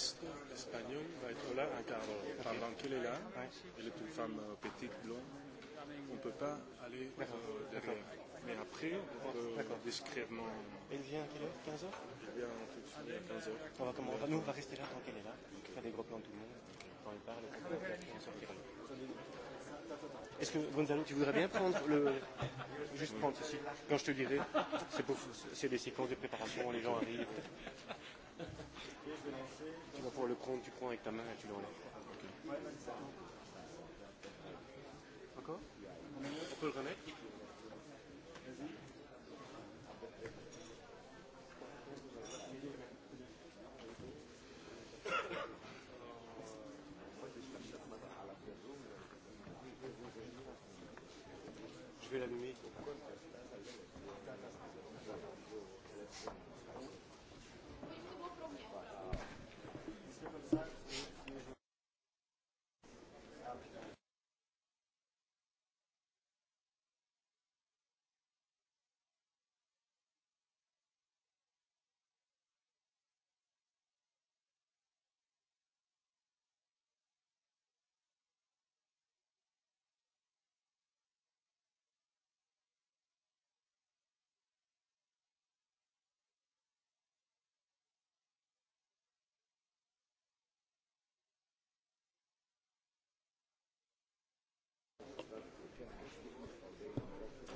journaliste espagnol va être là un quart d'heure. Pendant qu'elle est là, ouais. elle est une femme euh, petite, blonde, on ne peut pas aller euh, derrière. Mais après, euh, discrètement. Elle vient à quelle heure 15h Elle vient en tout de suite à 15h. On va commencer. Nous, on va rester là tant qu'elle est là, okay. faire des gros plans de tout le monde. Quand elle parle, on va on sortira. Est-ce que Gonzalo, tu voudrais bien prendre le. Juste prendre ceci. Quand je te dirai, c'est des séquences de préparation, les gens arrivent pour le compte, tu prends avec ta main et tu l'enlèves. Okay. Encore On peut le remettre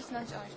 Francis Lange.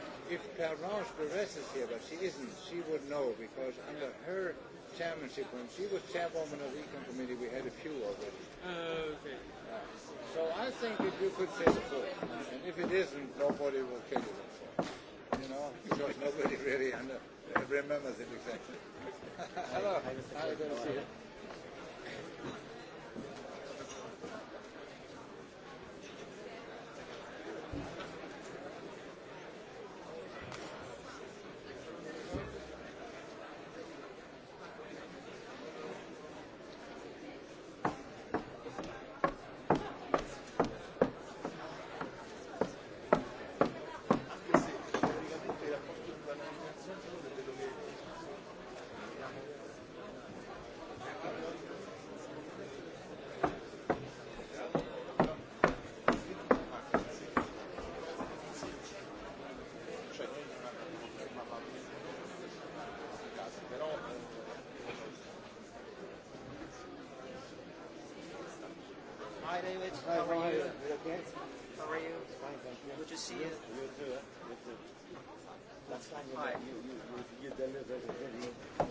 if Clarence Perez is here, but she isn't, she would know because under her chairmanship, when she was chairwoman of the Econ Committee, we had a few already. Uh, okay. Uh, So I think if you could say book, and if it isn't, nobody will kill you. You know, because nobody really under, remembers it exactly. Hello. Hi, Mr. Hi, good to see you. Hi, David. Hi, how, how are you? you You okay? How are you? Fine, thank you. Good to see you. You you too. You too. Last time you, you, you, you delivered a video.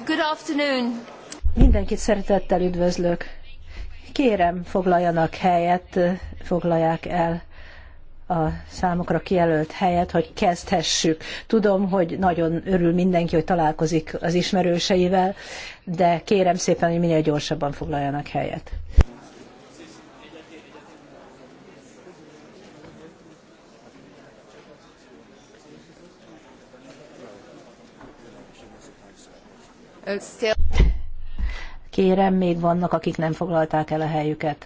Good afternoon. Mindenkit szeretettel üdvözlök. Kérem, foglaljanak helyet, foglalják el a számokra kijelölt helyet, hogy kezdhessük. Tudom, hogy nagyon örül mindenki, hogy találkozik az ismerőseivel, de kérem szépen, hogy minél gyorsabban foglaljanak helyet. Kérem, még vannak, akik nem foglalták el a helyüket.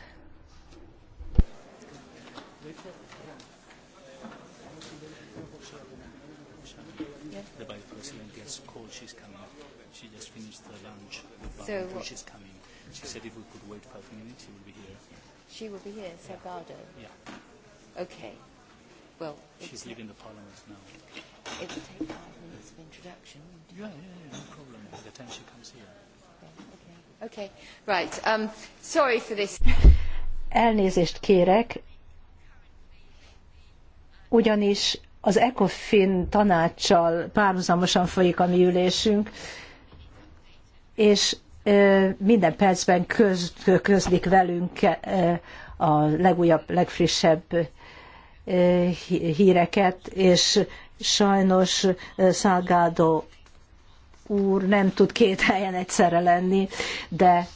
So She's coming. She said if we could wait five minutes, she will be here. She will be here, Salgado. Yeah. yeah. Okay. Well, she's leaving the parliament now. It will take five minutes of introduction. Yeah, yeah, yeah, no problem. By the time she comes here. Okay. Right. Um, sorry for this. Elnézést kérek, ugyanis az ECOFIN tanácssal párhuzamosan folyik a mi ülésünk, és minden percben köz, közlik velünk a legújabb, legfrissebb híreket, és sajnos Salgado úr nem tud két helyen egyszerre lenni, de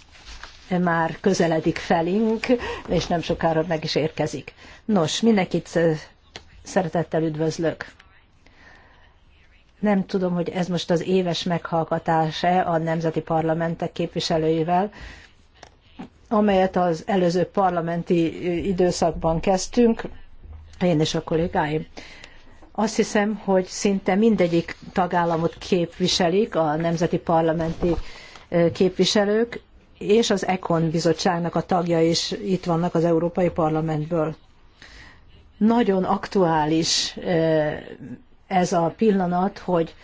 már közeledik felénk, és nem sokára meg is érkezik. Nos, mindenkit szeretettel üdvözlök. Nem tudom, hogy ez most az éves meghallgatás-e a nemzeti parlamentek képviselőivel, amelyet az előző parlamenti időszakban kezdtünk, én és a kollégáim. Azt hiszem, hogy szinte mindegyik tagállamot képviselik a nemzeti parlamenti képviselők, és az ECON bizottságnak a tagja is itt vannak az Európai Parlamentből. Nagyon aktuális ez a pillanat, hogy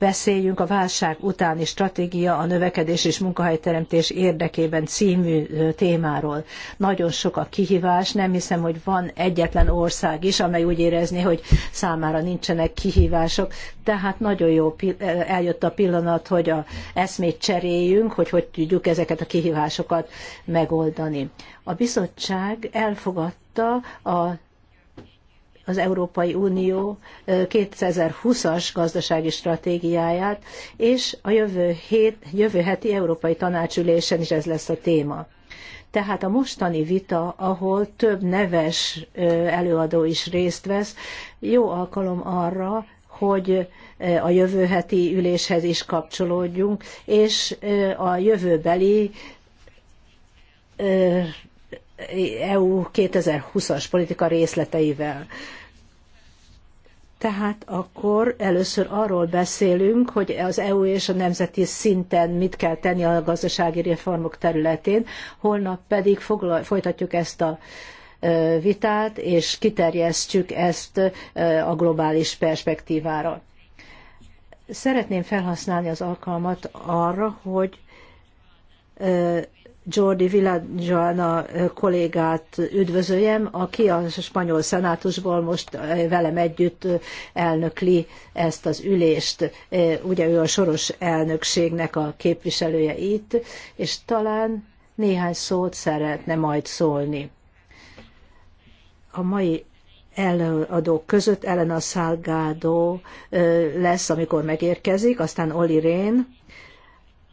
beszéljünk a válság utáni stratégia a növekedés és munkahelyteremtés érdekében című témáról. Nagyon sok a kihívás, nem hiszem, hogy van egyetlen ország is, amely úgy érezné, hogy számára nincsenek kihívások, tehát nagyon jó eljött a pillanat, hogy a eszmét cseréljünk, hogy hogy tudjuk ezeket a kihívásokat megoldani. A bizottság elfogadta a az Európai Unió 2020-as gazdasági stratégiáját, és a jövő, hét, jövő heti Európai Tanácsülésen is ez lesz a téma. Tehát a mostani vita, ahol több neves előadó is részt vesz, jó alkalom arra, hogy a jövő heti üléshez is kapcsolódjunk, és a jövőbeli EU 2020-as politika részleteivel tehát akkor először arról beszélünk, hogy az EU és a nemzeti szinten mit kell tenni a gazdasági reformok területén, holnap pedig folytatjuk ezt a vitát, és kiterjesztjük ezt a globális perspektívára. Szeretném felhasználni az alkalmat arra, hogy Jordi Villajoana kollégát üdvözöljem, aki a spanyol szenátusból most eh, velem együtt eh, elnökli ezt az ülést. Eh, ugye ő a soros elnökségnek a képviselője itt, és talán néhány szót szeretne majd szólni. A mai előadók között Elena Salgado lesz, amikor megérkezik, aztán Oli Rén,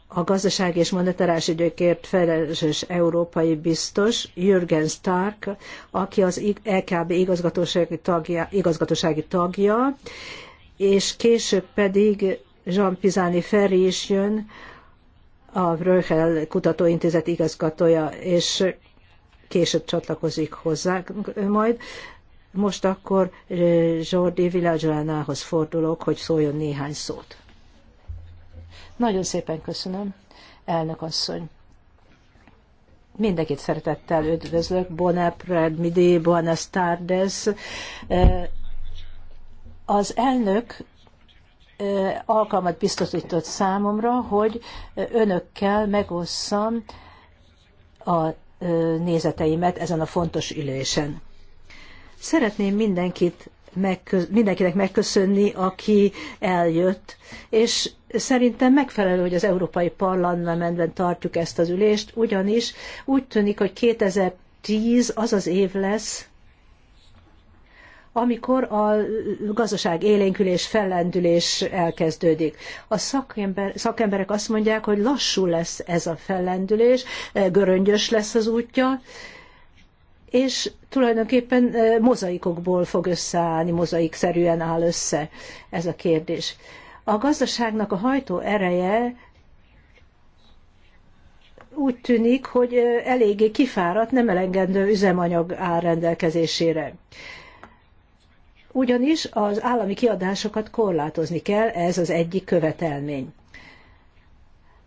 a gazdaság és monetáris ügyekért felelős európai biztos Jürgen Stark, aki az EKB igazgatósági tagja, igazgatósági tagja és később pedig Jean Pisani Ferri is jön, a Bröhel Kutatóintézet igazgatója, és később csatlakozik hozzánk majd. Most akkor eh, Jordi Villagianához fordulok, hogy szóljon néhány szót. Nagyon szépen köszönöm, elnök asszony. Mindenkit szeretettel üdvözlök, bon apres midi, buenas tardes. Eh, az elnök eh, alkalmat biztosított számomra, hogy önökkel megosszam a eh, nézeteimet ezen a fontos ülésen. Szeretném mindenkit mindenkinek megköszönni, aki eljött, és Szerintem megfelelő, hogy az Európai Parlamentben tartjuk ezt az ülést, ugyanis úgy tűnik, hogy 2010 az az év lesz, amikor a gazdaság élénkülés, fellendülés elkezdődik. A szakember, szakemberek azt mondják, hogy lassú lesz ez a fellendülés, göröngyös lesz az útja, és tulajdonképpen eh, mozaikokból fog összeállni, mozaikszerűen áll össze ez a kérdés. A gazdaságnak a hajtó ereje úgy tűnik, hogy eléggé kifáradt, nem elengedő üzemanyag áll rendelkezésére. Ugyanis az állami kiadásokat korlátozni kell, ez az egyik követelmény.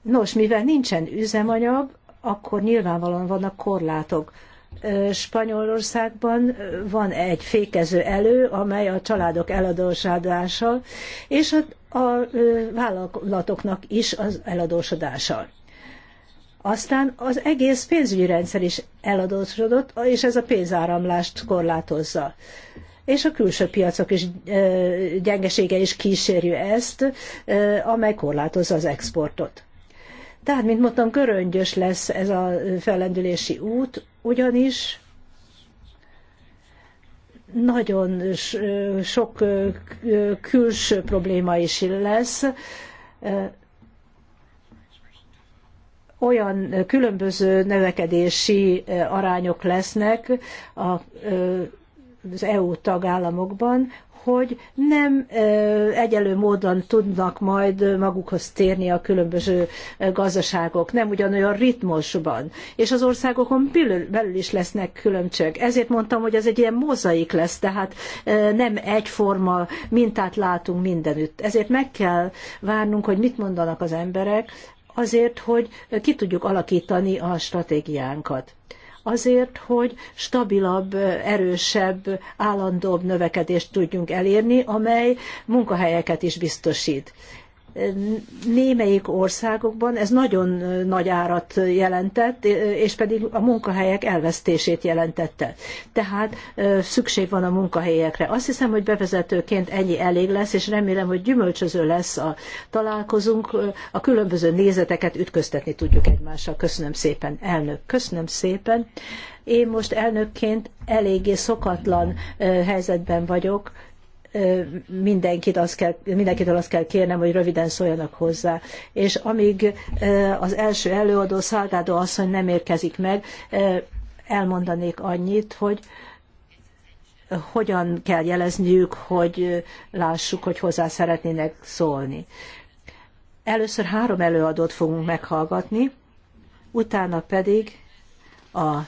Nos, mivel nincsen üzemanyag, akkor nyilvánvalóan vannak korlátok. Spanyolországban van egy fékező elő, amely a családok eladósodása, és a, a vállalatoknak is az eladósodása. Aztán az egész pénzügyi rendszer is eladósodott, és ez a pénzáramlást korlátozza. És a külső piacok is gyengesége is kísérje ezt, amely korlátozza az exportot. Tehát, mint mondtam, göröngyös lesz ez a fellendülési út, ugyanis nagyon sok külső probléma is lesz, olyan különböző növekedési arányok lesznek az EU tagállamokban, hogy nem egyelő módon tudnak majd magukhoz térni a különböző gazdaságok, nem ugyanolyan ritmusban, és az országokon belül, belül is lesznek különbség. Ezért mondtam, hogy ez egy ilyen mozaik lesz, tehát nem egyforma mintát látunk mindenütt. Ezért meg kell várnunk, hogy mit mondanak az emberek, azért, hogy ki tudjuk alakítani a stratégiánkat azért, hogy stabilabb, erősebb, állandóbb növekedést tudjunk elérni, amely munkahelyeket is biztosít némelyik országokban ez nagyon nagy árat jelentett, és pedig a munkahelyek elvesztését jelentette. Tehát szükség van a munkahelyekre. Azt hiszem, hogy bevezetőként ennyi elég lesz, és remélem, hogy gyümölcsöző lesz a találkozunk. A különböző nézeteket ütköztetni tudjuk egymással. Köszönöm szépen, elnök. Köszönöm szépen. Én most elnökként eléggé szokatlan helyzetben vagyok, mindenkit azt kell, mindenkitől azt kell kérnem, hogy röviden szóljanak hozzá. És amíg az első előadó Szálgádó asszony nem érkezik meg, elmondanék annyit, hogy hogyan kell jelezniük, hogy lássuk, hogy hozzá szeretnének szólni. Először három előadót fogunk meghallgatni, utána pedig a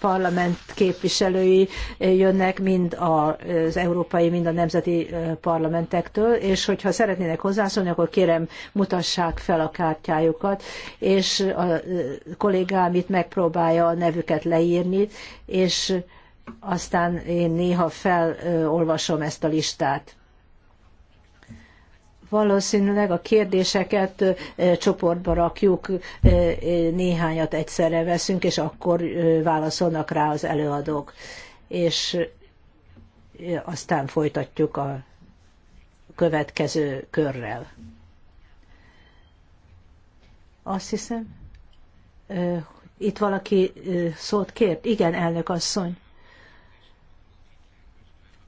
parlament képviselői jönnek, mind az európai, mind a nemzeti parlamentektől, és hogyha szeretnének hozzászólni, akkor kérem mutassák fel a kártyájukat, és a kollégám itt megpróbálja a nevüket leírni, és aztán én néha felolvasom ezt a listát valószínűleg a kérdéseket csoportba rakjuk, néhányat egyszerre veszünk, és akkor válaszolnak rá az előadók. És aztán folytatjuk a következő körrel. Azt hiszem, itt valaki szót kért. Igen, elnök asszony.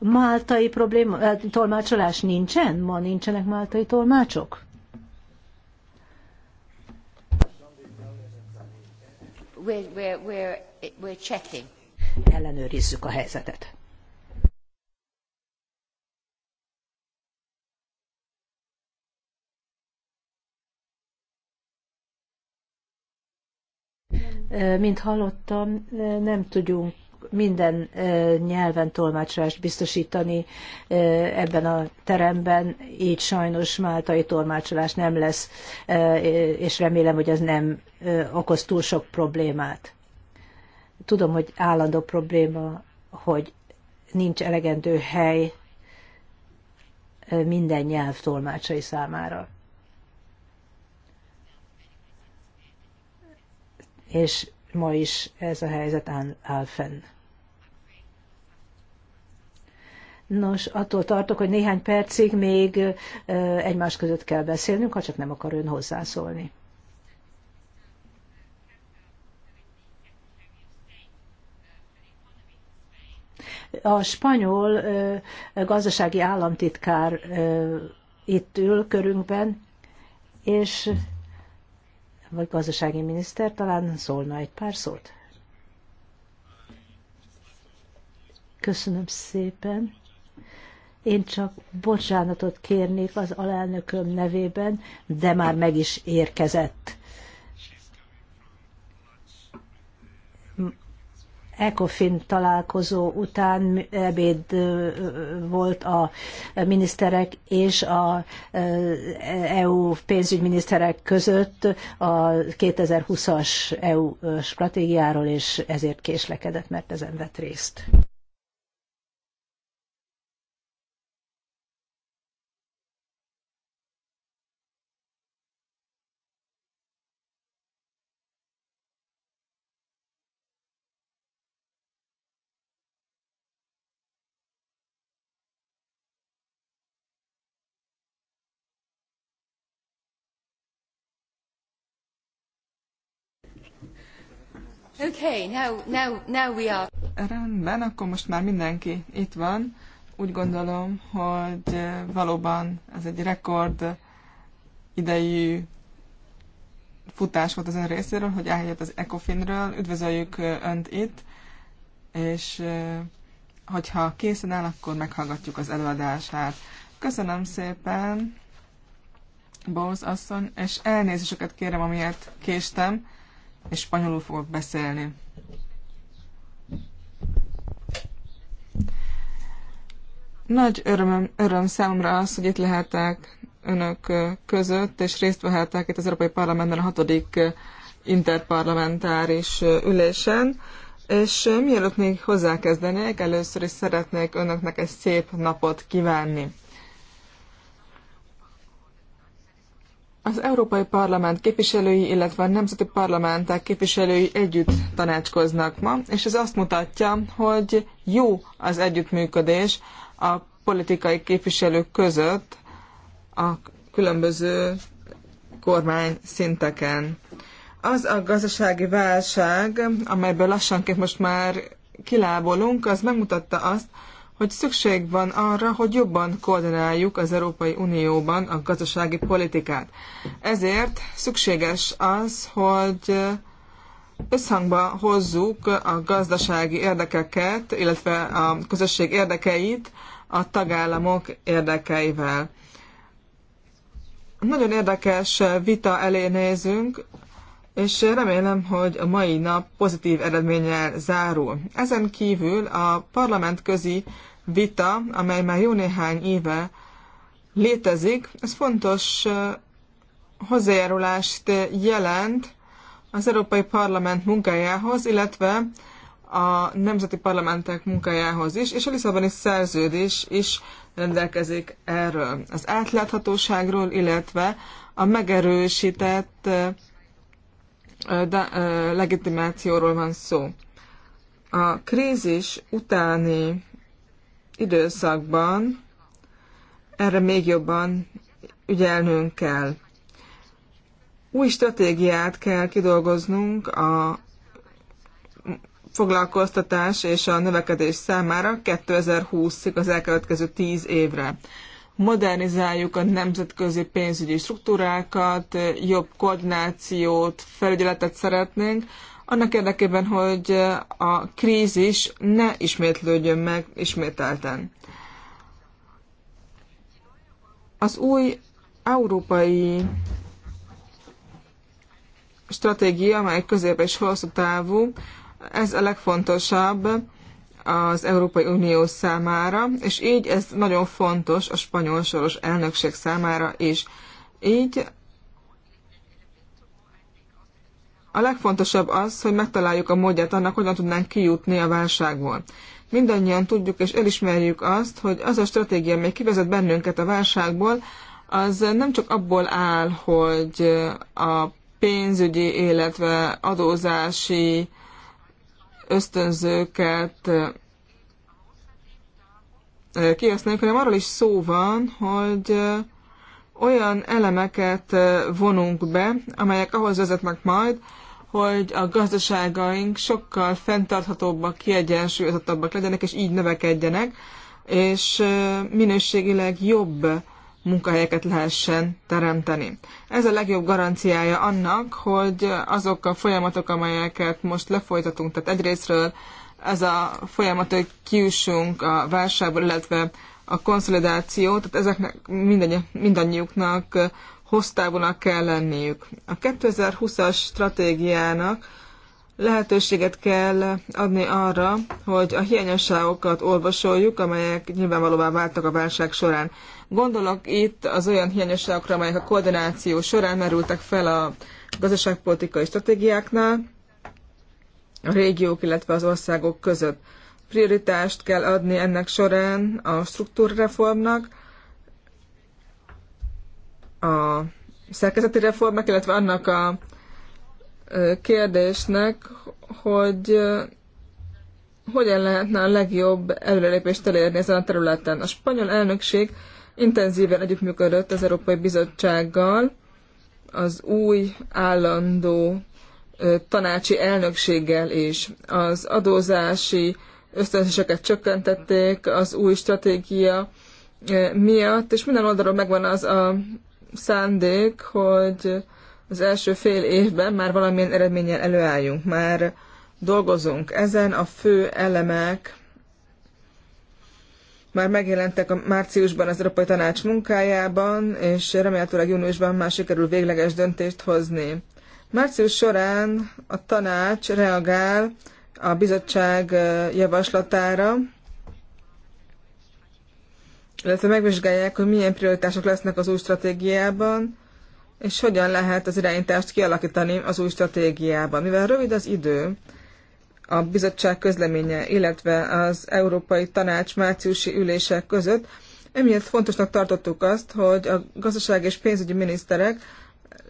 Máltai probléma, eh, tolmácsolás nincsen? Ma nincsenek máltai tolmácsok? We're, we're, we're, we're checking. Ellenőrizzük a helyzetet. Eh, mint hallottam, eh, nem tudjunk minden nyelven tolmácsolást biztosítani ebben a teremben, így sajnos máltai tolmácsolás nem lesz, és remélem, hogy ez nem okoz túl sok problémát. Tudom, hogy állandó probléma, hogy nincs elegendő hely minden nyelv tolmácsai számára. És ma is ez a helyzet áll fenn. Nos, attól tartok, hogy néhány percig még egymás között kell beszélnünk, ha csak nem akar ön hozzászólni. A spanyol gazdasági államtitkár itt ül körünkben, és vagy gazdasági miniszter talán szólna egy pár szót. Köszönöm szépen. Én csak bocsánatot kérnék az alelnököm nevében, de már meg is érkezett. ECOFIN találkozó után ebéd volt a miniszterek és a EU pénzügyminiszterek között a 2020-as EU stratégiáról, és ezért késlekedett, mert ezen vett részt. Okay, now, now, now we are. Rendben, akkor most már mindenki itt van. Úgy gondolom, hogy eh, valóban ez egy rekord idejű futás volt az ön részéről, hogy eljött az Ecofinről. Üdvözöljük eh, önt itt, és eh, hogyha készen áll, akkor meghallgatjuk az előadását. Köszönöm szépen, Bóz asszony, és elnézéseket kérem, amiért késtem és spanyolul fogok beszélni. Nagy öröm, öröm számomra az, hogy itt lehetek önök között, és részt vehettek itt az Európai Parlamentben a hatodik interparlamentáris ülésen. És mielőtt még hozzákezdenék, először is szeretnék önöknek egy szép napot kívánni. Az Európai Parlament képviselői, illetve a nemzeti parlamentek képviselői együtt tanácskoznak ma, és ez azt mutatja, hogy jó az együttműködés a politikai képviselők között a különböző kormány szinteken. Az a gazdasági válság, amelyből lassanként most már kilábolunk, az megmutatta azt, hogy szükség van arra, hogy jobban koordináljuk az Európai Unióban a gazdasági politikát. Ezért szükséges az, hogy összhangba hozzuk a gazdasági érdekeket, illetve a közösség érdekeit a tagállamok érdekeivel. Nagyon érdekes vita elé nézünk, és remélem, hogy a mai nap pozitív eredménnyel zárul. Ezen kívül a parlamentközi vita, amely már jó néhány éve létezik, ez fontos hozzájárulást jelent az Európai Parlament munkájához, illetve a nemzeti parlamentek munkájához is, és a Lisszaboni szerződés is rendelkezik erről. Az átláthatóságról, illetve a megerősített de, legitimációról van szó. A krízis utáni időszakban erre még jobban ügyelnünk kell. Új stratégiát kell kidolgoznunk a foglalkoztatás és a növekedés számára 2020-ig az elkövetkező 10 évre. Modernizáljuk a nemzetközi pénzügyi struktúrákat, jobb koordinációt, felügyeletet szeretnénk, annak érdekében, hogy a krízis ne ismétlődjön meg ismételten. Az új európai stratégia, amely közép és hosszú távú, ez a legfontosabb az Európai Unió számára, és így ez nagyon fontos a spanyol soros elnökség számára is. Így A legfontosabb az, hogy megtaláljuk a módját annak, hogyan tudnánk kijutni a válságból. Mindannyian tudjuk és elismerjük azt, hogy az a stratégia, amely kivezet bennünket a válságból, az nem csak abból áll, hogy a pénzügyi, illetve adózási ösztönzőket kihasználjuk, hanem arról is szó van, hogy olyan elemeket vonunk be, amelyek ahhoz vezetnek majd, hogy a gazdaságaink sokkal fenntarthatóbbak, kiegyensúlyozottabbak legyenek, és így növekedjenek, és minőségileg jobb munkahelyeket lehessen teremteni. Ez a legjobb garanciája annak, hogy azok a folyamatok, amelyeket most lefolytatunk, tehát egyrésztről ez a folyamat, hogy kiussunk a válságból, illetve a konszolidáció, tehát ezeknek mindannyi, mindannyiuknak hossztávúnak kell lenniük. A 2020-as stratégiának lehetőséget kell adni arra, hogy a hiányosságokat orvosoljuk, amelyek nyilvánvalóvá váltak a válság során. Gondolok itt az olyan hiányosságokra, amelyek a koordináció során merültek fel a gazdaságpolitikai stratégiáknál, a régiók, illetve az országok között. Prioritást kell adni ennek során a struktúrreformnak, a szerkezeti reformnak, illetve annak a kérdésnek, hogy hogyan lehetne a legjobb előrelépést elérni ezen a területen. A spanyol elnökség intenzíven együttműködött az Európai Bizottsággal, az új állandó tanácsi elnökséggel is. Az adózási ösztönzéseket csökkentették az új stratégia miatt, és minden oldalról megvan az a szándék, hogy az első fél évben már valamilyen eredménnyel előálljunk, már dolgozunk ezen, a fő elemek már megjelentek a márciusban az Európai Tanács munkájában, és remélhetőleg júniusban már sikerül végleges döntést hozni. Március során a tanács reagál a bizottság javaslatára, illetve megvizsgálják, hogy milyen prioritások lesznek az új stratégiában, és hogyan lehet az irányítást kialakítani az új stratégiában. Mivel rövid az idő, a bizottság közleménye, illetve az Európai Tanács márciusi ülések között, emiatt fontosnak tartottuk azt, hogy a gazdaság és pénzügyi miniszterek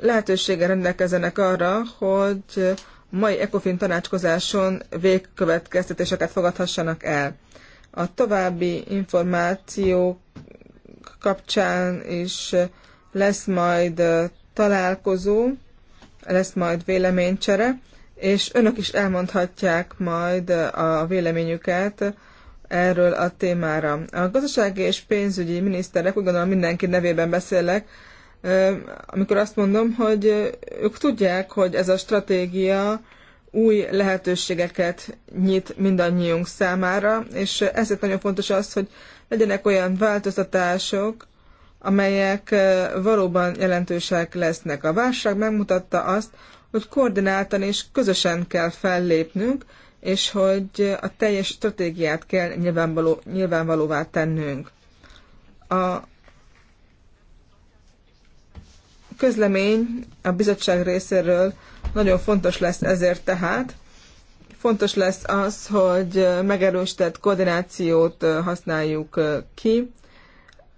lehetősége rendelkezenek arra, hogy mai ECOFIN tanácskozáson végkövetkeztetéseket fogadhassanak el a további információ kapcsán is lesz majd találkozó, lesz majd véleménycsere, és önök is elmondhatják majd a véleményüket erről a témára. A gazdasági és pénzügyi miniszterek, úgy gondolom mindenki nevében beszélek, amikor azt mondom, hogy ők tudják, hogy ez a stratégia új lehetőségeket nyit mindannyiunk számára, és ezért nagyon fontos az, hogy legyenek olyan változtatások, amelyek valóban jelentősek lesznek. A válság megmutatta azt, hogy koordináltan és közösen kell fellépnünk, és hogy a teljes stratégiát kell nyilvánvaló, nyilvánvalóvá tennünk. A közlemény a bizottság részéről nagyon fontos lesz ezért tehát. Fontos lesz az, hogy megerősített koordinációt használjuk ki.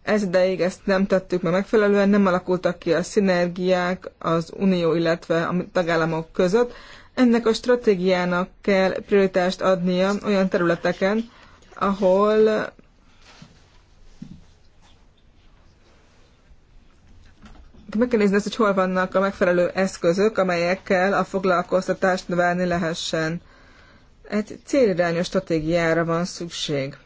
Ez ideig ezt nem tettük meg megfelelően, nem alakultak ki a szinergiák az unió, illetve a tagállamok között. Ennek a stratégiának kell prioritást adnia olyan területeken, ahol meg kell nézni azt, hogy hol vannak a megfelelő eszközök, amelyekkel a foglalkoztatást növelni lehessen. Egy célirányos stratégiára van szükség.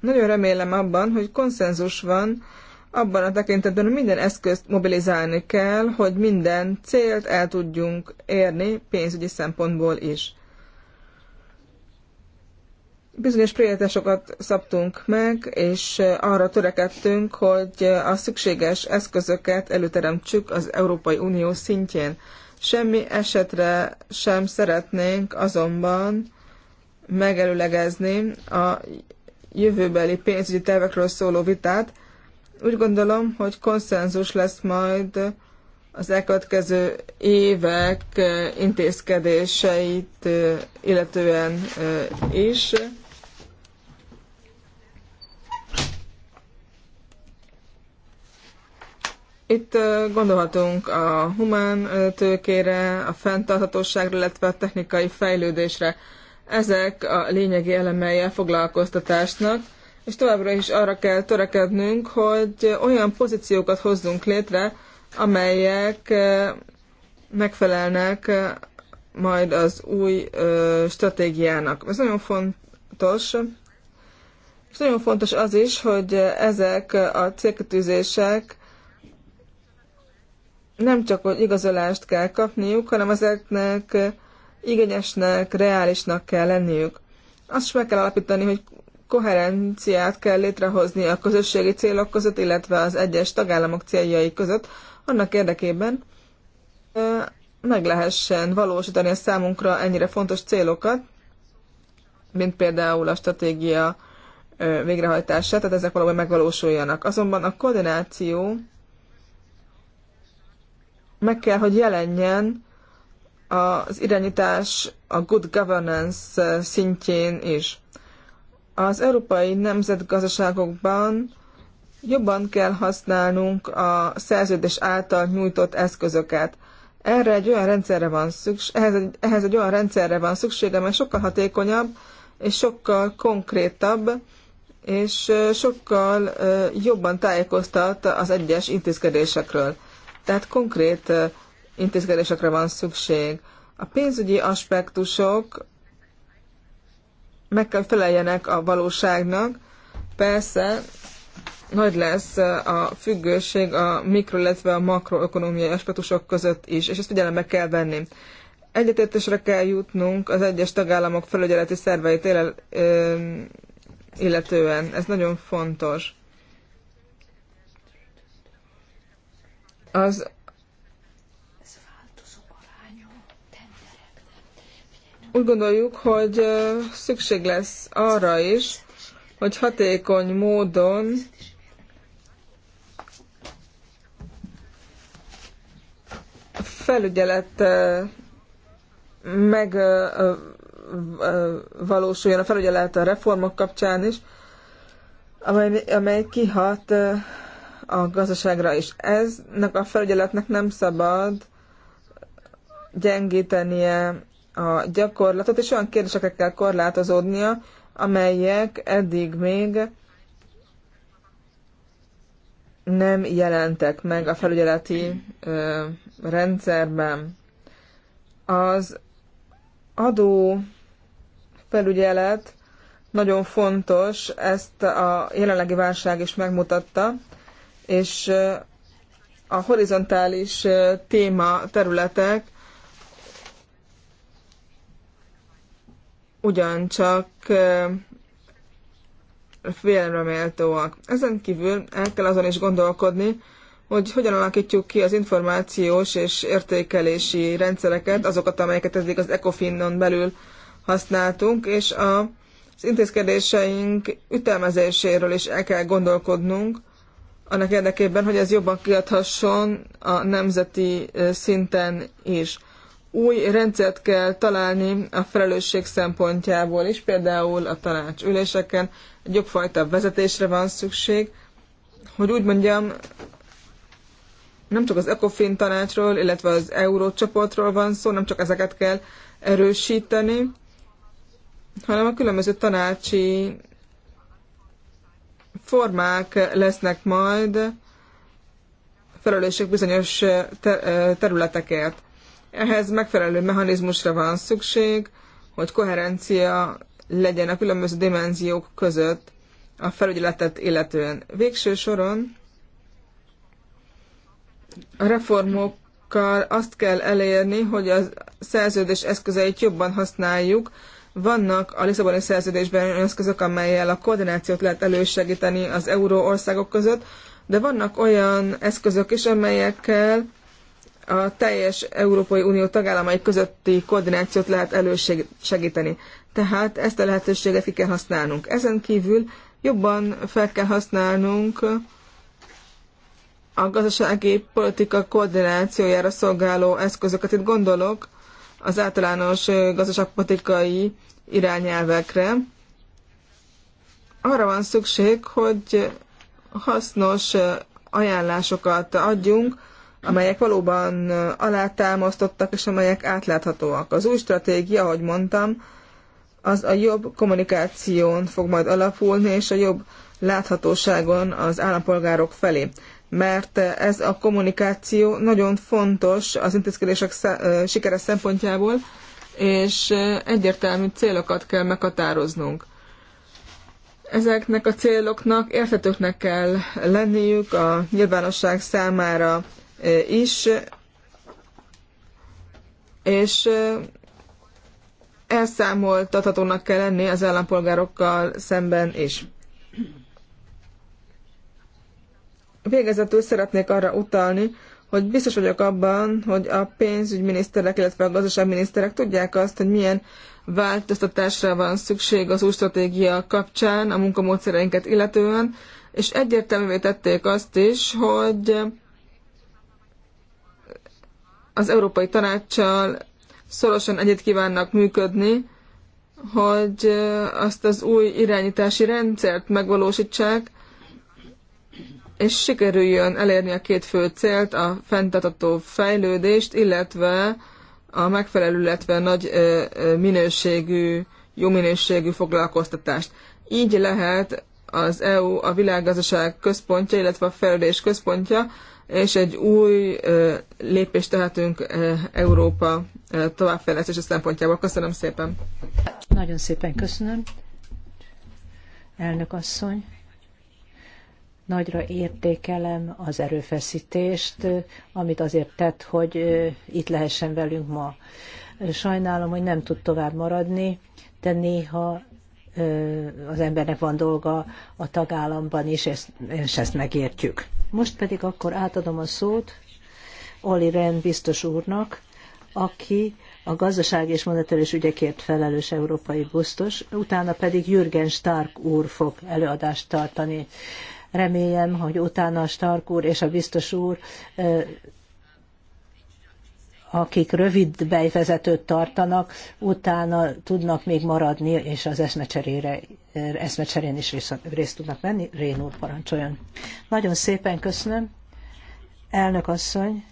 Nagyon remélem abban, hogy konszenzus van abban a tekintetben, hogy minden eszközt mobilizálni kell, hogy minden célt el tudjunk érni pénzügyi szempontból is bizonyos prioritásokat szabtunk meg, és arra törekedtünk, hogy a szükséges eszközöket előteremtsük az Európai Unió szintjén. Semmi esetre sem szeretnénk azonban megelőlegezni a jövőbeli pénzügyi tervekről szóló vitát. Úgy gondolom, hogy konszenzus lesz majd az elkövetkező évek intézkedéseit illetően is Itt gondolhatunk a humán tőkére, a fenntarthatóságra, illetve a technikai fejlődésre. Ezek a lényegi elemei a foglalkoztatásnak, és továbbra is arra kell törekednünk, hogy olyan pozíciókat hozzunk létre, amelyek megfelelnek majd az új stratégiának. Ez nagyon fontos, és nagyon fontos az is, hogy ezek a célkötőzések nem csak, hogy igazolást kell kapniuk, hanem ezeknek igényesnek, reálisnak kell lenniük. Azt is meg kell alapítani, hogy koherenciát kell létrehozni a közösségi célok között, illetve az egyes tagállamok céljai között, annak érdekében meg lehessen valósítani a számunkra ennyire fontos célokat, mint például a stratégia végrehajtását, tehát ezek valóban megvalósuljanak. Azonban a koordináció meg kell, hogy jelenjen az irányítás a good governance eh, szintjén is. Az európai nemzetgazdaságokban jobban kell használnunk a szerződés által nyújtott eszközöket. Erre egy olyan rendszerre van szükség, ehhez egy, ehhez egy olyan rendszerre van szüksége, amely sokkal hatékonyabb, és sokkal konkrétabb, és eh, sokkal eh, jobban tájékoztat az egyes intézkedésekről. Tehát konkrét intézkedésekre van szükség. A pénzügyi aspektusok meg kell feleljenek a valóságnak. Persze nagy lesz a függőség a mikro, illetve a makroökonomiai aspektusok között is, és ezt figyelembe kell venni. Egyetértésre kell jutnunk az egyes tagállamok felügyeleti szerveit illetően. Ez nagyon fontos. az úgy gondoljuk, hogy szükség lesz arra is, hogy hatékony módon felügyelet megvalósuljon a felügyelet a reformok kapcsán is, amely, amely kihat a gazdaságra is. Eznek a felügyeletnek nem szabad gyengítenie a gyakorlatot, és olyan kérdésekre kell korlátozódnia, amelyek eddig még nem jelentek meg a felügyeleti ö, rendszerben. Az adó felügyelet nagyon fontos, ezt a jelenlegi válság is megmutatta, és a horizontális téma területek ugyancsak félelemreméltóak. Ezen kívül el kell azon is gondolkodni, hogy hogyan alakítjuk ki az információs és értékelési rendszereket, azokat, amelyeket eddig az ECOFIN-on belül használtunk, és a, az intézkedéseink ütemezéséről is el kell gondolkodnunk, annak érdekében, hogy ez jobban kiadhasson a nemzeti szinten is. Új rendszert kell találni a felelősség szempontjából is, például a tanács üléseken egy jobb fajta vezetésre van szükség, hogy úgy mondjam, nem csak az ECOFIN tanácsról, illetve az eurócsoportról van szó, nem csak ezeket kell erősíteni, hanem a különböző tanácsi formák lesznek majd felelősség bizonyos területekért. Ehhez megfelelő mechanizmusra van szükség, hogy koherencia legyen a különböző dimenziók között a felügyeletet illetően. Végső soron a reformokkal azt kell elérni, hogy a szerződés eszközeit jobban használjuk vannak a Lisszaboni szerződésben olyan eszközök, amelyel a koordinációt lehet elősegíteni az euró országok között, de vannak olyan eszközök is, amelyekkel a teljes Európai Unió tagállamai közötti koordinációt lehet elősegíteni. Tehát ezt a lehetőséget ki kell használnunk. Ezen kívül jobban fel kell használnunk a gazdasági politika koordinációjára szolgáló eszközöket. Itt gondolok az általános gazdaságpolitikai irányelvekre. Arra van szükség, hogy hasznos ajánlásokat adjunk, amelyek valóban alátámasztottak, és amelyek átláthatóak. Az új stratégia, ahogy mondtam, az a jobb kommunikáción fog majd alapulni, és a jobb láthatóságon az állampolgárok felé mert ez a kommunikáció nagyon fontos az intézkedések sikere szempontjából, és egyértelmű célokat kell meghatároznunk. Ezeknek a céloknak érthetőknek kell lenniük a nyilvánosság számára is, és elszámoltathatónak kell lenni az állampolgárokkal szemben is. Végezetül szeretnék arra utalni, hogy biztos vagyok abban, hogy a pénzügyminiszterek, illetve a gazdaságminiszterek tudják azt, hogy milyen változtatásra van szükség az új stratégia kapcsán, a munkamódszereinket illetően, és egyértelművé tették azt is, hogy az Európai Tanácssal szorosan egyet kívánnak működni, hogy azt az új irányítási rendszert megvalósítsák, és sikerüljön elérni a két fő célt, a fenntartató fejlődést, illetve a megfelelő, illetve nagy minőségű, jó minőségű foglalkoztatást. Így lehet az EU a világgazdaság központja, illetve a fejlődés központja, és egy új lépést tehetünk Európa továbbfejlesztése szempontjából. Köszönöm szépen! Nagyon szépen köszönöm, elnök asszony! Nagyra értékelem az erőfeszítést, amit azért tett, hogy itt lehessen velünk ma. Sajnálom, hogy nem tud tovább maradni, de néha az embernek van dolga a tagállamban, és ezt, és ezt megértjük. Most pedig akkor átadom a szót Oli Ren biztos úrnak, aki a gazdaság és monetáris ügyekért felelős európai biztos, utána pedig Jürgen Stark úr fog előadást tartani. Remélem, hogy utána a Stark úr és a biztos úr akik rövid bevezetőt tartanak, utána tudnak még maradni, és az eszmecserére, eszmecserén is részt, részt tudnak venni. Rén úr parancsoljon. Nagyon szépen köszönöm. Elnök asszony,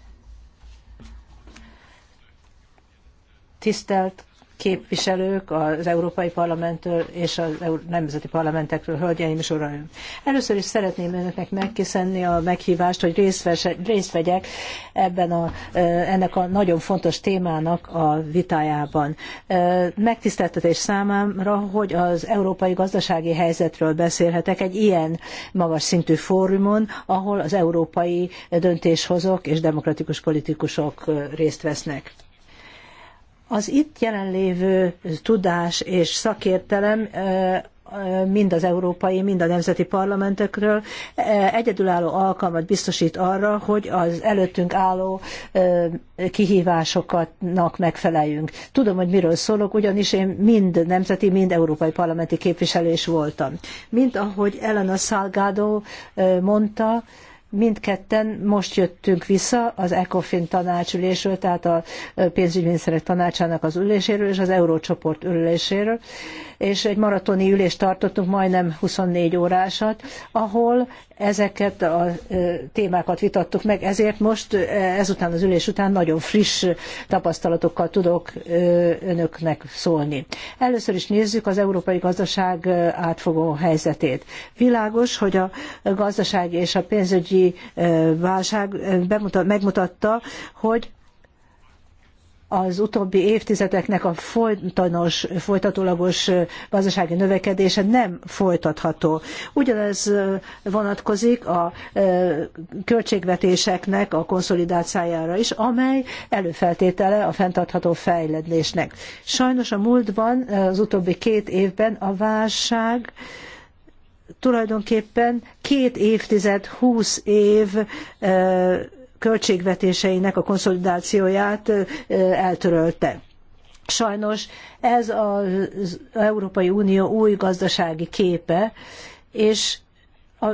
tisztelt képviselők az Európai Parlamenttől és a nemzeti parlamentekről, hölgyeim és uraim. Először is szeretném önöknek megkiszenni a meghívást, hogy részt, vese, részt vegyek ebben a, ennek a nagyon fontos témának a vitájában. Megtiszteltetés számomra, hogy az európai gazdasági helyzetről beszélhetek egy ilyen magas szintű fórumon, ahol az európai döntéshozók és demokratikus politikusok részt vesznek. Az itt jelenlévő tudás és szakértelem mind az európai, mind a nemzeti parlamentekről egyedülálló alkalmat biztosít arra, hogy az előttünk álló kihívásoknak megfeleljünk. Tudom, hogy miről szólok, ugyanis én mind nemzeti, mind európai parlamenti képviselés voltam. Mint ahogy Elena Salgado mondta, Mindketten most jöttünk vissza az ECOFIN tanácsülésről, tehát a pénzügyminiszterek tanácsának az üléséről és az eurócsoport üléséről, és egy maratoni ülést tartottunk, majdnem 24 órásat, ahol ezeket a témákat vitattuk meg, ezért most ezután az ülés után nagyon friss tapasztalatokkal tudok önöknek szólni. Először is nézzük az európai gazdaság átfogó helyzetét. Világos, hogy a gazdaság és a pénzügyi válság bemutat, megmutatta, hogy az utóbbi évtizedeknek a folytonos, folytatólagos gazdasági növekedése nem folytatható. Ugyanez vonatkozik a költségvetéseknek a konszolidációjára is, amely előfeltétele a fenntartható fejlődésnek. Sajnos a múltban, az utóbbi két évben a válság tulajdonképpen két évtized, húsz év költségvetéseinek a konszolidációját eltörölte. Sajnos ez az Európai Unió új gazdasági képe, és a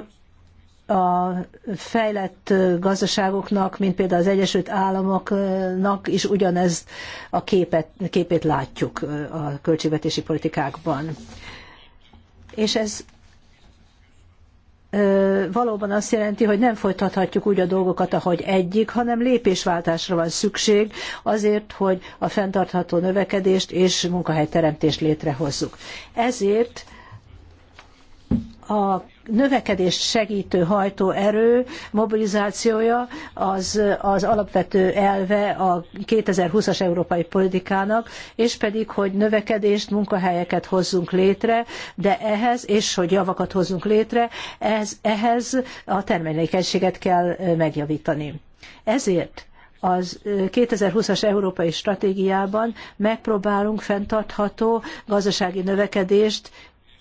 a fejlett gazdaságoknak, mint például az Egyesült Államoknak is ugyanezt a képet, képét látjuk a költségvetési politikákban. És ez valóban azt jelenti, hogy nem folytathatjuk úgy a dolgokat, ahogy egyik, hanem lépésváltásra van szükség azért, hogy a fenntartható növekedést és munkahelyteremtést létrehozzuk. Ezért a növekedést segítő hajtóerő mobilizációja az, az alapvető elve a 2020-as európai politikának, és pedig, hogy növekedést, munkahelyeket hozzunk létre, de ehhez, és hogy javakat hozzunk létre, ehhez, ehhez a termelékenységet kell megjavítani. Ezért az 2020-as európai stratégiában megpróbálunk fenntartható gazdasági növekedést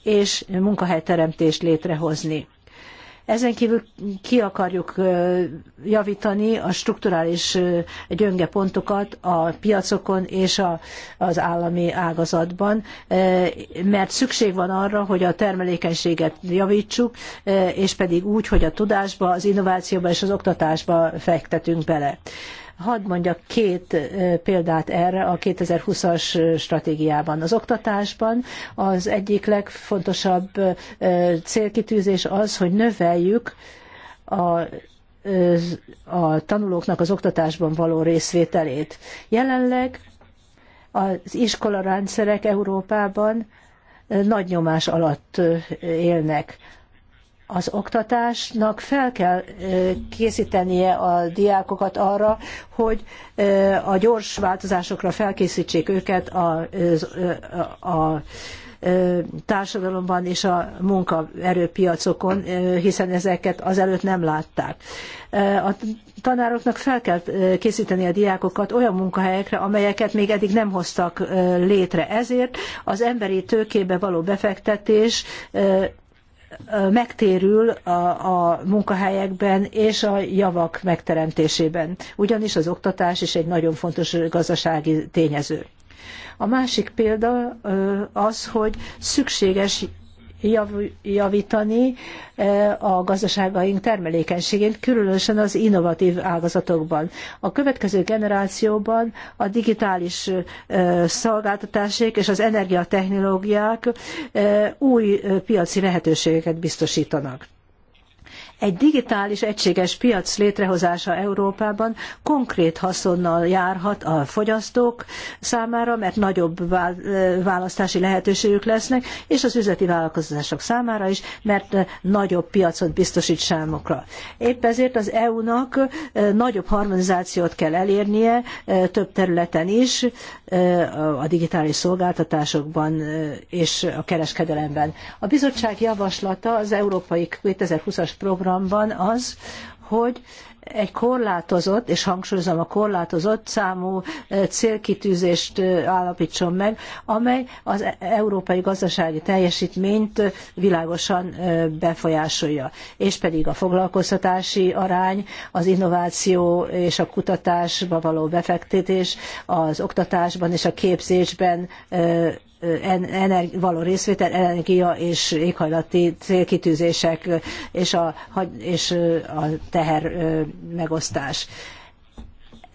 és munkahelyteremtést létrehozni. Ezen kívül ki akarjuk javítani a strukturális gyönge pontokat a piacokon és a, az állami ágazatban, mert szükség van arra, hogy a termelékenységet javítsuk, és pedig úgy, hogy a tudásba, az innovációba és az oktatásba fektetünk bele. Hadd mondjak két példát erre a 2020-as stratégiában. Az oktatásban az egyik legfontosabb célkitűzés az, hogy növeljük a a tanulóknak az oktatásban való részvételét. Jelenleg az iskolarendszerek Európában nagy nyomás alatt élnek az oktatásnak fel kell készítenie a diákokat arra, hogy a gyors változásokra felkészítsék őket a, a, a társadalomban és a munkaerőpiacokon, hiszen ezeket azelőtt nem látták. A tanároknak fel kell készíteni a diákokat olyan munkahelyekre, amelyeket még eddig nem hoztak létre. Ezért az emberi tőkébe való befektetés megtérül a, a munkahelyekben és a javak megteremtésében, ugyanis az oktatás is egy nagyon fontos gazdasági tényező. A másik példa az, hogy szükséges javítani e, a gazdaságaink termelékenységét, különösen az innovatív ágazatokban. A következő generációban a digitális e, szolgáltatások és az energiatechnológiák e, új piaci lehetőségeket biztosítanak. Egy digitális egységes piac létrehozása Európában konkrét haszonnal járhat a fogyasztók számára, mert nagyobb választási lehetőségük lesznek, és az üzleti vállalkozások számára is, mert eh, nagyobb piacot biztosít számukra. Épp ezért az EU-nak eh, nagyobb harmonizációt kell elérnie eh, több területen is, a digitális szolgáltatásokban és a kereskedelemben. A bizottság javaslata az Európai 2020-as program programban az, hogy egy korlátozott, és hangsúlyozom a korlátozott számú eh, célkitűzést eh, állapítson meg, amely az e- európai gazdasági teljesítményt eh, világosan befolyásolja. És pedig a foglalkoztatási arány, az innováció és a kutatásba való befektetés, az oktatásban és a képzésben energi, való részvétel, energia és éghajlati célkitűzések és a, és a teher megosztás.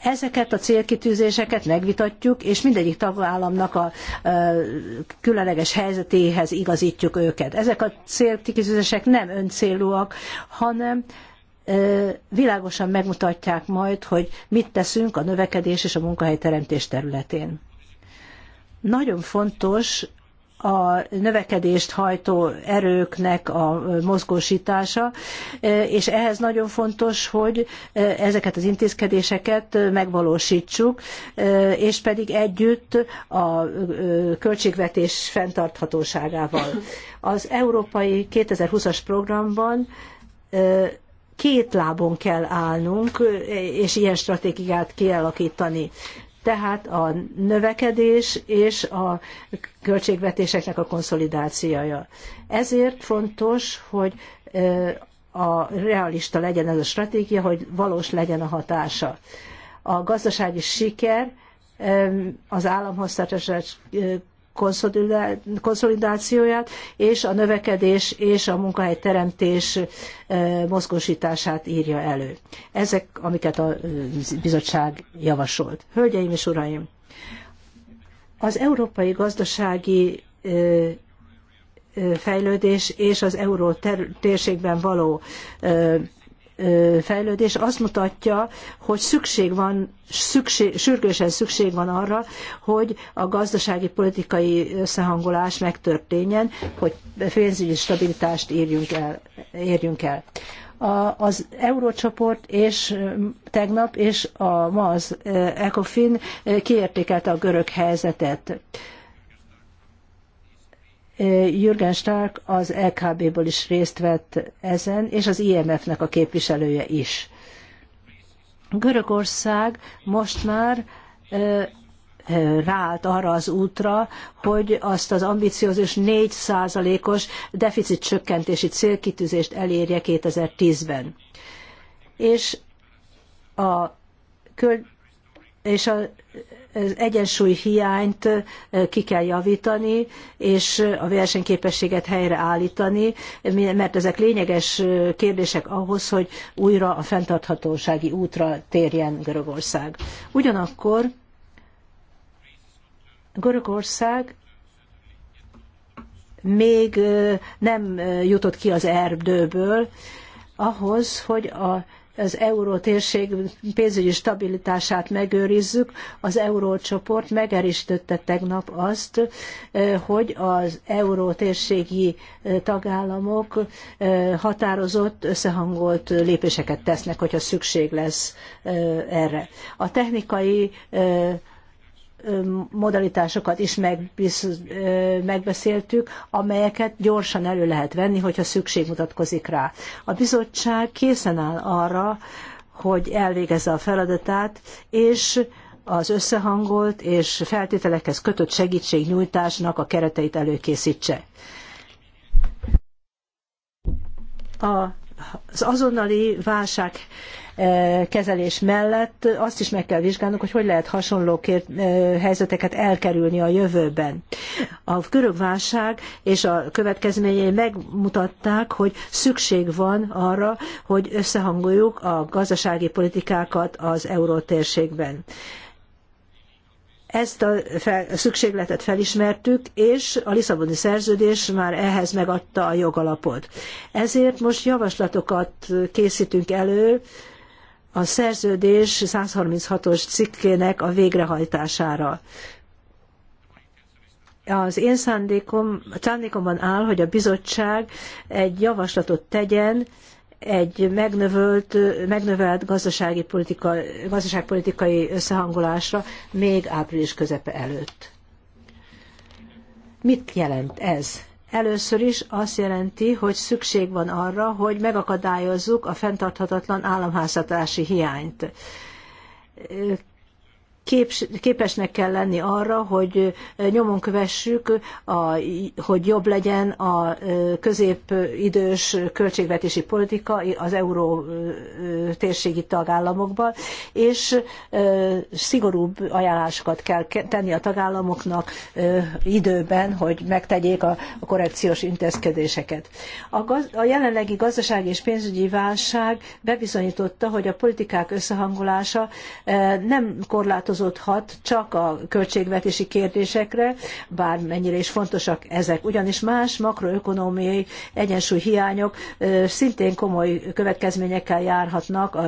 Ezeket a célkitűzéseket megvitatjuk, és mindegyik tagállamnak a különleges helyzetéhez igazítjuk őket. Ezek a célkitűzések nem öncélúak, hanem világosan megmutatják majd, hogy mit teszünk a növekedés és a munkahelyteremtés területén. Nagyon fontos a növekedést hajtó erőknek a mozgósítása, és ehhez nagyon fontos, hogy ezeket az intézkedéseket megvalósítsuk, és pedig együtt a költségvetés fenntarthatóságával. Az Európai 2020-as programban két lábon kell állnunk, és ilyen stratégiát kialakítani tehát a növekedés és a költségvetéseknek a konszolidációja. Ezért fontos, hogy a realista legyen ez a stratégia, hogy valós legyen a hatása. A gazdasági siker az államhoztartás konszolidációját és a növekedés és a munkahelyteremtés mozgósítását írja elő. Ezek, amiket a bizottság javasolt. Hölgyeim és uraim! Az európai gazdasági fejlődés és az euró térségben való fejlődés azt mutatja, hogy szükség van, szükség, sürgősen szükség van arra, hogy a gazdasági politikai összehangolás megtörténjen, hogy pénzügyi stabilitást érjünk el. Érjünk el. A, az eurócsoport és tegnap és a, ma az ECOFIN kiértékelte a görög helyzetet. Jürgen Stark az LKB-ből is részt vett ezen, és az IMF-nek a képviselője is. Görögország most már ráállt arra az útra, hogy azt az ambiciózus 4 os deficit csökkentési célkitűzést elérje 2010-ben. És a, és a egyensúly hiányt ki kell javítani, és a versenyképességet helyreállítani, mert ezek lényeges kérdések ahhoz, hogy újra a fenntarthatósági útra térjen Görögország. Ugyanakkor Görögország még nem jutott ki az erdőből ahhoz, hogy a az eurótérség pénzügyi stabilitását megőrizzük. Az eurócsoport megerősítette tegnap azt, hogy az eurótérségi tagállamok határozott, összehangolt lépéseket tesznek, hogyha szükség lesz erre. A technikai modalitásokat is megbeszéltük, amelyeket gyorsan elő lehet venni, hogyha szükség mutatkozik rá. A bizottság készen áll arra, hogy elvégezze a feladatát, és az összehangolt és feltételekhez kötött segítségnyújtásnak a kereteit előkészítse. az azonnali válság kezelés mellett azt is meg kell vizsgálnunk, hogy hogy lehet hasonló helyzeteket elkerülni a jövőben. A görög válság és a következményei megmutatták, hogy szükség van arra, hogy összehangoljuk a gazdasági politikákat az eurótérségben. Ezt a szükségletet felismertük, és a Lisszaboni szerződés már ehhez megadta a jogalapot. Ezért most javaslatokat készítünk elő, a szerződés 136-os cikkének a végrehajtására. Az én szándékom, szándékomban áll, hogy a bizottság egy javaslatot tegyen, egy megnövelt, megnövelt gazdasági politika, gazdaságpolitikai összehangolásra még április közepe előtt. Mit jelent ez? Először is azt jelenti, hogy szükség van arra, hogy megakadályozzuk a fenntarthatatlan államháztartási hiányt. Képs, képesnek kell lenni arra, hogy nyomon kövessük, a, hogy jobb legyen a középidős költségvetési politika az euró térségi tagállamokban, és szigorúbb ajánlásokat kell tenni a tagállamoknak időben, hogy megtegyék a korrekciós intézkedéseket. A, gaz, a jelenlegi gazdasági és pénzügyi válság bebizonyította, hogy a politikák összehangolása nem korlátozott korlátozódhat csak a költségvetési kérdésekre, bármennyire is fontosak ezek. Ugyanis más makroökonomiai egyensúly hiányok szintén komoly következményekkel járhatnak a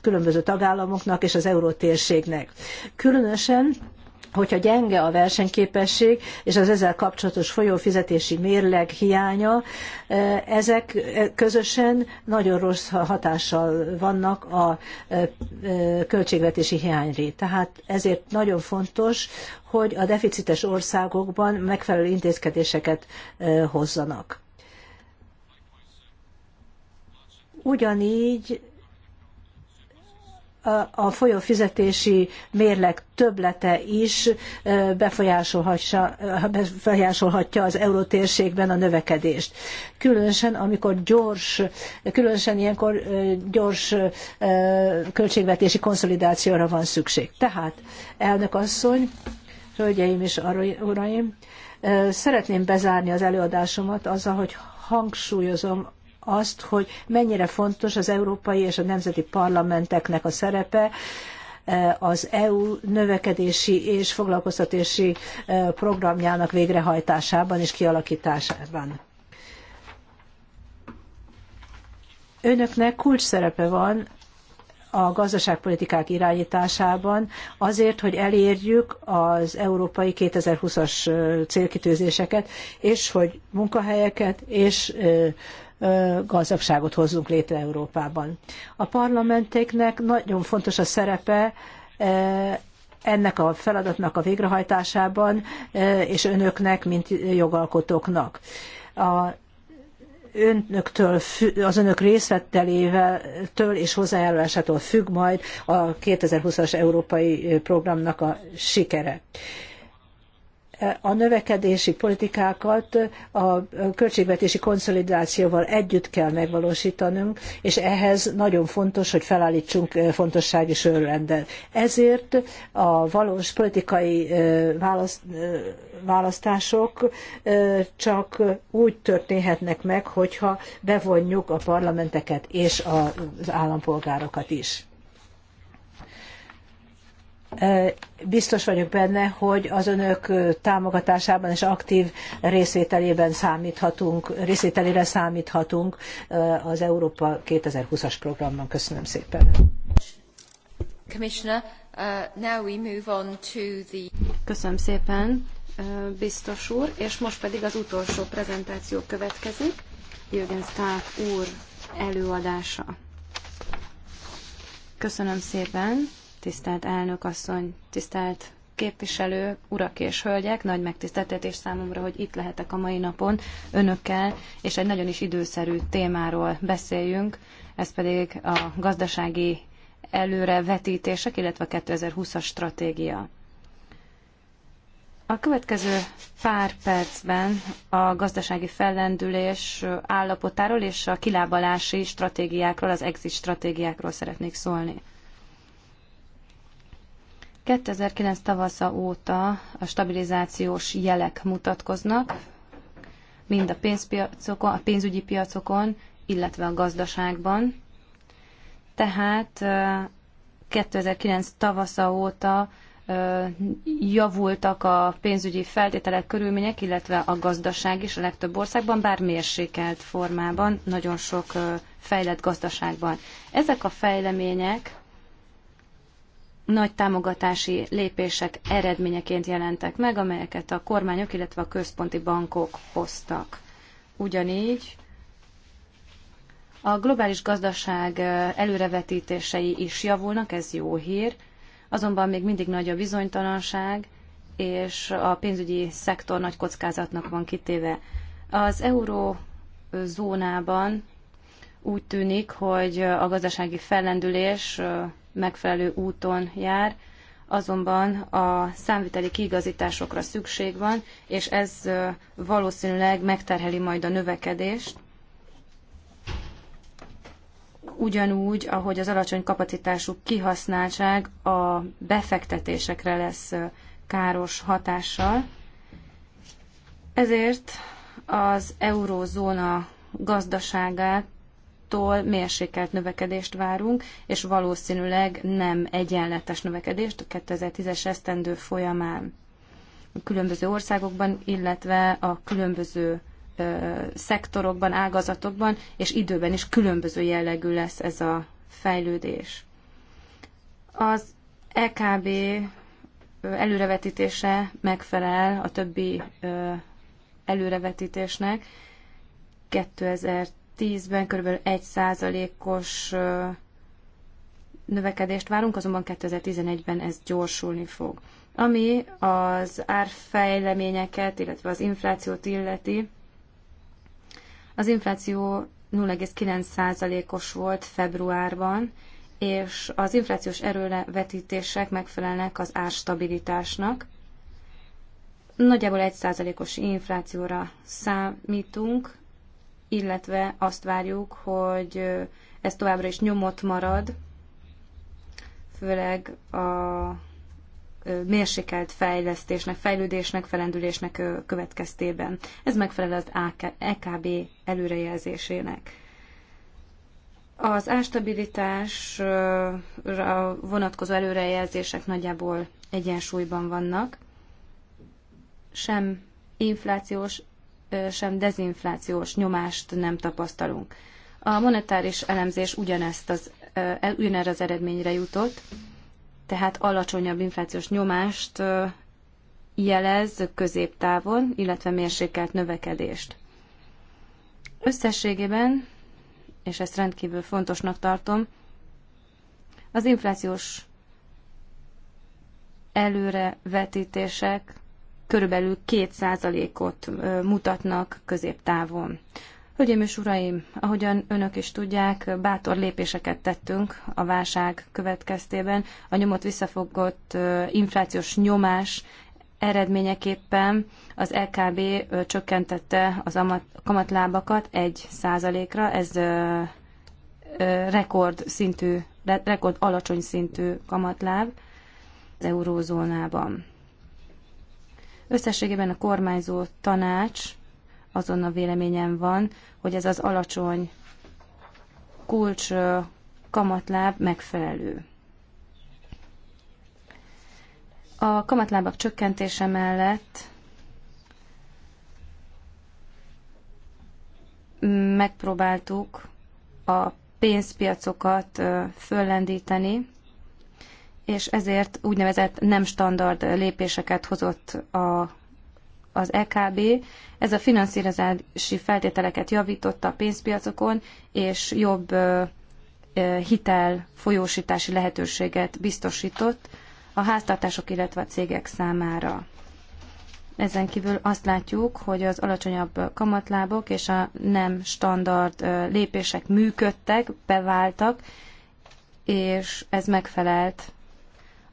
különböző tagállamoknak és az eurótérségnek. Különösen hogyha gyenge a versenyképesség és az ezzel kapcsolatos folyófizetési mérleg hiánya, e, ezek e, közösen nagyon rossz hatással vannak a e, költségvetési hiányra. Tehát ezért nagyon fontos, hogy a deficites országokban megfelelő intézkedéseket hozzanak. Ugyanígy a folyófizetési mérleg töblete is befolyásolhatja az eurótérségben a növekedést. Különösen, amikor gyors, különösen ilyenkor gyors költségvetési konszolidációra van szükség. Tehát, elnök asszony, hölgyeim és uraim, szeretném bezárni az előadásomat azzal, hogy hangsúlyozom azt, hogy mennyire fontos az európai és a nemzeti parlamenteknek a szerepe, eh, az EU növekedési és foglalkoztatási eh, programjának végrehajtásában és kialakításában. Önöknek kulcs szerepe van a gazdaságpolitikák irányításában azért, hogy elérjük az európai 2020-as eh, célkitűzéseket, és hogy munkahelyeket és gazdagságot hozzunk létre Európában. A parlamenteknek nagyon fontos a szerepe ennek a feladatnak a végrehajtásában, és önöknek, mint jogalkotóknak. A önöktől, az önök részvettelével től és hozzájárulásától függ majd a 2020-as európai programnak a sikere a növekedési politikákat a költségvetési konszolidációval együtt kell megvalósítanunk, és ehhez nagyon fontos, hogy felállítsunk fontossági sorrendet. Ezért a valós politikai választások csak úgy történhetnek meg, hogyha bevonjuk a parlamenteket és az állampolgárokat is. Biztos vagyok benne, hogy az önök támogatásában és aktív részvételében számíthatunk, részvételére számíthatunk az Európa 2020-as programban. Köszönöm szépen. Commissioner, uh, now we move on to the... Köszönöm szépen, biztos úr, és most pedig az utolsó prezentáció következik, Jürgen Stark úr előadása. Köszönöm szépen tisztelt elnök asszony, tisztelt képviselő, urak és hölgyek, nagy megtiszteltetés számomra, hogy itt lehetek a mai napon önökkel, és egy nagyon is időszerű témáról beszéljünk, ez pedig a gazdasági előrevetítések, illetve a 2020-as stratégia. A következő pár percben a gazdasági fellendülés állapotáról és a kilábalási stratégiákról, az exit stratégiákról szeretnék szólni. 2009 tavasza óta a stabilizációs jelek mutatkoznak, mind a pénzpiacokon, a pénzügyi piacokon, illetve a gazdaságban. Tehát 2009 tavasza óta javultak a pénzügyi feltételek, körülmények, illetve a gazdaság is a legtöbb országban, bár mérsékelt formában, nagyon sok fejlett gazdaságban. Ezek a fejlemények nagy támogatási lépések eredményeként jelentek meg, amelyeket a kormányok, illetve a központi bankok hoztak. Ugyanígy a globális gazdaság előrevetítései is javulnak, ez jó hír, azonban még mindig nagy a bizonytalanság, és a pénzügyi szektor nagy kockázatnak van kitéve. Az eurózónában úgy tűnik, hogy a gazdasági fellendülés megfelelő úton jár, azonban a számviteli kiigazításokra szükség van, és ez valószínűleg megterheli majd a növekedést, ugyanúgy, ahogy az alacsony kapacitású kihasználtság a befektetésekre lesz káros hatással. Ezért az eurózóna gazdaságát tól mérsékelt növekedést várunk, és valószínűleg nem egyenletes növekedést a 2010-es esztendő folyamán a különböző országokban, illetve a különböző ö, szektorokban, ágazatokban, és időben is különböző jellegű lesz ez a fejlődés. Az EKB előrevetítése megfelel a többi ö, előrevetítésnek, 2000 2010-ben kb. 1%-os növekedést várunk, azonban 2011-ben ez gyorsulni fog. Ami az árfejleményeket, illetve az inflációt illeti, az infláció 0,9%-os volt februárban, és az inflációs erővetítések megfelelnek az árstabilitásnak. Nagyjából 1%-os inflációra számítunk, illetve azt várjuk, hogy ez továbbra is nyomot marad, főleg a mérsékelt fejlesztésnek, fejlődésnek, felendülésnek következtében. Ez megfelel az EKB előrejelzésének. Az ástabilitásra vonatkozó előrejelzések nagyjából egyensúlyban vannak. Sem inflációs, sem dezinflációs nyomást nem tapasztalunk. A monetáris elemzés ugyanezt az, ugyanerre az eredményre jutott, tehát alacsonyabb inflációs nyomást jelez középtávon, illetve mérsékelt növekedést. Összességében, és ezt rendkívül fontosnak tartom, az inflációs előrevetítések körülbelül 2%-ot mutatnak középtávon. Hölgyeim és uraim, ahogyan önök is tudják, bátor lépéseket tettünk a válság következtében. A nyomot visszafogott inflációs nyomás eredményeképpen az LKB csökkentette az kamatlábakat 1 ra ez rekord szintű, rekord alacsony szintű kamatláb az eurózónában. Összességében a kormányzó tanács azon a véleményen van, hogy ez az alacsony kulcs kamatláb megfelelő. A kamatlábak csökkentése mellett megpróbáltuk a pénzpiacokat föllendíteni, és ezért úgynevezett nem standard lépéseket hozott a, az EKB. Ez a finanszírozási feltételeket javította a pénzpiacokon, és jobb hitel folyósítási lehetőséget biztosított a háztartások, illetve a cégek számára. Ezen kívül azt látjuk, hogy az alacsonyabb kamatlábok és a nem standard lépések működtek, beváltak, és ez megfelelt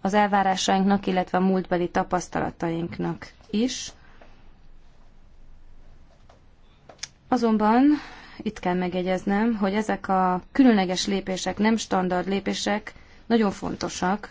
az elvárásainknak, illetve a múltbeli tapasztalatainknak is. Azonban itt kell megegyeznem, hogy ezek a különleges lépések, nem standard lépések nagyon fontosak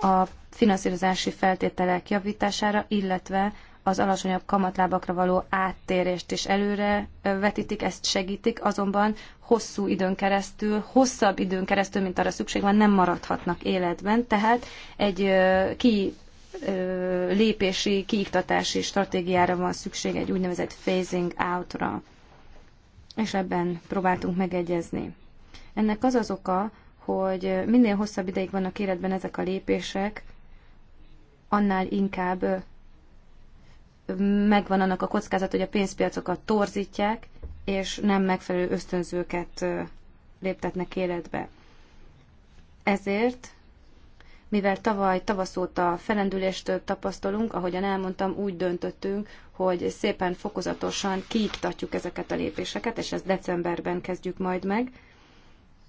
a finanszírozási feltételek javítására, illetve az alacsonyabb kamatlábakra való áttérést is előre vetítik, ezt segítik, azonban hosszú időn keresztül, hosszabb időn keresztül, mint arra szükség van, nem maradhatnak életben, tehát egy ki lépési, kiiktatási stratégiára van szükség, egy úgynevezett phasing outra. És ebben próbáltunk megegyezni. Ennek az az oka, hogy minél hosszabb ideig vannak életben ezek a lépések, annál inkább megvan annak a kockázat, hogy a pénzpiacokat torzítják, és nem megfelelő ösztönzőket léptetnek életbe. Ezért, mivel tavaly tavasz óta felendülést tapasztalunk, ahogyan elmondtam, úgy döntöttünk, hogy szépen fokozatosan kiiktatjuk ezeket a lépéseket, és ezt decemberben kezdjük majd meg.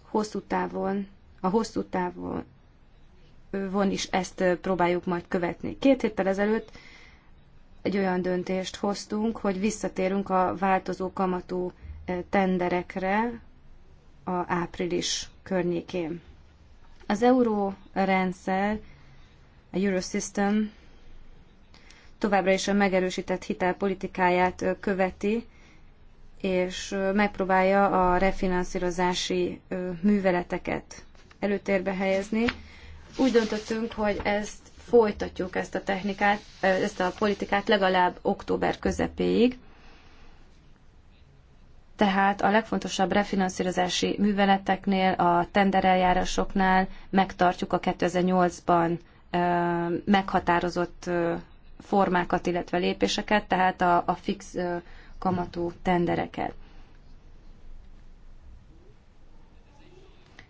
Hosszú távon, a hosszú távon von is ezt próbáljuk majd követni. Két héttel ezelőtt egy olyan döntést hoztunk, hogy visszatérünk a változó kamatú e, tenderekre a április környékén. Az euró rendszer, a Eurosystem továbbra is a megerősített hitelpolitikáját e, követi, és e, megpróbálja a refinanszírozási műveleteket előtérbe helyezni. Úgy döntöttünk, hogy ezt folytatjuk ezt a technikát, ezt a politikát legalább október közepéig. Tehát a legfontosabb refinanszírozási műveleteknél, a tendereljárásoknál megtartjuk a 2008-ban meghatározott formákat, illetve lépéseket, tehát a, a fix kamatú tendereket.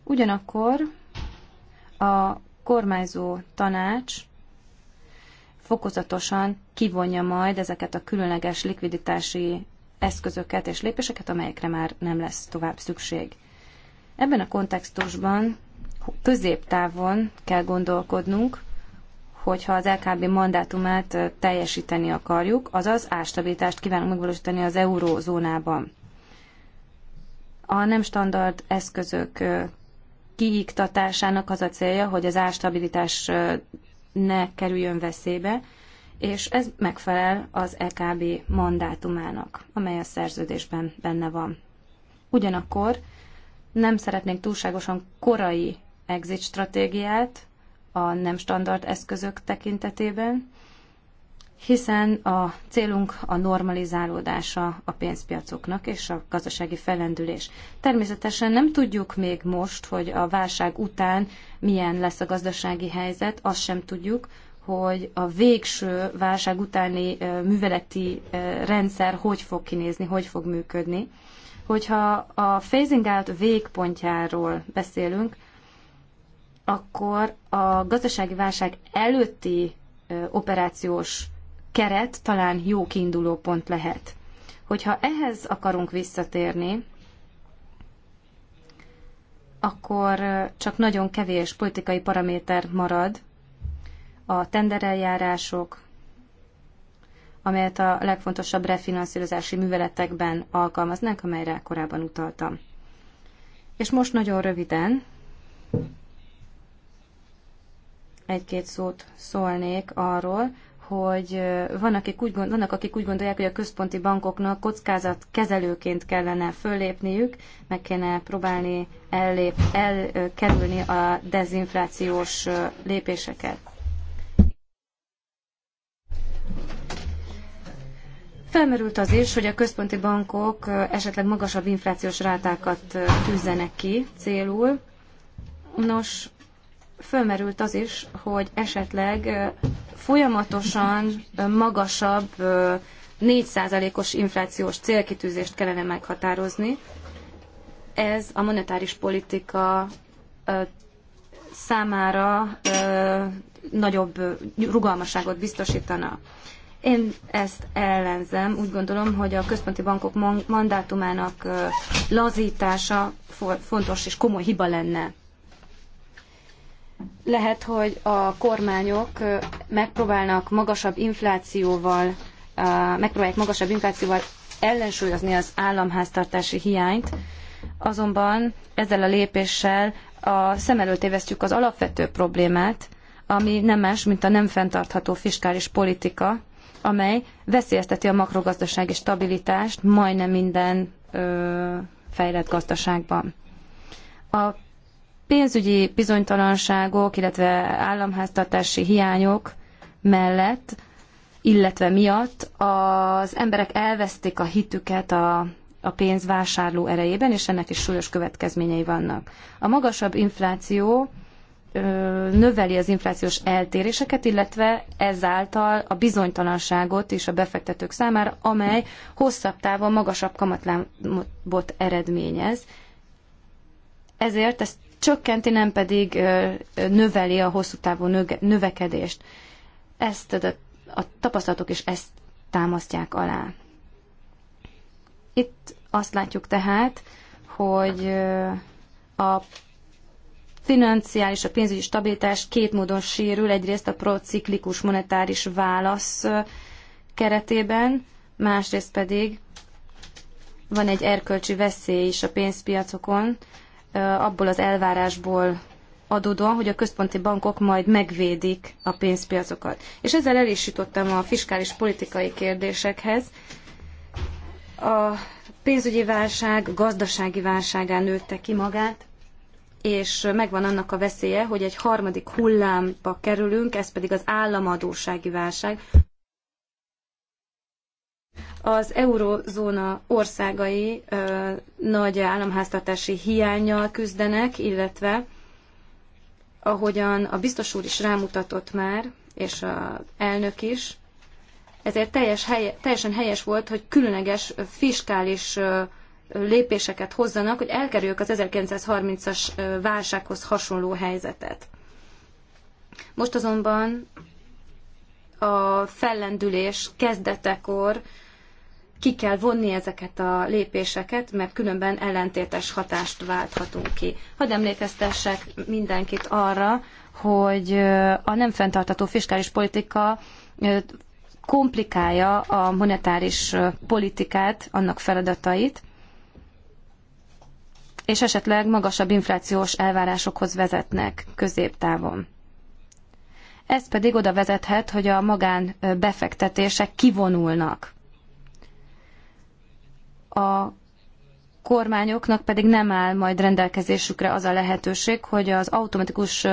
Ugyanakkor a kormányzó tanács fokozatosan kivonja majd ezeket a különleges likviditási eszközöket és lépéseket, amelyekre már nem lesz tovább szükség. Ebben a kontextusban középtávon kell gondolkodnunk, hogyha az LKB mandátumát teljesíteni akarjuk, azaz ástabilitást kívánunk megvalósítani az eurózónában. A nem standard eszközök kiiktatásának az a célja, hogy az ástabilitás ne kerüljön veszélybe, és ez megfelel az EKB mandátumának, amely a szerződésben benne van. Ugyanakkor nem szeretnénk túlságosan korai exit stratégiát a nem standard eszközök tekintetében, hiszen a célunk a normalizálódása a pénzpiacoknak és a gazdasági felendülés. Természetesen nem tudjuk még most, hogy a válság után milyen lesz a gazdasági helyzet, azt sem tudjuk, hogy a végső válság utáni műveleti rendszer hogy fog kinézni, hogy fog működni. Hogyha a phasing out végpontjáról beszélünk, akkor a gazdasági válság előtti operációs keret talán jó kiinduló pont lehet. Hogyha ehhez akarunk visszatérni, akkor csak nagyon kevés politikai paraméter marad, a tendereljárások, amelyet a legfontosabb refinanszírozási műveletekben alkalmaznak, amelyre korábban utaltam. És most nagyon röviden egy-két szót szólnék arról, hogy van, akik úgy, vannak, akik úgy gondolják, hogy a központi bankoknak kockázat kezelőként kellene föllépniük, meg kéne próbálni ellép, elkerülni a dezinflációs lépéseket. Felmerült az is, hogy a központi bankok esetleg magasabb inflációs rátákat tűzzenek ki célul. Nos, felmerült az is, hogy esetleg folyamatosan magasabb 4%-os inflációs célkitűzést kellene meghatározni. Ez a monetáris politika számára nagyobb rugalmasságot biztosítana. Én ezt ellenzem, úgy gondolom, hogy a központi bankok mandátumának lazítása fontos és komoly hiba lenne lehet, hogy a kormányok megpróbálnak magasabb inflációval, megpróbálják magasabb inflációval ellensúlyozni az államháztartási hiányt, azonban ezzel a lépéssel a szem előtt tévesztjük az alapvető problémát, ami nem más, mint a nem fenntartható fiskális politika, amely veszélyezteti a makrogazdasági stabilitást majdnem minden ö, fejlett gazdaságban. A pénzügyi bizonytalanságok, illetve államháztartási hiányok mellett, illetve miatt az emberek elvesztik a hitüket a a pénz vásárló erejében, és ennek is súlyos következményei vannak. A magasabb infláció növeli az inflációs eltéréseket, illetve ezáltal a bizonytalanságot is a befektetők számára, amely hosszabb távon magasabb kamatlábot eredményez. Ezért ezt csökkenti, nem pedig növeli a hosszú távú növekedést. Ezt a, a tapasztalatok is ezt támasztják alá. Itt azt látjuk tehát, hogy a financiális, a pénzügyi stabilitás két módon sérül, egyrészt a prociklikus monetáris válasz keretében, másrészt pedig van egy erkölcsi veszély is a pénzpiacokon, abból az elvárásból adódóan, hogy a központi bankok majd megvédik a pénzpiacokat. És ezzel el is jutottam a fiskális politikai kérdésekhez. A pénzügyi válság gazdasági válságán nőtte ki magát, és megvan annak a veszélye, hogy egy harmadik hullámba kerülünk, ez pedig az államadósági válság. Az eurozóna országai ö, nagy államháztartási hiányjal küzdenek, illetve ahogyan a biztos úr is rámutatott már, és az elnök is, ezért teljes helye, teljesen helyes volt, hogy különleges fiskális ö, lépéseket hozzanak, hogy elkerüljük az 1930-as válsághoz hasonló helyzetet. Most azonban a fellendülés kezdetekor ki kell vonni ezeket a lépéseket, mert különben ellentétes hatást válthatunk ki. Hadd emlékeztessek mindenkit arra, hogy a nem fenntartató fiskális politika komplikálja a monetáris politikát, annak feladatait, és esetleg magasabb inflációs elvárásokhoz vezetnek középtávon. Ez pedig oda vezethet, hogy a magán befektetések kivonulnak a kormányoknak pedig nem áll majd rendelkezésükre az a lehetőség, hogy az automatikus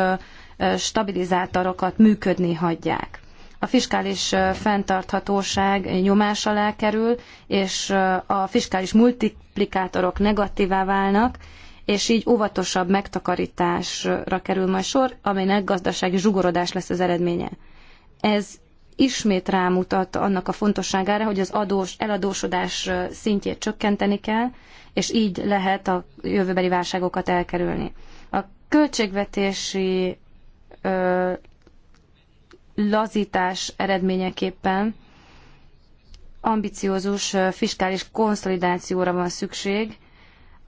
stabilizátorokat működni hagyják. A fiskális fenntarthatóság nyomás alá kerül, és a fiskális multiplikátorok negatívá válnak, és így óvatosabb megtakarításra kerül majd sor, aminek gazdasági zsugorodás lesz az eredménye. Ez ismét rámutat annak a fontosságára, hogy az adós, eladósodás szintjét csökkenteni kell, és így lehet a jövőbeli válságokat elkerülni. A költségvetési ö, lazítás eredményeképpen ambiciózus fiskális konszolidációra van szükség,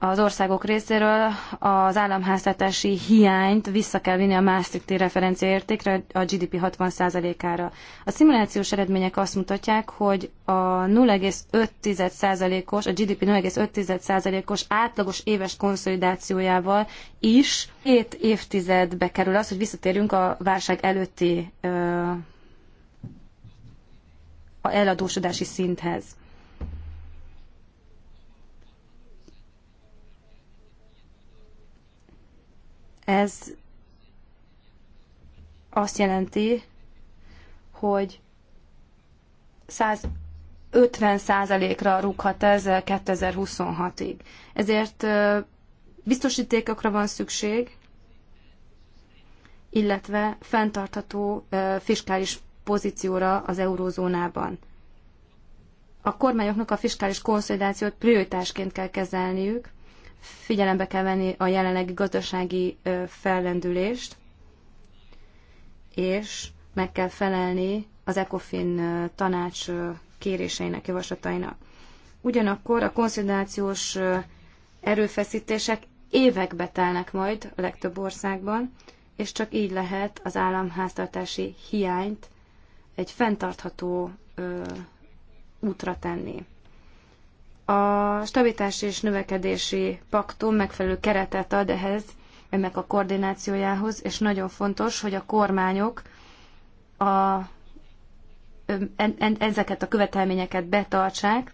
az országok részéről az államháztartási hiányt vissza kell vinni a Maastrichti referenciaértékre, a GDP 60%-ára. A szimulációs eredmények azt mutatják, hogy a 0,5%-os, a GDP 0,5%-os átlagos éves konszolidációjával is két évtizedbe kerül az, hogy visszatérjünk a válság előtti ö, a eladósodási szinthez. Ez azt jelenti, hogy 150%-ra rúghat ez 2026-ig. Ezért biztosítékokra van szükség, illetve fenntartható fiskális pozícióra az eurózónában. A kormányoknak a fiskális konszolidációt prioritásként kell kezelniük, figyelembe kell venni a jelenlegi gazdasági fellendülést, és meg kell felelni az ECOFIN tanács kéréseinek, javaslatainak. Ugyanakkor a konszolidációs erőfeszítések évekbe telnek majd a legtöbb országban, és csak így lehet az államháztartási hiányt egy fenntartható ö, útra tenni. A stabilitási és növekedési paktum megfelelő keretet ad ehhez, ennek a koordinációjához, és nagyon fontos, hogy a kormányok a, en, en, ezeket a követelményeket betartsák,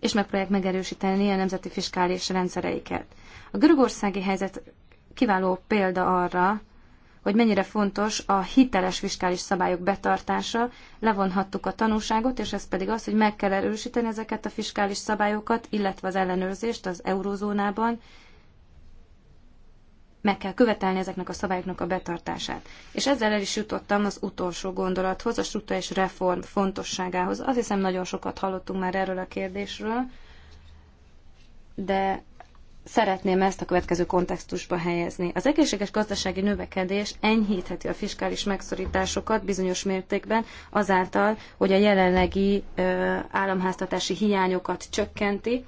és megpróbálják megerősíteni a nemzeti fiskális rendszereiket. A görögországi helyzet kiváló példa arra, hogy mennyire fontos a hiteles fiskális szabályok betartása, levonhattuk a tanúságot, és ez pedig az, hogy meg kell erősíteni ezeket a fiskális szabályokat, illetve az ellenőrzést az eurózónában, meg kell követelni ezeknek a szabályoknak a betartását. És ezzel el is jutottam az utolsó gondolathoz, a struktúrális reform fontosságához. Azt hiszem, nagyon sokat hallottunk már erről a kérdésről, de szeretném ezt a következő kontextusba helyezni. Az egészséges gazdasági növekedés enyhítheti a fiskális megszorításokat bizonyos mértékben azáltal, hogy a jelenlegi államháztatási hiányokat csökkenti,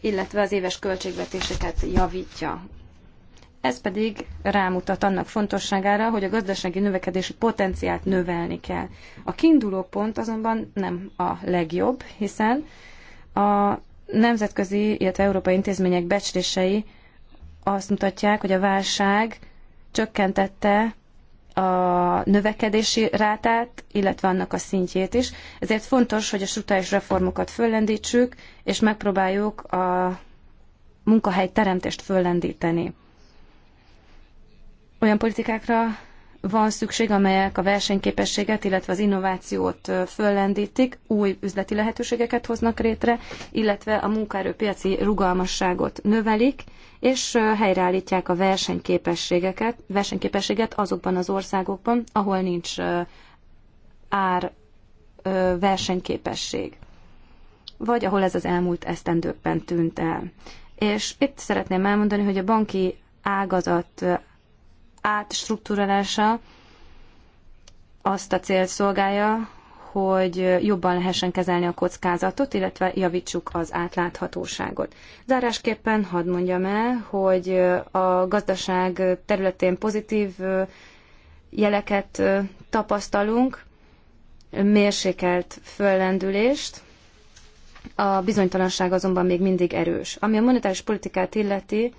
illetve az éves költségvetéseket javítja. Ez pedig rámutat annak fontosságára, hogy a gazdasági növekedési potenciált növelni kell. A kiinduló pont azonban nem a legjobb, hiszen a nemzetközi, illetve európai intézmények becslései azt mutatják, hogy a válság csökkentette a növekedési rátát, illetve annak a szintjét is. Ezért fontos, hogy a strukturális reformokat föllendítsük, és megpróbáljuk a munkahely teremtést föllendíteni. Olyan politikákra van szükség, amelyek a versenyképességet, illetve az innovációt föllendítik, új üzleti lehetőségeket hoznak létre, illetve a munkaerőpiaci rugalmasságot növelik, és helyreállítják a versenyképességeket, versenyképességet azokban az országokban, ahol nincs ár versenyképesség, vagy ahol ez az elmúlt esztendőkben tűnt el. És itt szeretném elmondani, hogy a banki ágazat átstruktúrálása azt a célt szolgálja, hogy jobban lehessen kezelni a kockázatot, illetve javítsuk az átláthatóságot. Zárásképpen hadd mondjam el, hogy a gazdaság területén pozitív jeleket tapasztalunk, mérsékelt föllendülést, a bizonytalanság azonban még mindig erős. Ami a monetáris politikát illeti,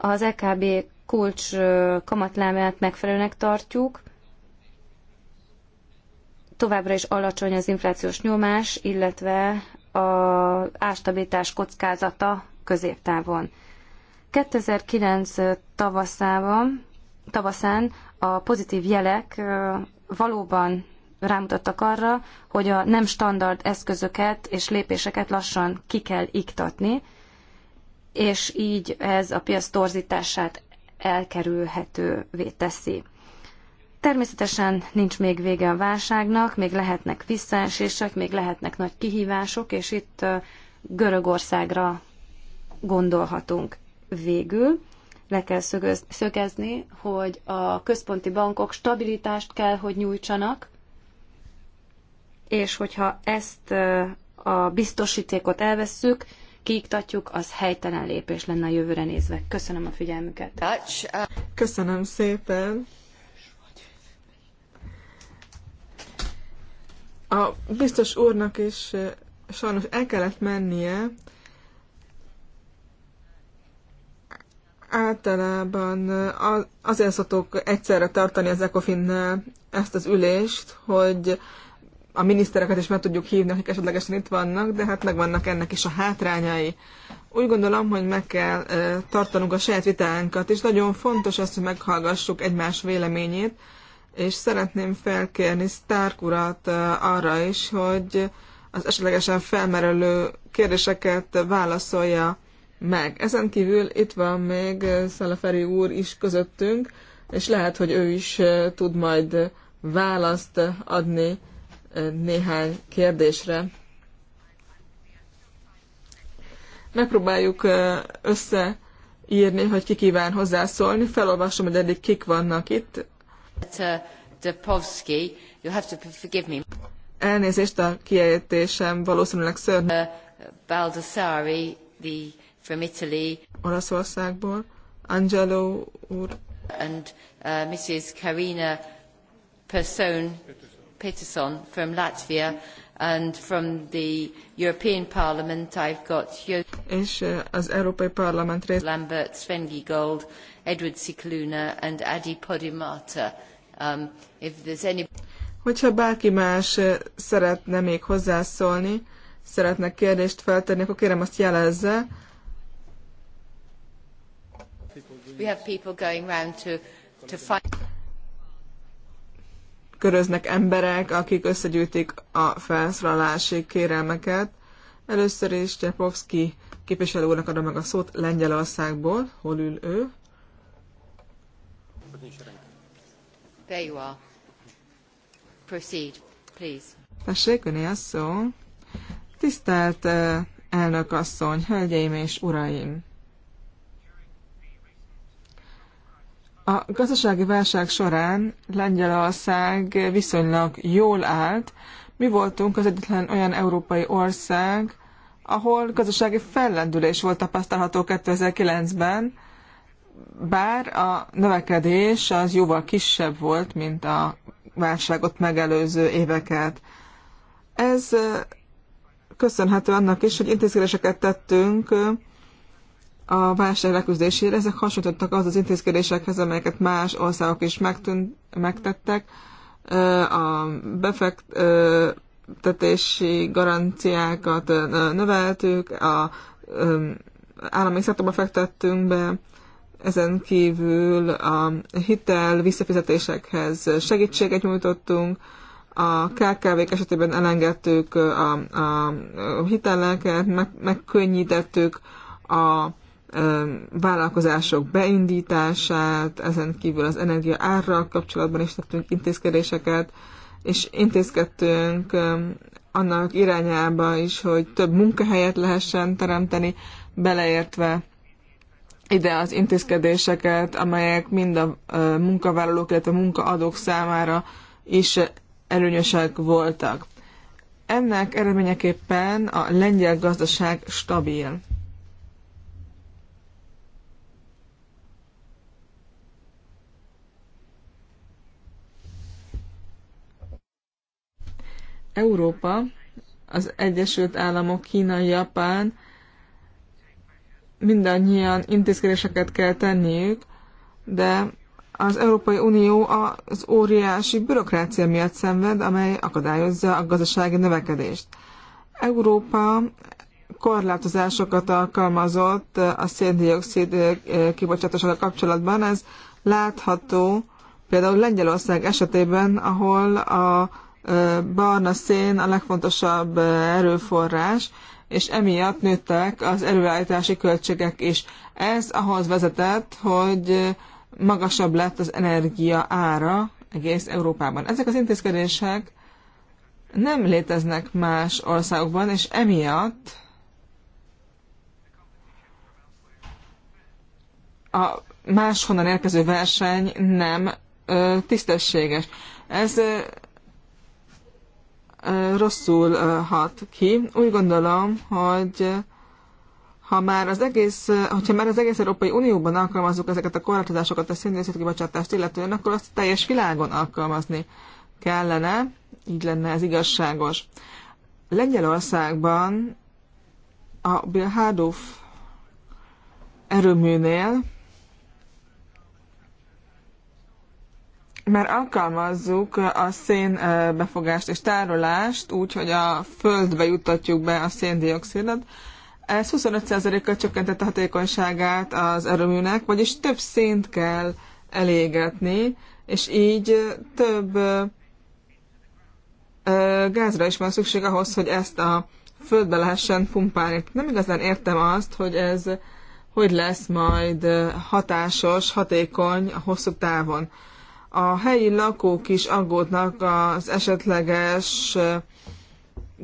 az EKB kulcs kamatlámát megfelelőnek tartjuk. Továbbra is alacsony az inflációs nyomás, illetve a ástabilitás kockázata középtávon. 2009 tavaszában, tavaszán a pozitív jelek valóban rámutattak arra, hogy a nem standard eszközöket és lépéseket lassan ki kell iktatni, és így ez a piac torzítását elkerülhetővé teszi. Természetesen nincs még vége a válságnak, még lehetnek visszaesések, még lehetnek nagy kihívások, és itt Görögországra gondolhatunk végül. Le kell szögezni, hogy a központi bankok stabilitást kell, hogy nyújtsanak, és hogyha ezt a biztosítékot elvesszük, kiiktatjuk, az helytelen lépés lenne a jövőre nézve. Köszönöm a figyelmüket. Köszönöm szépen. A biztos úrnak is eh, sajnos el kellett mennie. Általában eh, azért szoktuk egyszerre tartani az ecofin ezt az ülést, hogy a minisztereket is meg tudjuk hívni, akik esetlegesen itt vannak, de hát megvannak ennek is a hátrányai. Úgy gondolom, hogy meg kell tartanunk a saját vitánkat, és nagyon fontos az, hogy meghallgassuk egymás véleményét, és szeretném felkérni Stark urat arra is, hogy az esetlegesen felmerülő kérdéseket válaszolja meg. Ezen kívül itt van még Szalaferi úr is közöttünk, és lehet, hogy ő is tud majd választ adni néhány kérdésre. Megpróbáljuk összeírni, hogy ki kíván hozzászólni. Felolvasom, hogy eddig kik vannak itt. you have to forgive me. Elnézést a kiejtésem, valószínűleg szörnyű. Uh, Baldassari, the, from Italy. Olaszországból. Angelo úr. And uh, Mrs. Karina Person. Peterson from Latvia and from the European Parliament I've got és eh, az Európai Parlament rész Lambert, Sven Gold, Edward Sikluna and Adi Podimata. Um, if there's any... Hogyha bárki más eh, szeretne még hozzászólni, szeretne kérdést feltenni, akkor kérem azt jelezze. We have people going round to, to find köröznek emberek, akik összegyűjtik a felszólalási kérelmeket. Először is Csepovszki képviselő úrnak adom meg a szót Lengyelországból. Hol ül ő? There you are. Proceed, please. Tessék, öné a szó. Tisztelt eh, elnök asszony, hölgyeim és uraim! A gazdasági válság során Lengyelország viszonylag jól állt. Mi voltunk az egyetlen olyan európai ország, ahol gazdasági fellendülés volt tapasztalható 2009-ben, bár a növekedés az jóval kisebb volt, mint a válságot megelőző éveket. Ez köszönhető annak is, hogy intézkedéseket tettünk a válság leküzdésére. Ezek hasonlítottak az az intézkedésekhez, amelyeket más országok is megtűnt, megtettek. A befektetési garanciákat növeltük, a állami szektorba fektettünk be, ezen kívül a hitel visszafizetésekhez segítséget nyújtottunk, a KKV-k esetében elengedtük a, a hitelleket, meg, megkönnyítettük a vállalkozások beindítását, ezen kívül az energia árral kapcsolatban is tettünk intézkedéseket, és intézkedtünk annak irányába is, hogy több munkahelyet lehessen teremteni, beleértve ide az intézkedéseket, amelyek mind a munkavállalók, illetve a munkaadók számára is előnyösek voltak. Ennek eredményeképpen a lengyel gazdaság stabil. Európa, az Egyesült Államok, Kína, Japán mindannyian intézkedéseket kell tenniük, de az Európai Unió az óriási bürokrácia miatt szenved, amely akadályozza a gazdasági növekedést. Európa korlátozásokat alkalmazott a széndiokszid kibocsátással kapcsolatban. Ez látható például Lengyelország esetében, ahol a barna szén a legfontosabb erőforrás, és emiatt nőttek az erőállítási költségek is. Ez ahhoz vezetett, hogy magasabb lett az energia ára egész Európában. Ezek az intézkedések nem léteznek más országokban, és emiatt a máshonnan érkező verseny nem ö, tisztességes. Ez rosszul hat ki. Úgy gondolom, hogy ha már az egész, hogyha már az egész Európai Unióban alkalmazzuk ezeket a korlátozásokat a széndiokszid kibocsátást illetően, akkor azt teljes világon alkalmazni kellene, így lenne ez igazságos. Lengyelországban a Bilhádóf erőműnél Mert alkalmazzuk a szénbefogást befogást és tárolást úgy, hogy a földbe jutatjuk be a széndiokszidot. Ez 25%-kal csökkentette a hatékonyságát az erőműnek, vagyis több szént kell elégetni, és így több gázra is van szükség ahhoz, hogy ezt a földbe lehessen pumpálni. Nem igazán értem azt, hogy ez hogy lesz majd hatásos, hatékony a hosszú távon. A helyi lakók is aggódnak az esetleges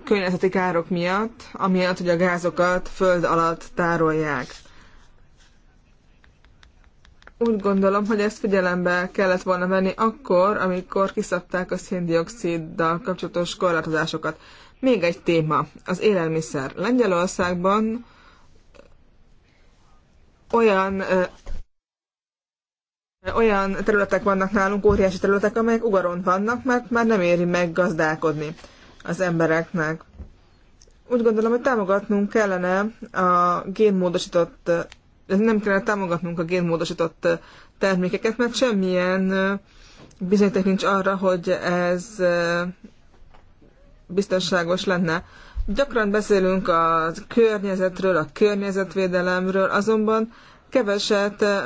környezeti károk miatt, amiatt, hogy a gázokat föld alatt tárolják. Úgy gondolom, hogy ezt figyelembe kellett volna venni akkor, amikor kiszabták a széndioksziddal kapcsolatos korlátozásokat. Még egy téma, az élelmiszer. Lengyelországban olyan olyan területek vannak nálunk, óriási területek, amelyek ugaron vannak, mert már nem éri meg gazdálkodni az embereknek. Úgy gondolom, hogy támogatnunk kellene a génmódosított, nem kellene támogatnunk a génmódosított termékeket, mert semmilyen bizonyíték nincs arra, hogy ez biztonságos lenne. Gyakran beszélünk a környezetről, a környezetvédelemről, azonban keveset eh,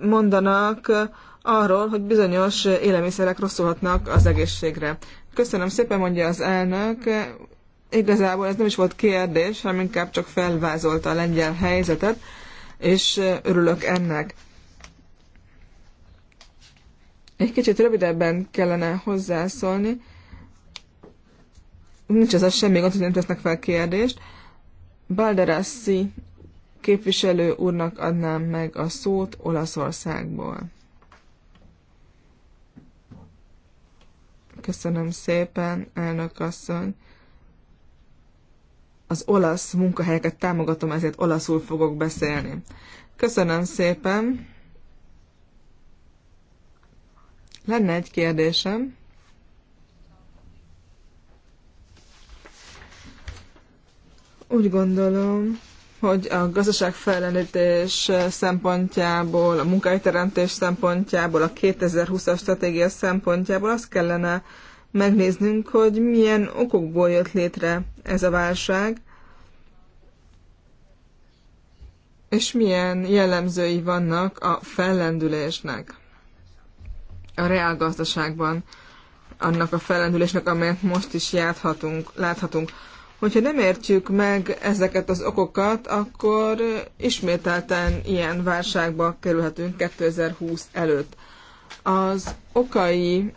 mondanak arról, hogy bizonyos élelmiszerek rosszulhatnak az egészségre. Köszönöm szépen, mondja az elnök. Igazából ez nem is volt kérdés, hanem inkább csak felvázolta a lengyel helyzetet, és eh, örülök ennek. Egy kicsit rövidebben kellene hozzászólni. Nincs ez a semmi gond, hogy nem tesznek fel kérdést. Balderassi képviselő úrnak adnám meg a szót Olaszországból. Köszönöm szépen, elnök asszony. Az olasz munkahelyeket támogatom, ezért olaszul fogok beszélni. Köszönöm szépen. Lenne egy kérdésem. Úgy gondolom, hogy a gazdaságfejlődés szempontjából, a munkahelyteremtés szempontjából, a 2020-as stratégia szempontjából azt kellene megnéznünk, hogy milyen okokból jött létre ez a válság, és milyen jellemzői vannak a fellendülésnek a reálgazdaságban, annak a fellendülésnek, amelyet most is játhatunk, láthatunk. Hogyha nem értjük meg ezeket az okokat, akkor ismételten ilyen válságba kerülhetünk 2020 előtt. Az okai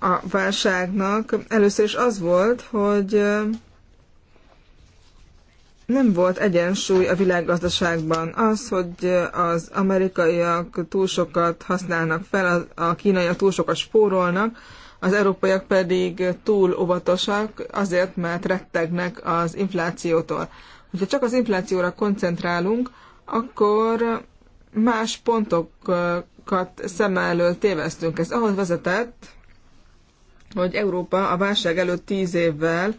a válságnak először is az volt, hogy nem volt egyensúly a világgazdaságban. Az, hogy az amerikaiak túl sokat használnak fel, a kínaiak túl sokat spórolnak, az európaiak pedig túl óvatosak, azért, mert rettegnek az inflációtól. Hogyha csak az inflációra koncentrálunk, akkor más pontokat szem elől téveztünk. Ez ahhoz vezetett, hogy Európa a válság előtt 10 évvel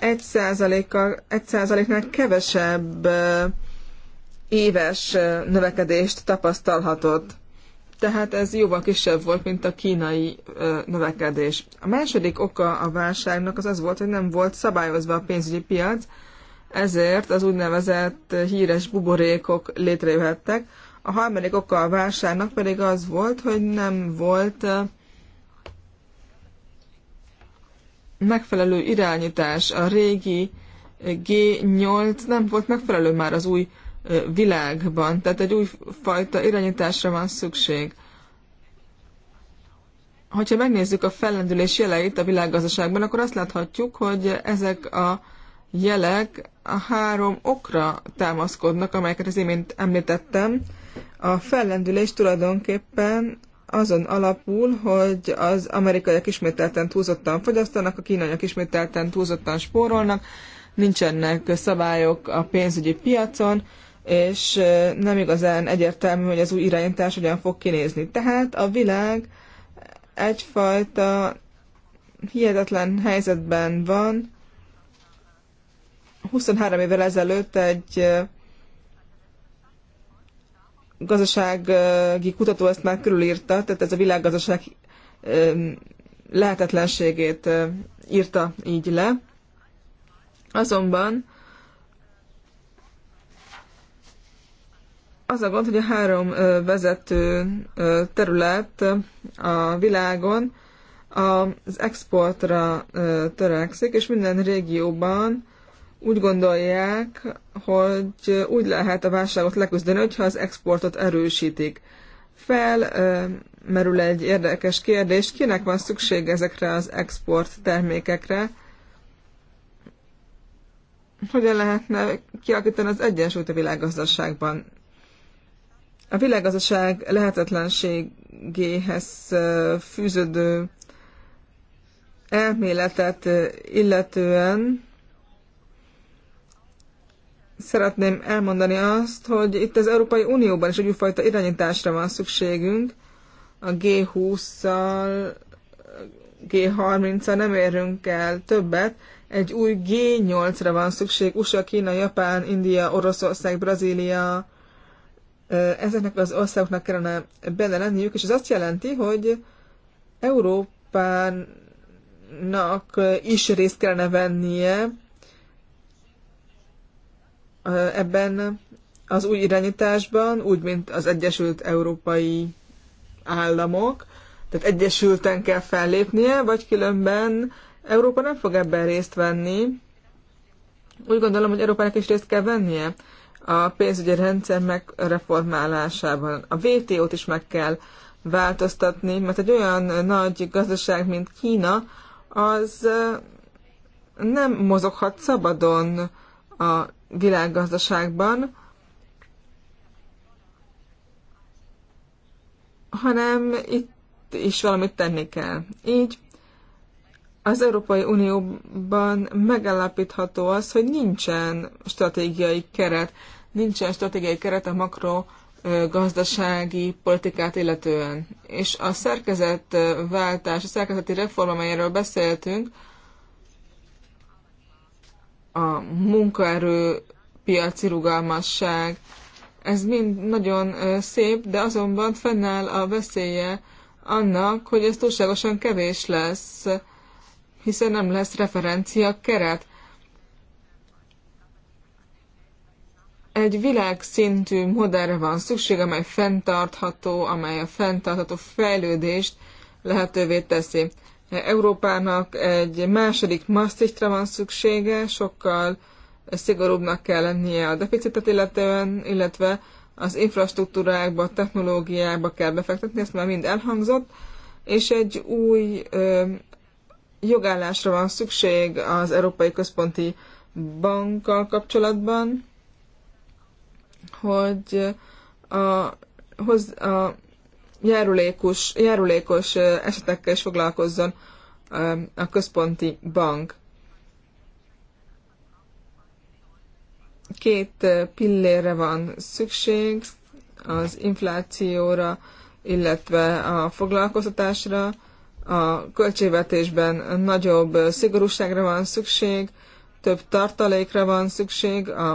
1%-nál kevesebb éves növekedést tapasztalhatott tehát ez jóval kisebb volt, mint a kínai ö, növekedés. A második oka a válságnak az az volt, hogy nem volt szabályozva a pénzügyi piac, ezért az úgynevezett híres buborékok létrejöhettek. A harmadik oka a válságnak pedig az volt, hogy nem volt megfelelő irányítás. A régi G8 nem volt megfelelő már az új világban. Tehát egy újfajta irányításra van szükség. Hogyha megnézzük a fellendülés jeleit a világgazdaságban, akkor azt láthatjuk, hogy ezek a jelek a három okra támaszkodnak, amelyeket az imént említettem. A fellendülés tulajdonképpen azon alapul, hogy az amerikaiak ismételten túlzottan fogyasztanak, a kínaiak ismételten túlzottan spórolnak, nincsenek szabályok a pénzügyi piacon, és nem igazán egyértelmű, hogy az új irányítás hogyan fog kinézni. Tehát a világ egyfajta hihetetlen helyzetben van. 23 évvel ezelőtt egy gazdasági kutató ezt már körülírta, tehát ez a világgazdaság lehetetlenségét írta így le. Azonban az a gond, hogy a három vezető terület a világon az exportra törekszik, és minden régióban úgy gondolják, hogy úgy lehet a válságot leküzdeni, hogyha az exportot erősítik. Felmerül egy érdekes kérdés, kinek van szükség ezekre az export termékekre, hogyan lehetne kialakítani az egyensúlyt a világgazdaságban a világgazdaság lehetetlenségéhez fűződő elméletet illetően szeretném elmondani azt, hogy itt az Európai Unióban is egyfajta irányításra van szükségünk. A G20-szal, G30-szal nem érünk el többet. Egy új G8-ra van szükség. USA, Kína, Japán, India, Oroszország, Brazília, ezeknek az országoknak kellene benne lenniük, és ez azt jelenti, hogy Európának is részt kellene vennie ebben az új irányításban, úgy, mint az Egyesült Európai Államok, tehát egyesülten kell fellépnie, vagy különben Európa nem fog ebben részt venni. Úgy gondolom, hogy Európának is részt kell vennie a pénzügyi rendszer megreformálásában. A WTO-t is meg kell változtatni, mert egy olyan nagy gazdaság, mint Kína, az nem mozoghat szabadon a világgazdaságban, hanem itt is valamit tenni kell. Így az Európai Unióban megállapítható az, hogy nincsen stratégiai keret nincsen stratégiai keret a makro gazdasági politikát illetően. És a szerkezetváltás, a szerkezeti reform, amelyről beszéltünk, a munkaerő piaci rugalmasság, ez mind nagyon szép, de azonban fennáll a veszélye annak, hogy ez túlságosan kevés lesz, hiszen nem lesz referencia keret. egy világszintű modellre van szükség, amely fenntartható, amely a fenntartható fejlődést lehetővé teszi. Európának egy második masztichtra van szüksége, sokkal szigorúbbnak kell lennie a deficitet illetően, illetve az infrastruktúrákba, technológiákba kell befektetni, ezt már mind elhangzott, és egy új ö, jogállásra van szükség az Európai Központi Bankkal kapcsolatban, hogy a, hoz, a járulékos, járulékos esetekkel is foglalkozzon a központi bank. Két pillére van szükség, az inflációra, illetve a foglalkoztatásra. A költségvetésben nagyobb szigorúságra van szükség, több tartalékra van szükség a,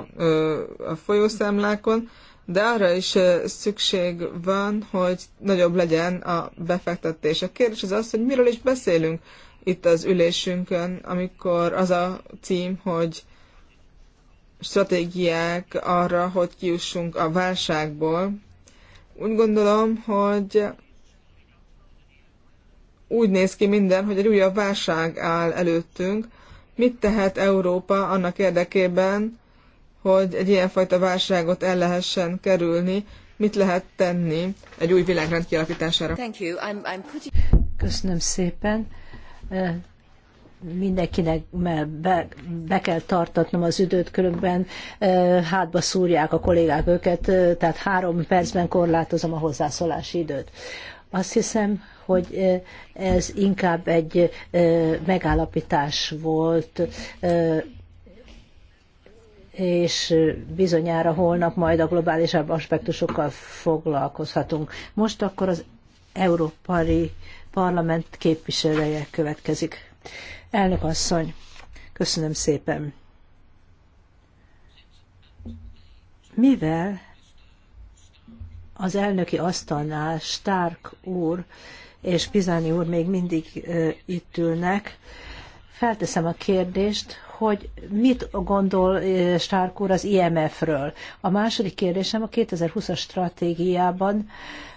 a folyószámlákon, de arra is szükség van, hogy nagyobb legyen a befektetés. A kérdés az az, hogy miről is beszélünk itt az ülésünkön, amikor az a cím, hogy stratégiák arra, hogy kiussunk a válságból. Úgy gondolom, hogy úgy néz ki minden, hogy egy újabb válság áll előttünk, Mit tehet Európa annak érdekében, hogy egy ilyenfajta válságot el lehessen kerülni? Mit lehet tenni egy új világrend kialakítására? Köszönöm szépen. Mindenkinek be, be kell tartatnom az időt, körülben hátba szúrják a kollégák őket, tehát három percben korlátozom a hozzászólási időt. Azt hiszem, hogy ez inkább egy megállapítás volt, és bizonyára holnap majd a globálisabb aspektusokkal foglalkozhatunk. Most akkor az Európai Parlament képviselője következik. Elnök asszony, köszönöm szépen. Mivel az elnöki asztalnál Stark úr és Pizáni úr még mindig itt ülnek. Felteszem a kérdést, hogy mit gondol Stark úr az IMF-ről. A második kérdésem a 2020-as stratégiában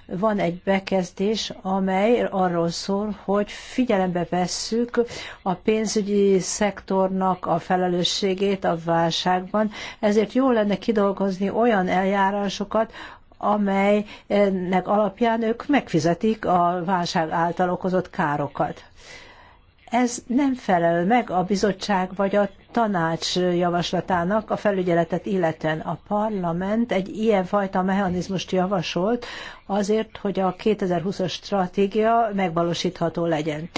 van egy bekezdés, amely arról szól, hogy figyelembe vesszük a pénzügyi szektornak a felelősségét a válságban, ezért jó lenne kidolgozni olyan eljárásokat, amelynek alapján ők megfizetik a válság által okozott károkat. Ez nem felel meg a bizottság vagy a tanács javaslatának a felügyeletet illetően. A parlament egy ilyen fajta mechanizmust javasolt azért, hogy a 2020-as stratégia megvalósítható legyen.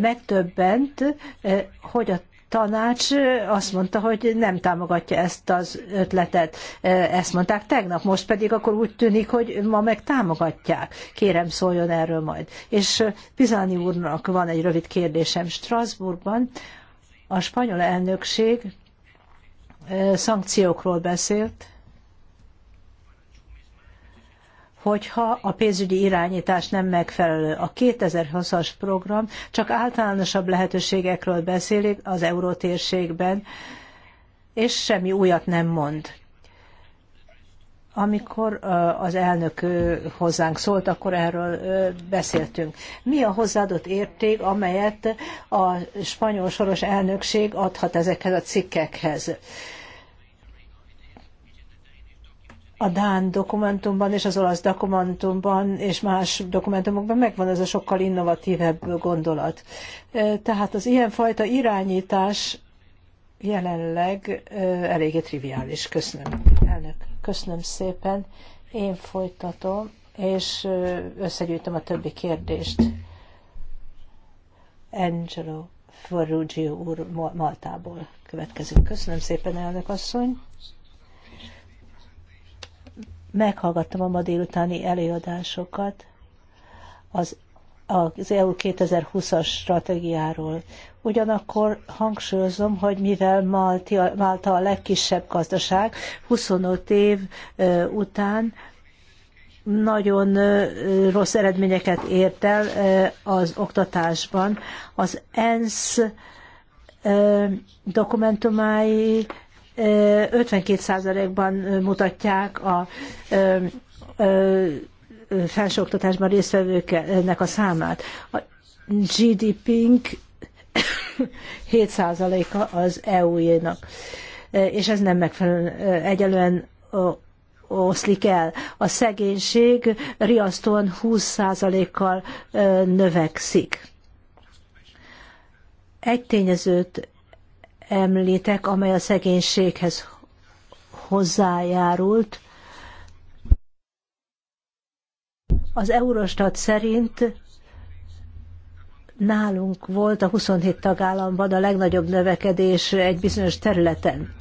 Megtöbbent, eh, hogy a tanács azt mondta, hogy nem támogatja ezt az ötletet. Ezt mondták tegnap, most pedig akkor úgy tűnik, hogy ma meg támogatják. Kérem szóljon erről majd. És Pizáni úrnak van egy rövid kérdésem. Strasbourgban a spanyol elnökség szankciókról beszélt, hogyha a pénzügyi irányítás nem megfelelő. A 2020-as program csak általánosabb lehetőségekről beszélik az eurótérségben, és semmi újat nem mond. Amikor az elnök hozzánk szólt, akkor erről beszéltünk. Mi a hozzáadott érték, amelyet a spanyol soros elnökség adhat ezekhez a cikkekhez? a Dán dokumentumban és az olasz dokumentumban és más dokumentumokban megvan ez a sokkal innovatívebb gondolat. Tehát az ilyenfajta irányítás jelenleg eléggé triviális. Köszönöm, elnök. Köszönöm szépen. Én folytatom, és összegyűjtöm a többi kérdést. Angelo Ferrugio úr Maltából következik. Köszönöm szépen, elnök asszony meghallgattam a ma délutáni előadásokat az, az EU 2020-as stratégiáról. Ugyanakkor hangsúlyozom, hogy mivel Malta, Malta a legkisebb gazdaság, 25 év után nagyon rossz eredményeket ért el az oktatásban. Az ENSZ dokumentumái 52%-ban mutatják a felsőoktatásban résztvevőknek a számát. A GDP-nk 7%-a az EU-jénak, és ez nem megfelelően egyelően oszlik el. A szegénység riasztóan 20%-kal növekszik. Egy tényezőt említek, amely a szegénységhez hozzájárult. Az Eurostat szerint nálunk volt a 27 tagállamban a legnagyobb növekedés egy bizonyos területen.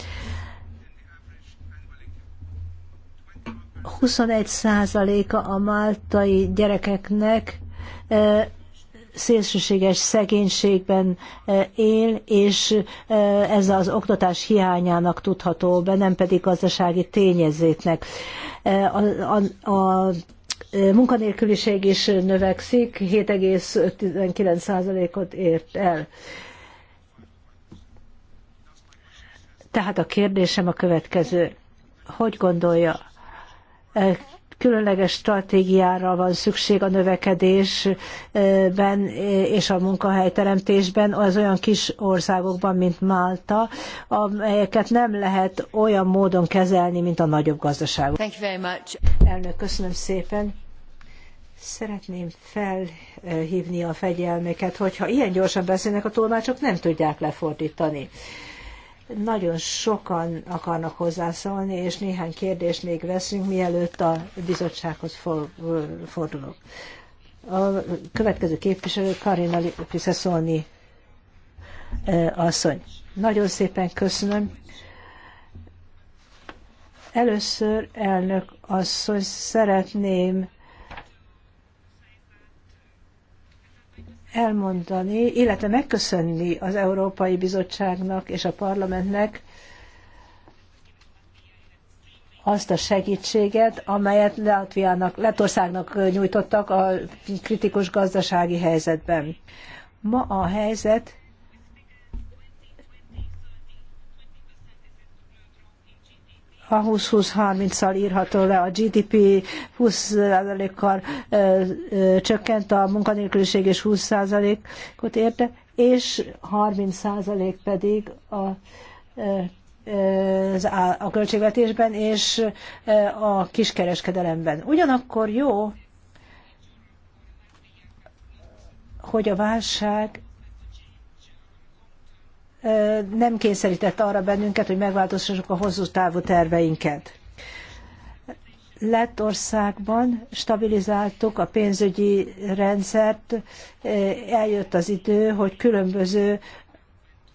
21 százaléka a máltai gyerekeknek szélsőséges szegénységben e, él, és e, ez az oktatás hiányának tudható be, nem pedig gazdasági tényezőknek. E, a, a, a munkanélküliség is növekszik, 7,19%-ot ért el. Tehát a kérdésem a következő. Hogy gondolja, különleges stratégiára van szükség a növekedésben eh, és a munkahelyteremtésben az olyan kis országokban, mint Málta, amelyeket nem lehet olyan módon kezelni, mint a nagyobb gazdaságok. Thank you very much. Elnök, köszönöm szépen. Szeretném felhívni a fegyelmeket, hogyha ilyen gyorsan beszélnek, a tolmácsok nem tudják lefordítani. Nagyon sokan akarnak hozzászólni, és néhány kérdést még veszünk, mielőtt a bizottsághoz fordulok. A következő képviselő Karina Piszeszolni asszony. Nagyon szépen köszönöm. Először, elnök asszony, szeretném elmondani, illetve megköszönni az Európai Bizottságnak és a parlamentnek azt a segítséget, amelyet Latviának, Letországnak nyújtottak a kritikus gazdasági helyzetben. Ma a helyzet a 20-20-30-szal írható le, a GDP 20%-kal csökkent a munkanélküliség és 20%-ot érte, és 30% pedig a a költségvetésben és a kiskereskedelemben. Ugyanakkor jó, hogy a válság nem kényszerített arra bennünket, hogy megváltoztassuk a hosszú távú terveinket. Lettországban stabilizáltuk a pénzügyi rendszert, eljött az idő, hogy különböző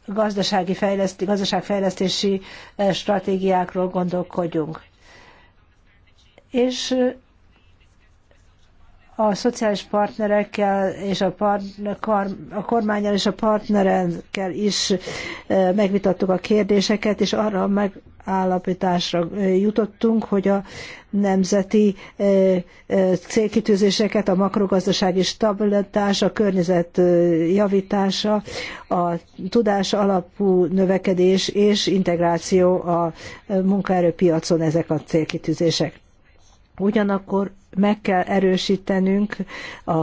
gazdasági fejleszti, gazdaságfejlesztési stratégiákról gondolkodjunk. És a szociális partnerekkel és a, partner, a kormányjal és a partnerekkel is e, megvitattuk a kérdéseket, és arra a megállapításra e, jutottunk, hogy a nemzeti e, célkitűzéseket, a makrogazdasági stabilitás, a környezet javítása, a tudás alapú növekedés és integráció a munkaerőpiacon ezek a célkitűzések. Ugyanakkor meg kell erősítenünk a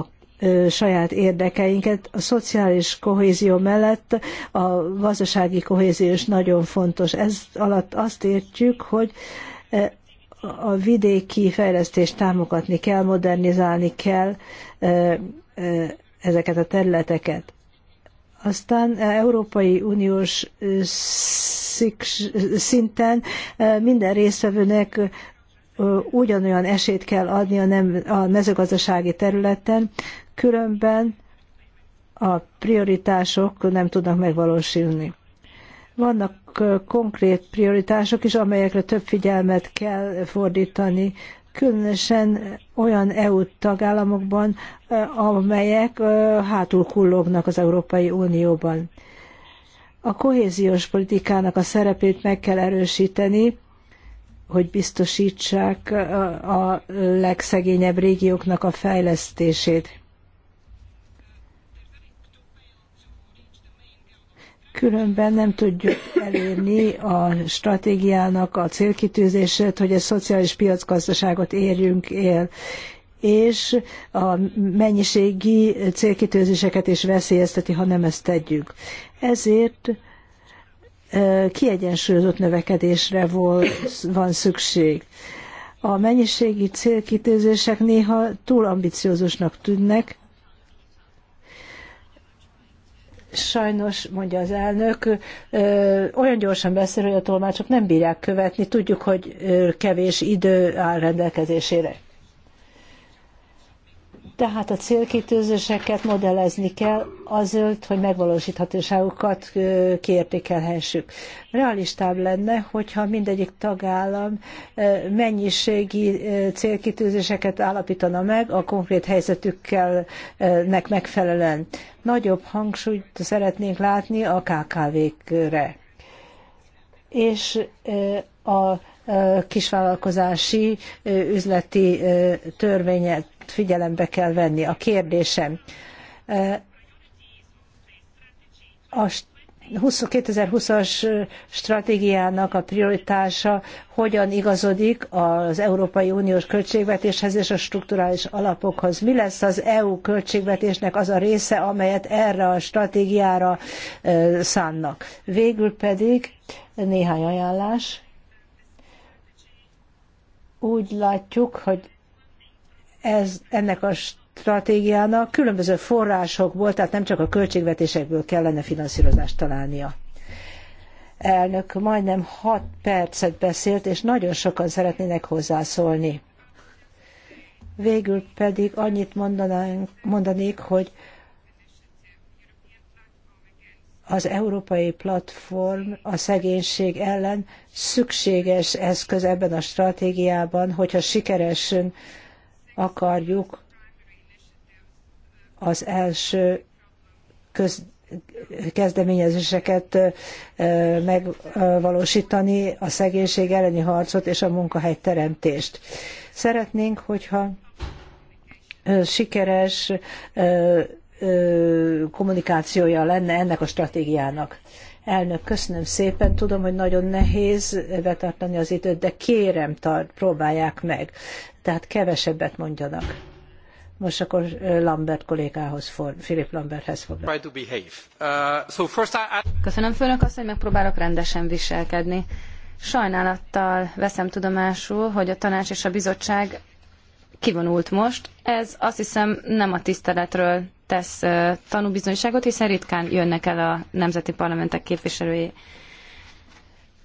saját érdekeinket. A szociális kohézió mellett a gazdasági kohézió is nagyon fontos. Ez alatt azt értjük, hogy a vidéki fejlesztést támogatni kell, modernizálni kell ezeket a területeket. Aztán Európai Uniós szinten minden résztvevőnek ugyanolyan esélyt kell adni a, nem, a mezőgazdasági területen, különben a prioritások nem tudnak megvalósulni. Vannak konkrét prioritások is, amelyekre több figyelmet kell fordítani, különösen olyan EU tagállamokban, amelyek hátul kullognak az Európai Unióban. A kohéziós politikának a szerepét meg kell erősíteni, hogy biztosítsák a legszegényebb régióknak a fejlesztését. Különben nem tudjuk elérni a stratégiának a célkitűzését, hogy a szociális piacgazdaságot érjünk el, és a mennyiségi célkitűzéseket is veszélyezteti, ha nem ezt tegyük. Ezért kiegyensúlyozott növekedésre van szükség. A mennyiségi célkitűzések néha túl ambiciózusnak tűnnek. Sajnos, mondja az elnök, olyan gyorsan beszél, hogy a tolmácsok nem bírják követni. Tudjuk, hogy kevés idő áll rendelkezésére. Tehát a célkitűzéseket modellezni kell azért, hogy megvalósíthatóságukat kiértékelhessük. Realistább lenne, hogyha mindegyik tagállam mennyiségi célkitűzéseket állapítana meg a konkrét helyzetükkel nek megfelelően. Nagyobb hangsúlyt szeretnénk látni a KKV-kre. És a kisvállalkozási üzleti törvényet figyelembe kell venni. A kérdésem, a 2020-as stratégiának a prioritása hogyan igazodik az Európai Uniós költségvetéshez és a strukturális alapokhoz. Mi lesz az EU költségvetésnek az a része, amelyet erre a stratégiára szánnak. Végül pedig néhány ajánlás. Úgy látjuk, hogy ez, ennek a stratégiának különböző forrásokból, tehát nem csak a költségvetésekből kellene finanszírozást találnia. Elnök majdnem 6 percet beszélt, és nagyon sokan szeretnének hozzászólni. Végül pedig annyit mondanánk, mondanék, hogy az európai platform a szegénység ellen szükséges eszköz ebben a stratégiában, hogyha sikeresen akarjuk az első köz, kezdeményezéseket megvalósítani, a szegénység elleni harcot és a munkahely teremtést. Szeretnénk, hogyha sikeres kommunikációja lenne ennek a stratégiának. Elnök, köszönöm szépen. Tudom, hogy nagyon nehéz betartani az időt, de kérem, tart, próbálják meg. Tehát kevesebbet mondjanak. Most akkor Lambert kollégához fordul, Philip Lamberthez fordul. Uh, köszönöm főnök azt, hogy megpróbálok rendesen viselkedni. Sajnálattal veszem tudomásul, hogy a tanács és a bizottság kivonult most. Ez azt hiszem nem a tiszteletről tesz tanúbizonyságot, hiszen ritkán jönnek el a nemzeti parlamentek képviselői.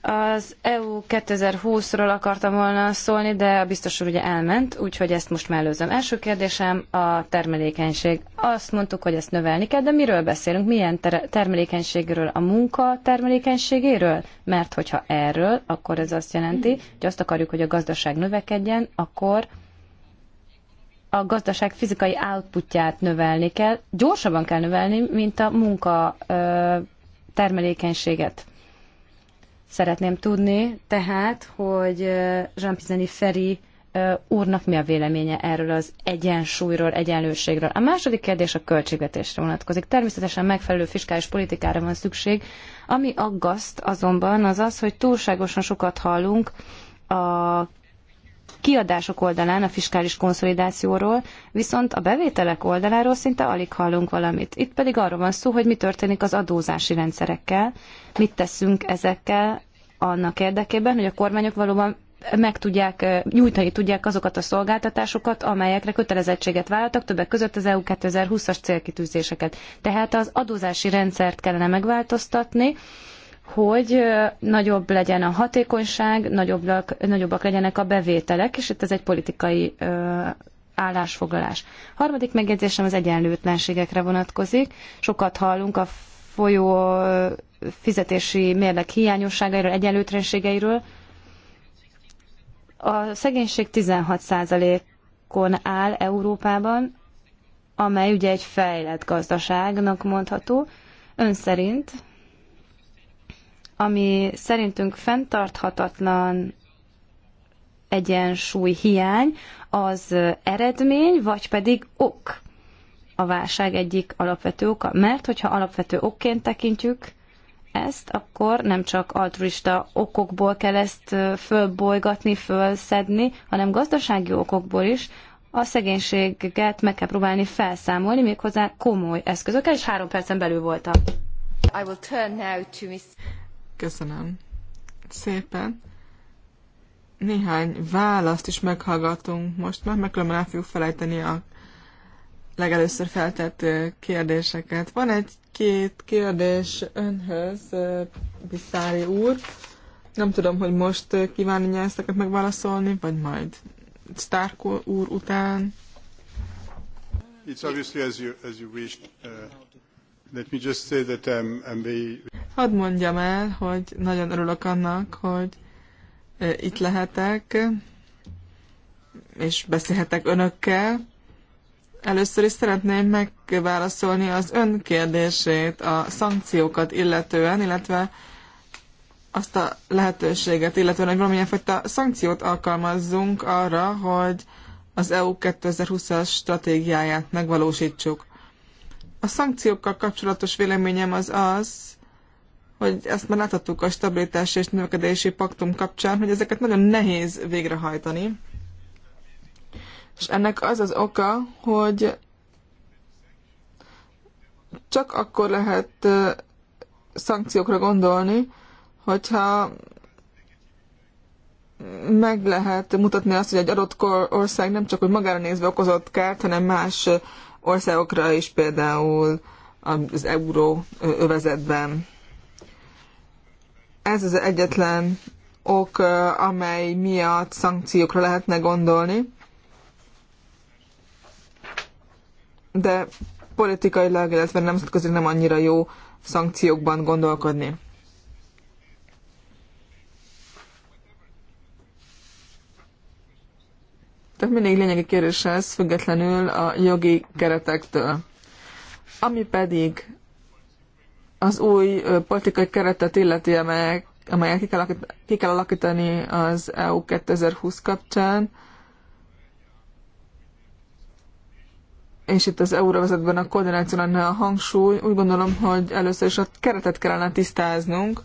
Az EU 2020-ról akartam volna szólni, de a biztos úr ugye elment, úgyhogy ezt most mellőzöm. Első kérdésem a termelékenység. Azt mondtuk, hogy ezt növelni kell, de miről beszélünk? Milyen ter- termelékenységről? A munka termelékenységéről? Mert hogyha erről, akkor ez azt jelenti, hogy azt akarjuk, hogy a gazdaság növekedjen, akkor a gazdaság fizikai outputját növelni kell, gyorsabban kell növelni, mint a munka termelékenységet. Szeretném tudni tehát, hogy Jean Pizani Feri úrnak mi a véleménye erről az egyensúlyról, egyenlőségről. A második kérdés a költségvetésre vonatkozik. Természetesen megfelelő fiskális politikára van szükség. Ami aggaszt azonban az az, hogy túlságosan sokat hallunk a kiadások oldalán a fiskális konszolidációról, viszont a bevételek oldaláról szinte alig hallunk valamit. Itt pedig arról van szó, hogy mi történik az adózási rendszerekkel, mit teszünk ezekkel annak érdekében, hogy a kormányok valóban meg tudják, nyújtani tudják azokat a szolgáltatásokat, amelyekre kötelezettséget vállaltak, többek között az EU 2020-as célkitűzéseket. Tehát az adózási rendszert kellene megváltoztatni, hogy nagyobb legyen a hatékonyság, nagyobbak, nagyobbak legyenek a bevételek, és itt ez egy politikai ö, állásfoglalás. Harmadik megjegyzésem az egyenlőtlenségekre vonatkozik. Sokat hallunk a folyó fizetési mérlek hiányosságairól, egyenlőtlenségeiről. A szegénység 16%-on áll Európában, amely ugye egy fejlett gazdaságnak mondható. Ön szerint ami szerintünk fenntarthatatlan egyensúly hiány, az eredmény, vagy pedig ok a válság egyik alapvető oka. Mert hogyha alapvető okként tekintjük ezt, akkor nem csak altruista okokból kell ezt fölbolygatni, fölszedni, hanem gazdasági okokból is, a szegénységet meg kell próbálni felszámolni, méghozzá komoly eszközökkel, és három percen belül voltam. I will turn now to Köszönöm szépen. Néhány választ is meghallgatunk most már, meg különben el fogjuk felejteni a legelőször feltett kérdéseket. Van egy-két kérdés önhöz, Biszári úr. Nem tudom, hogy most kívánni ezteket megválaszolni, vagy majd Stark úr után. It's obviously as you, as you wish. Uh, let me just say that I'm, um, I'm very... Hadd mondjam el, hogy nagyon örülök annak, hogy itt lehetek, és beszélhetek önökkel. Először is szeretném megválaszolni az ön kérdését a szankciókat illetően, illetve azt a lehetőséget, illetve hogy valamilyen fajta szankciót alkalmazzunk arra, hogy az EU 2020-as stratégiáját megvalósítsuk. A szankciókkal kapcsolatos véleményem az az, hogy ezt már láthattuk a stabilitási és növekedési paktum kapcsán, hogy ezeket nagyon nehéz végrehajtani. És ennek az az oka, hogy csak akkor lehet szankciókra gondolni, hogyha meg lehet mutatni azt, hogy egy adott ország nem csak hogy magára nézve okozott kárt, hanem más országokra is, például az euró övezetben. Ez az egyetlen ok, amely miatt szankciókra lehetne gondolni. De politikailag, illetve nemzetközileg nem annyira jó szankciókban gondolkodni. Tehát mindig lényegi kérdés ez, függetlenül a jogi keretektől. Ami pedig az új politikai keretet illeti, amelyek, amelyek ki kell, alakítani, ki kell alakítani az EU 2020 kapcsán, és itt az euróvezetben a koordináció lenne a hangsúly, úgy gondolom, hogy először is a keretet kellene tisztáznunk.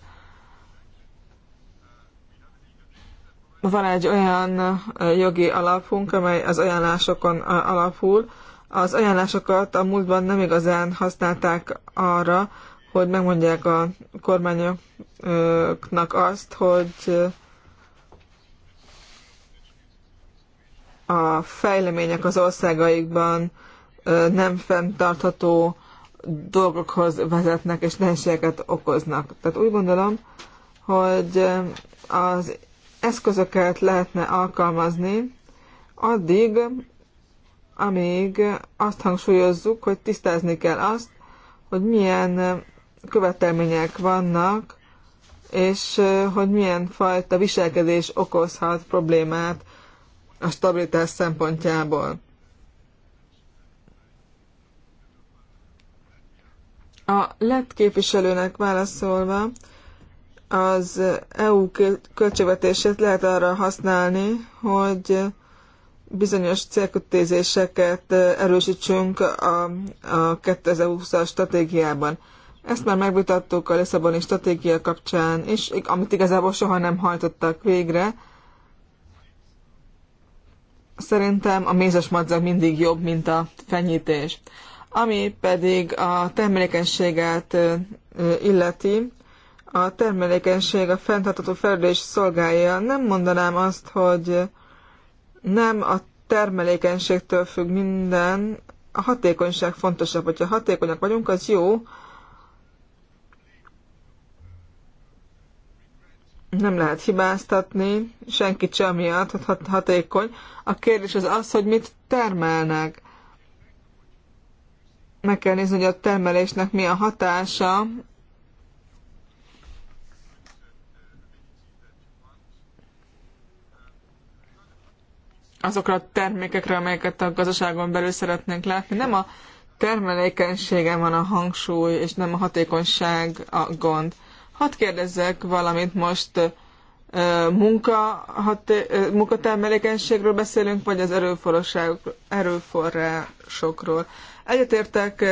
Van egy olyan jogi alapunk, amely az ajánlásokon alapul. Az ajánlásokat a múltban nem igazán használták arra, hogy megmondják a kormányoknak azt, hogy a fejlemények az országaikban nem fenntartható dolgokhoz vezetnek és nehézségeket okoznak. Tehát úgy gondolom, hogy az eszközöket lehetne alkalmazni addig, amíg azt hangsúlyozzuk, hogy tisztázni kell azt, hogy milyen követelmények vannak, és hogy milyen fajta viselkedés okozhat problémát a stabilitás szempontjából. A lett képviselőnek válaszolva, az EU költségvetését lehet arra használni, hogy bizonyos célkötézéseket erősítsünk a, a 2020-as stratégiában. Ezt már megvitattuk a Lisszaboni stratégia kapcsán, és amit igazából soha nem hajtottak végre. Szerintem a mézes madzag mindig jobb, mint a fenyítés. Ami pedig a termelékenységet illeti, a termelékenység a fenntartató fejlődés szolgálja. Nem mondanám azt, hogy nem a termelékenységtől függ minden, a hatékonyság fontosabb. Hogyha hatékonyak vagyunk, az jó, nem lehet hibáztatni, senkit sem miatt, hat hatékony. A kérdés az az, hogy mit termelnek. Meg kell nézni, hogy a termelésnek mi a hatása. Azokra a termékekre, amelyeket a gazdaságon belül szeretnénk látni. Nem a termelékenységen van a hangsúly, és nem a hatékonyság a gond. Hadd kérdezzek valamit most munka, hat, munkatermelékenységről beszélünk, vagy az erőforrásokról. Egyetértek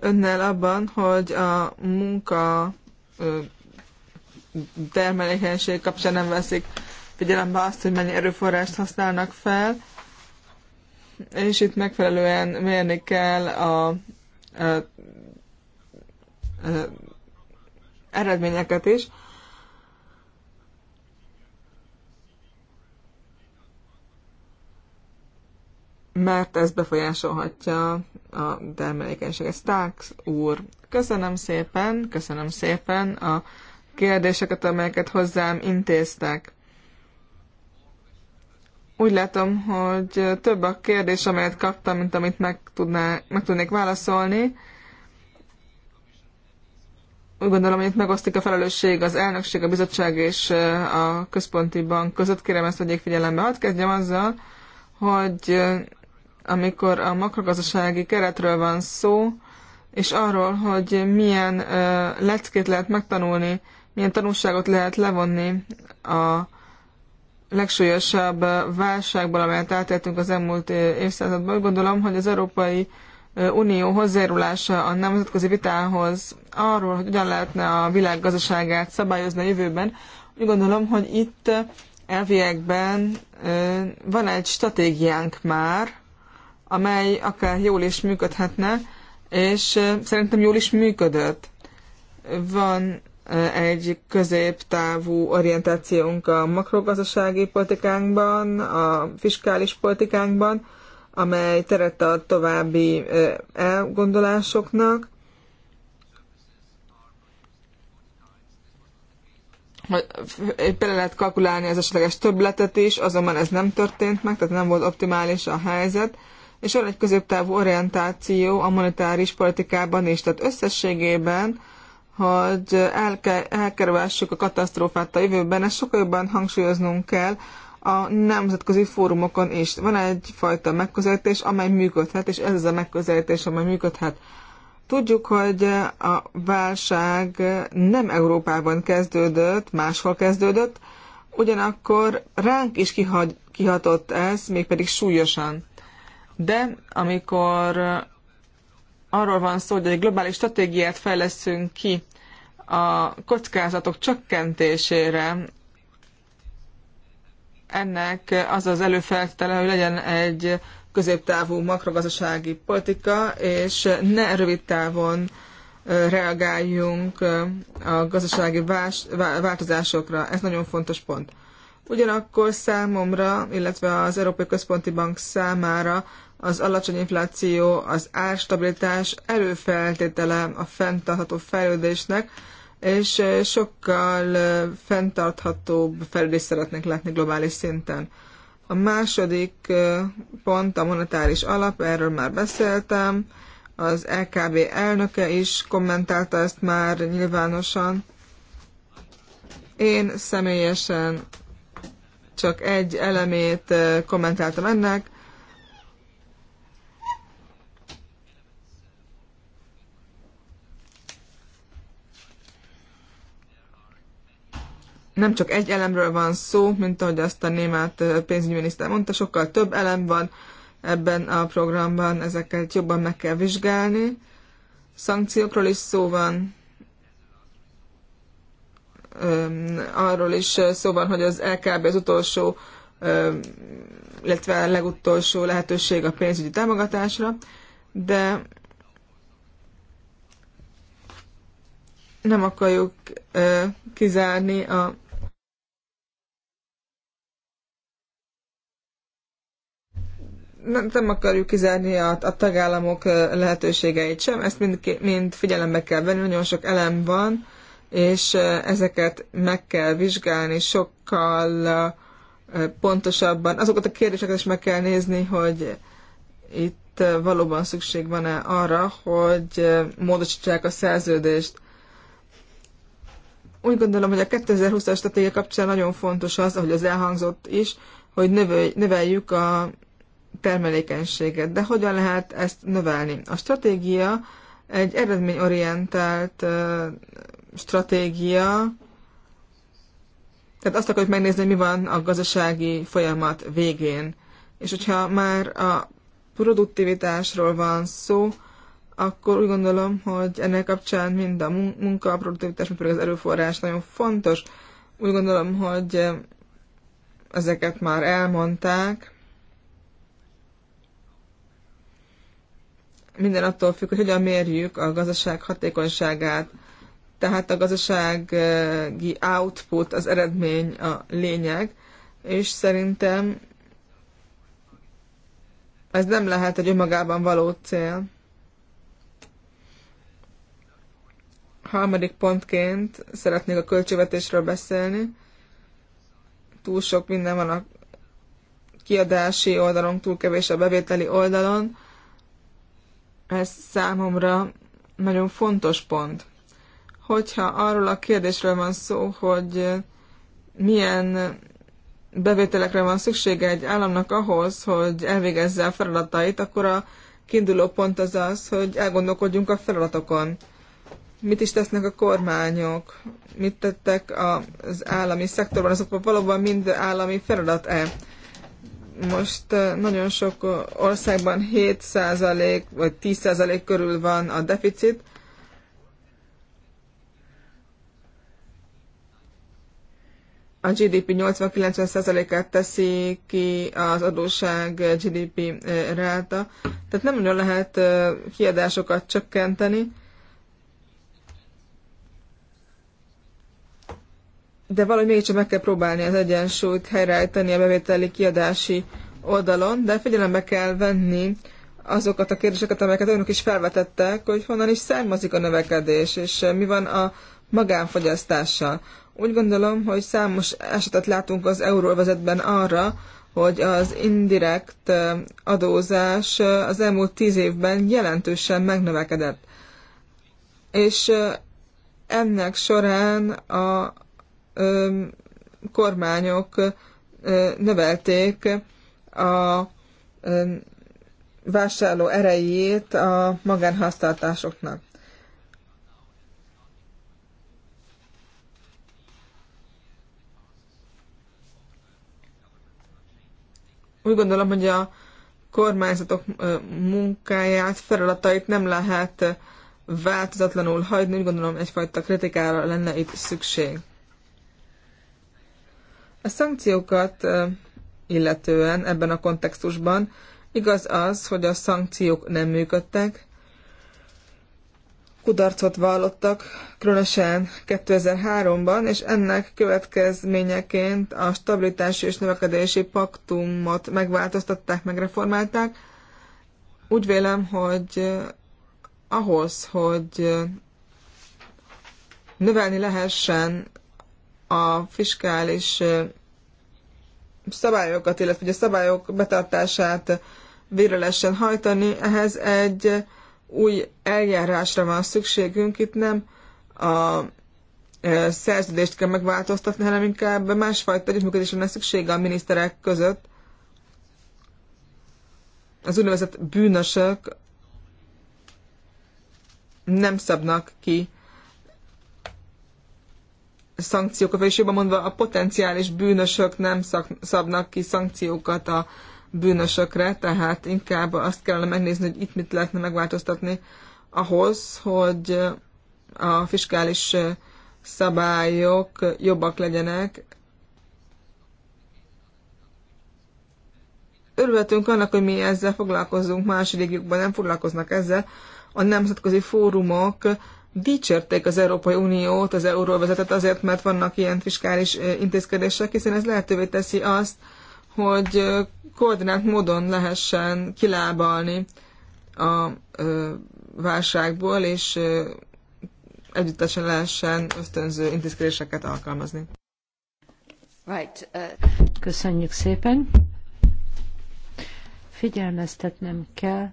önnel abban, hogy a munka termelékenység kapcsán nem veszik figyelembe azt, hogy mennyi erőforrást használnak fel, és itt megfelelően mérni kell a, a, a eredményeket is. mert ez befolyásolhatja a termelékenységet. Starks úr, köszönöm szépen, köszönöm szépen a kérdéseket, amelyeket hozzám intéztek. Úgy látom, hogy több a kérdés, amelyet kaptam, mint amit meg, tudná, meg tudnék válaszolni úgy gondolom, hogy itt megosztik a felelősség az elnökség, a bizottság és a központi bank között. Kérem ezt vegyék figyelembe. Hadd kezdjem azzal, hogy amikor a makrogazdasági keretről van szó, és arról, hogy milyen leckét lehet megtanulni, milyen tanulságot lehet levonni a legsúlyosabb válságból, amelyet átéltünk az elmúlt évszázadban. Úgy gondolom, hogy az európai Unió hozzájárulása a nemzetközi vitához arról, hogy hogyan lehetne a világ gazdaságát szabályozni a jövőben, úgy gondolom, hogy itt elviekben van egy stratégiánk már, amely akár jól is működhetne, és szerintem jól is működött. Van egy középtávú orientációnk a makrogazdasági politikánkban, a fiskális politikánkban, amely teret ad további elgondolásoknak. Bele lehet kalkulálni az esetleges többletet is, azonban ez nem történt meg, tehát nem volt optimális a helyzet. És van egy középtávú orientáció a monetáris politikában is, tehát összességében hogy elke, elkerülhessük a katasztrófát a jövőben, ezt sokkal jobban hangsúlyoznunk kell a nemzetközi fórumokon is. Van egyfajta megközelítés, amely működhet, és ez az a megközelítés, amely működhet. Tudjuk, hogy a válság nem Európában kezdődött, máshol kezdődött, ugyanakkor ránk is kihagy, kihatott ez, mégpedig súlyosan. De amikor arról van szó, hogy egy globális stratégiát fejleszünk ki a kockázatok csökkentésére ennek az az előfeltétele, hogy legyen egy középtávú makrogazdasági politika, és ne rövid távon reagáljunk a gazdasági változásokra. Ez nagyon fontos pont. Ugyanakkor számomra, illetve az Európai Központi Bank számára az alacsony infláció, az árstabilitás előfeltétele a fenntartható fejlődésnek, és sokkal fenntarthatóbb fejlődést szeretnék látni globális szinten. A második pont a monetáris alap, erről már beszéltem, az LKB e elnöke is kommentálta ezt már nyilvánosan. Én személyesen csak egy elemét kommentáltam ennek, nem csak egy elemről van szó, mint ahogy azt a német pénzügyminiszter mondta, sokkal több elem van ebben a programban, ezeket jobban meg kell vizsgálni. Szankciókról is szó van, arról is szó van, hogy az LKB az utolsó, illetve a legutolsó lehetőség a pénzügyi támogatásra, de nem akarjuk kizárni a nem, nem akarjuk kizárni a, a tagállamok lehetőségeit sem, ezt mind, mind figyelembe kell venni, nagyon sok elem van, és ezeket meg kell vizsgálni sokkal pontosabban. Azokat a kérdéseket is meg kell nézni, hogy itt valóban szükség van-e arra, hogy módosítsák a szerződést. Úgy gondolom, hogy a 2020-as stratégia kapcsán nagyon fontos az, ahogy az elhangzott is, hogy növeljük a termelékenységet. De hogyan lehet ezt növelni? A stratégia egy eredményorientált stratégia, tehát azt akarjuk megnézni, mi van a gazdasági folyamat végén. És hogyha már a produktivitásról van szó, akkor úgy gondolom, hogy ennek kapcsán mind a munka, a produktivitás, mint pedig az erőforrás nagyon fontos. Úgy gondolom, hogy ezeket már elmondták. minden attól függ, hogy hogyan mérjük a gazdaság hatékonyságát. Tehát a gazdasági output, az eredmény a lényeg, és szerintem ez nem lehet egy önmagában való cél. Harmadik pontként szeretnék a költségvetésről beszélni. Túl sok minden van a kiadási oldalon, túl kevés a bevételi oldalon ez számomra nagyon fontos pont. Hogyha arról a kérdésről van szó, hogy milyen bevételekre van szüksége egy államnak ahhoz, hogy elvégezze a feladatait, akkor a kiinduló pont az az, hogy elgondolkodjunk a feladatokon. Mit is tesznek a kormányok? Mit tettek az állami szektorban? Azok valóban mind állami feladat-e? most nagyon sok országban 7% vagy 10% körül van a deficit. A GDP 80-90%-át teszi ki az adóság GDP ráta. Tehát nem nagyon lehet kiadásokat csökkenteni, de valahogy mégiscsak meg kell próbálni az egyensúlyt helyreállítani a bevételi kiadási oldalon, de figyelembe kell venni azokat a kérdéseket, amelyeket önök is felvetettek, hogy honnan is származik a növekedés, és eh, mi van a magánfogyasztással. Úgy gondolom, hogy számos esetet látunk az euróvezetben arra, hogy az indirekt eh, adózás eh, az elmúlt tíz évben jelentősen megnövekedett. És ennek során a kormányok növelték a vásárló erejét a magánháztartásoknak. Úgy gondolom, hogy a kormányzatok munkáját, feladatait nem lehet változatlanul hagyni, úgy gondolom egyfajta kritikára lenne itt szükség. A szankciókat illetően ebben a kontextusban igaz az, hogy a szankciók nem működtek, kudarcot vallottak, különösen 2003-ban, és ennek következményeként a stabilitási és növekedési paktumot megváltoztatták, megreformálták. Úgy vélem, hogy ahhoz, hogy növelni lehessen a fiskális szabályokat, illetve a szabályok betartását végre lehessen hajtani, ehhez egy új eljárásra van szükségünk. Itt nem a szerződést kell megváltoztatni, hanem inkább másfajta együttműködésre van szüksége a miniszterek között. Az úgynevezett bűnösök nem szabnak ki szankciókat, vagyis jobban mondva a potenciális bűnösök nem szak, szabnak ki szankciókat a bűnösökre, tehát inkább azt kellene megnézni, hogy itt mit lehetne megváltoztatni ahhoz, hogy a fiskális szabályok jobbak legyenek. Örülhetünk annak, hogy mi ezzel foglalkozunk, más régiókban nem foglalkoznak ezzel. A nemzetközi fórumok dicsérték az Európai Uniót, az euróvezetet azért, mert vannak ilyen fiskális intézkedések, hiszen ez lehetővé teszi azt, hogy koordinált módon lehessen kilábalni a válságból, és együttesen lehessen ösztönző intézkedéseket alkalmazni. Right. Uh, Köszönjük szépen. Figyelmeztetnem kell,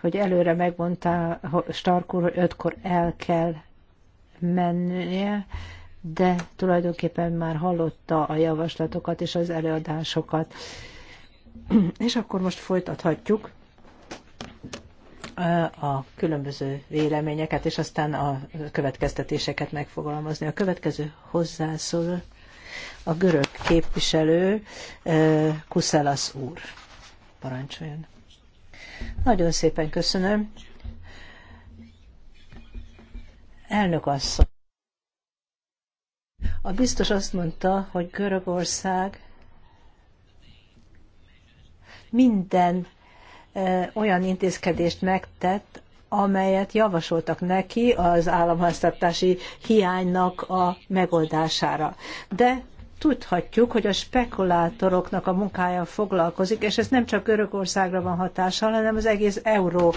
hogy előre megmondta Stark úr, hogy ötkor el kell mennie, de tulajdonképpen már hallotta a javaslatokat és az előadásokat. És akkor most folytathatjuk a különböző véleményeket, és aztán a következtetéseket megfogalmazni. A következő hozzászól a görög képviselő Kuszelasz úr. Parancsoljon! Nagyon szépen köszönöm. Elnök asszony. A biztos azt mondta, hogy Görögország minden e, olyan intézkedést megtett, amelyet javasoltak neki az államháztartási hiánynak a megoldására. De tudhatjuk, hogy a spekulátoroknak a munkája foglalkozik, és ez nem csak Görögországra van hatással, hanem az egész euró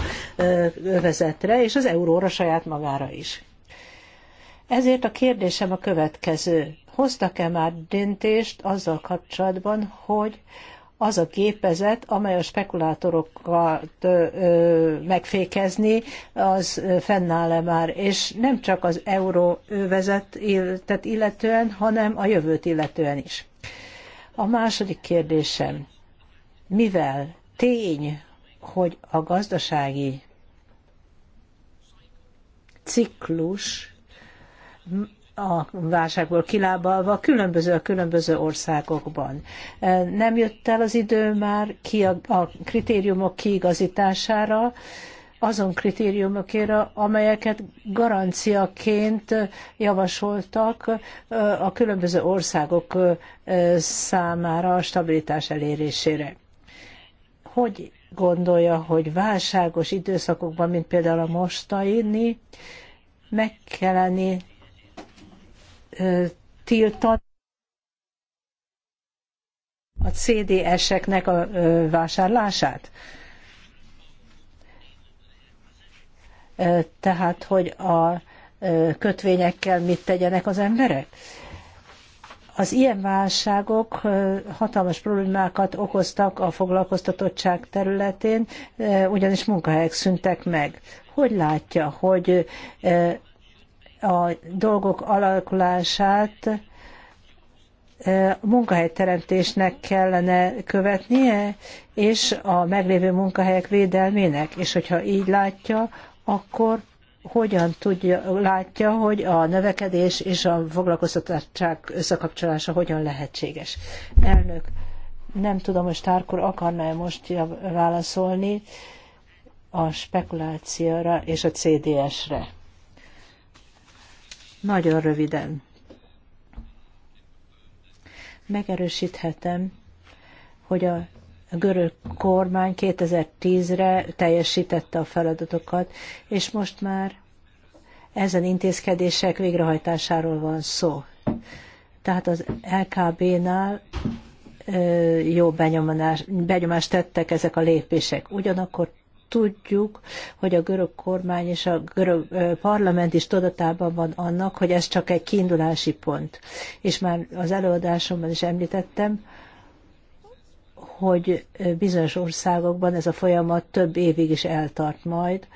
övezetre, és az euróra saját magára is. Ezért a kérdésem a következő. Hoztak-e már döntést azzal kapcsolatban, hogy az a képezet, amely a spekulátorokat megfékezni, az fennáll-e már, és nem csak az euróvezetet illetően, hanem a jövőt illetően is. A második kérdésem, mivel tény, hogy a gazdasági ciklus a válságból kilábalva különböző a különböző országokban. Nem jött el az idő már ki a, a kritériumok kiigazítására, azon kritériumokra, amelyeket garanciaként javasoltak a különböző országok számára a stabilitás elérésére. Hogy gondolja, hogy válságos időszakokban, mint például a mostani, meg kellene tiltani a CDS-eknek a vásárlását? Tehát, hogy a kötvényekkel mit tegyenek az emberek? Az ilyen válságok hatalmas problémákat okoztak a foglalkoztatottság területén, ugyanis munkahelyek szüntek meg. Hogy látja, hogy a dolgok alakulását munkahelyteremtésnek kellene követnie, és a meglévő munkahelyek védelmének. És hogyha így látja, akkor hogyan tudja, látja, hogy a növekedés és a foglalkoztatottság összekapcsolása hogyan lehetséges. Elnök, nem tudom, hogy Stárkor akarná e most válaszolni a spekulációra és a CDS-re. Nagyon röviden. Megerősíthetem, hogy a görög kormány 2010-re teljesítette a feladatokat, és most már ezen intézkedések végrehajtásáról van szó. Tehát az LKB-nál jó benyomást, benyomást tettek ezek a lépések. Ugyanakkor tudjuk, hogy a görög kormány és a görög parlament is tudatában van annak, hogy ez csak egy kiindulási pont. És már az előadásomban is említettem, hogy bizonyos országokban ez a folyamat több évig is eltart majd,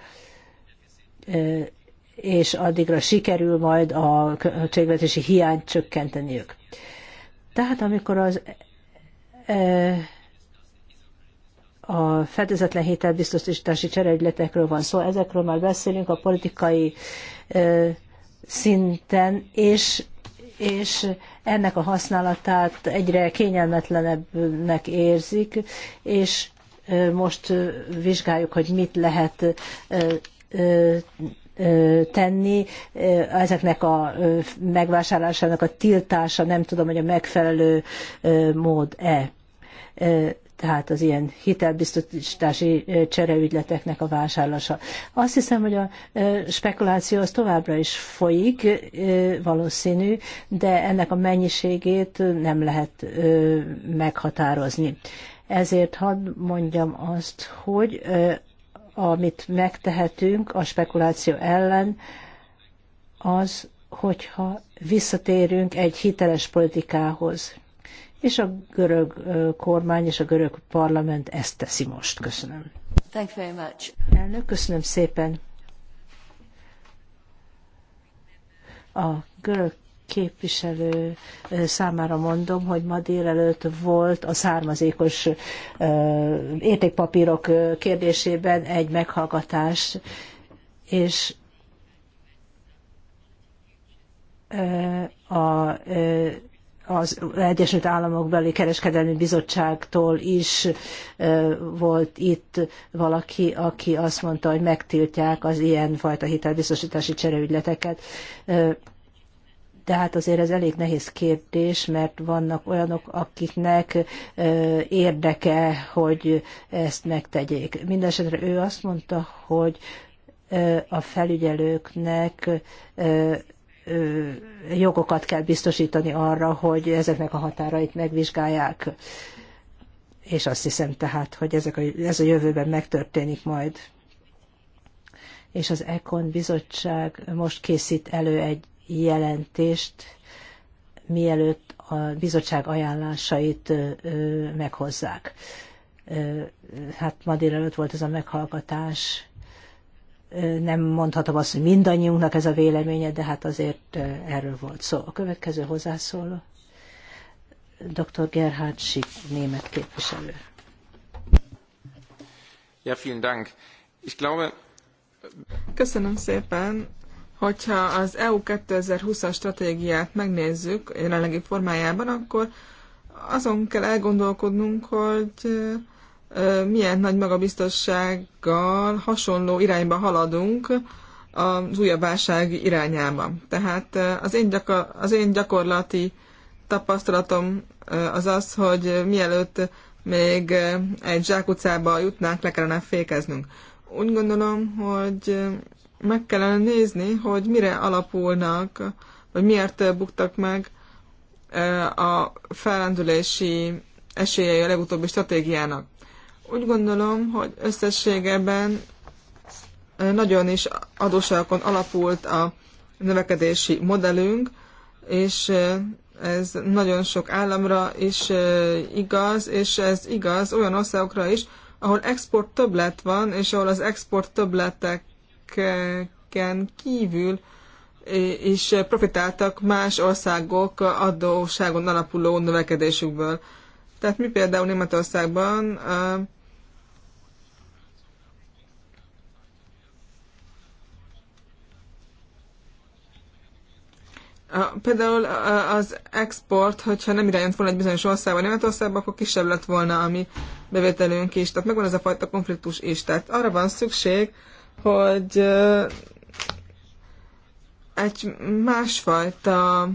és addigra sikerül majd a költségvetési hiányt csökkenteniük. Tehát amikor az a fedezetlen hitelbiztosítási csereügyletekről van szó, szóval ezekről már beszélünk a politikai szinten, és, és ennek a használatát egyre kényelmetlenebbnek érzik, és most vizsgáljuk, hogy mit lehet tenni. Ezeknek a megvásárlásának a tiltása nem tudom, hogy a megfelelő mód-e tehát az ilyen hitelbiztosítási csereügyleteknek a vásárlása. Azt hiszem, hogy a spekuláció az továbbra is folyik, valószínű, de ennek a mennyiségét nem lehet meghatározni. Ezért hadd mondjam azt, hogy amit megtehetünk a spekuláció ellen, az, hogyha visszatérünk egy hiteles politikához és a görög kormány és a görög parlament ezt teszi most. Köszönöm. Thank you very much. Elnök, köszönöm szépen. A görög képviselő számára mondom, hogy ma délelőtt volt a származékos értékpapírok kérdésében egy meghallgatás, és a az Egyesült Államok beli kereskedelmi bizottságtól is volt itt valaki, aki azt mondta, hogy megtiltják az ilyen fajta hitelbiztosítási csereügyleteket. De hát azért ez elég nehéz kérdés, mert vannak olyanok, akiknek érdeke, hogy ezt megtegyék. Mindenesetre ő azt mondta, hogy a felügyelőknek jogokat kell biztosítani arra, hogy ezeknek a határait megvizsgálják. És azt hiszem tehát, hogy ezek a, ez a jövőben megtörténik majd. És az Econ bizottság most készít elő egy jelentést, mielőtt a bizottság ajánlásait meghozzák. Hát ma délelőtt volt ez a meghallgatás, nem mondhatom azt, hogy mindannyiunknak ez a véleménye, de hát azért erről volt szó. A következő hozzászóló, dr. Gerhard Schick, német képviselő. Ja, vielen Dank. Ich glaube... Köszönöm szépen. Hogyha az EU 2020-as stratégiát megnézzük jelenlegi formájában, akkor azon kell elgondolkodnunk, hogy milyen nagy magabiztossággal hasonló irányba haladunk az újabb válság irányába. Tehát az én, gyakor- az én gyakorlati tapasztalatom az az, hogy mielőtt még egy zsákutcába jutnánk, le kellene fékeznünk. Úgy gondolom, hogy meg kellene nézni, hogy mire alapulnak, vagy miért buktak meg a felrendülési esélyei a legutóbbi stratégiának. Úgy gondolom, hogy összességében nagyon is adósságokon alapult a növekedési modellünk, és ez nagyon sok államra is igaz, és ez igaz olyan országokra is, ahol export többlet van, és ahol az export többleteken kívül is profitáltak más országok adóságon alapuló növekedésükből. Tehát mi például Németországban Például az export, hogyha nem irányult volna egy bizonyos országba, Németországba, akkor kisebb lett volna a mi bevételünk is. Tehát megvan ez a fajta konfliktus is. Tehát arra van szükség, hogy egy másfajta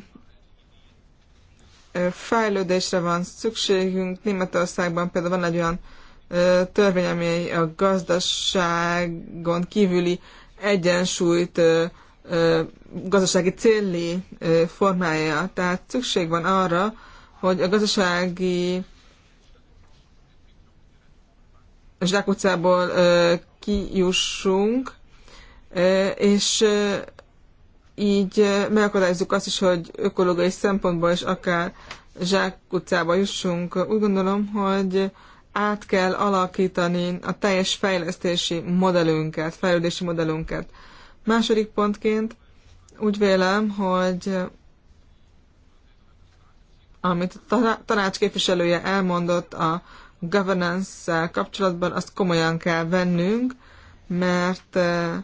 fejlődésre van szükségünk. Németországban például van egy olyan törvény, ami a gazdaságon kívüli egyensúlyt gazdasági célli formája. Tehát szükség van arra, hogy a gazdasági zsákutcából kijussunk, és így megakadályozzuk azt is, hogy ökológiai szempontból is akár zsákutcába jussunk. Úgy gondolom, hogy át kell alakítani a teljes fejlesztési modellünket, fejlődési modellünket. Második pontként úgy vélem, hogy amit a tanács képviselője elmondott a governance-szel kapcsolatban, azt komolyan kell vennünk, mert eh,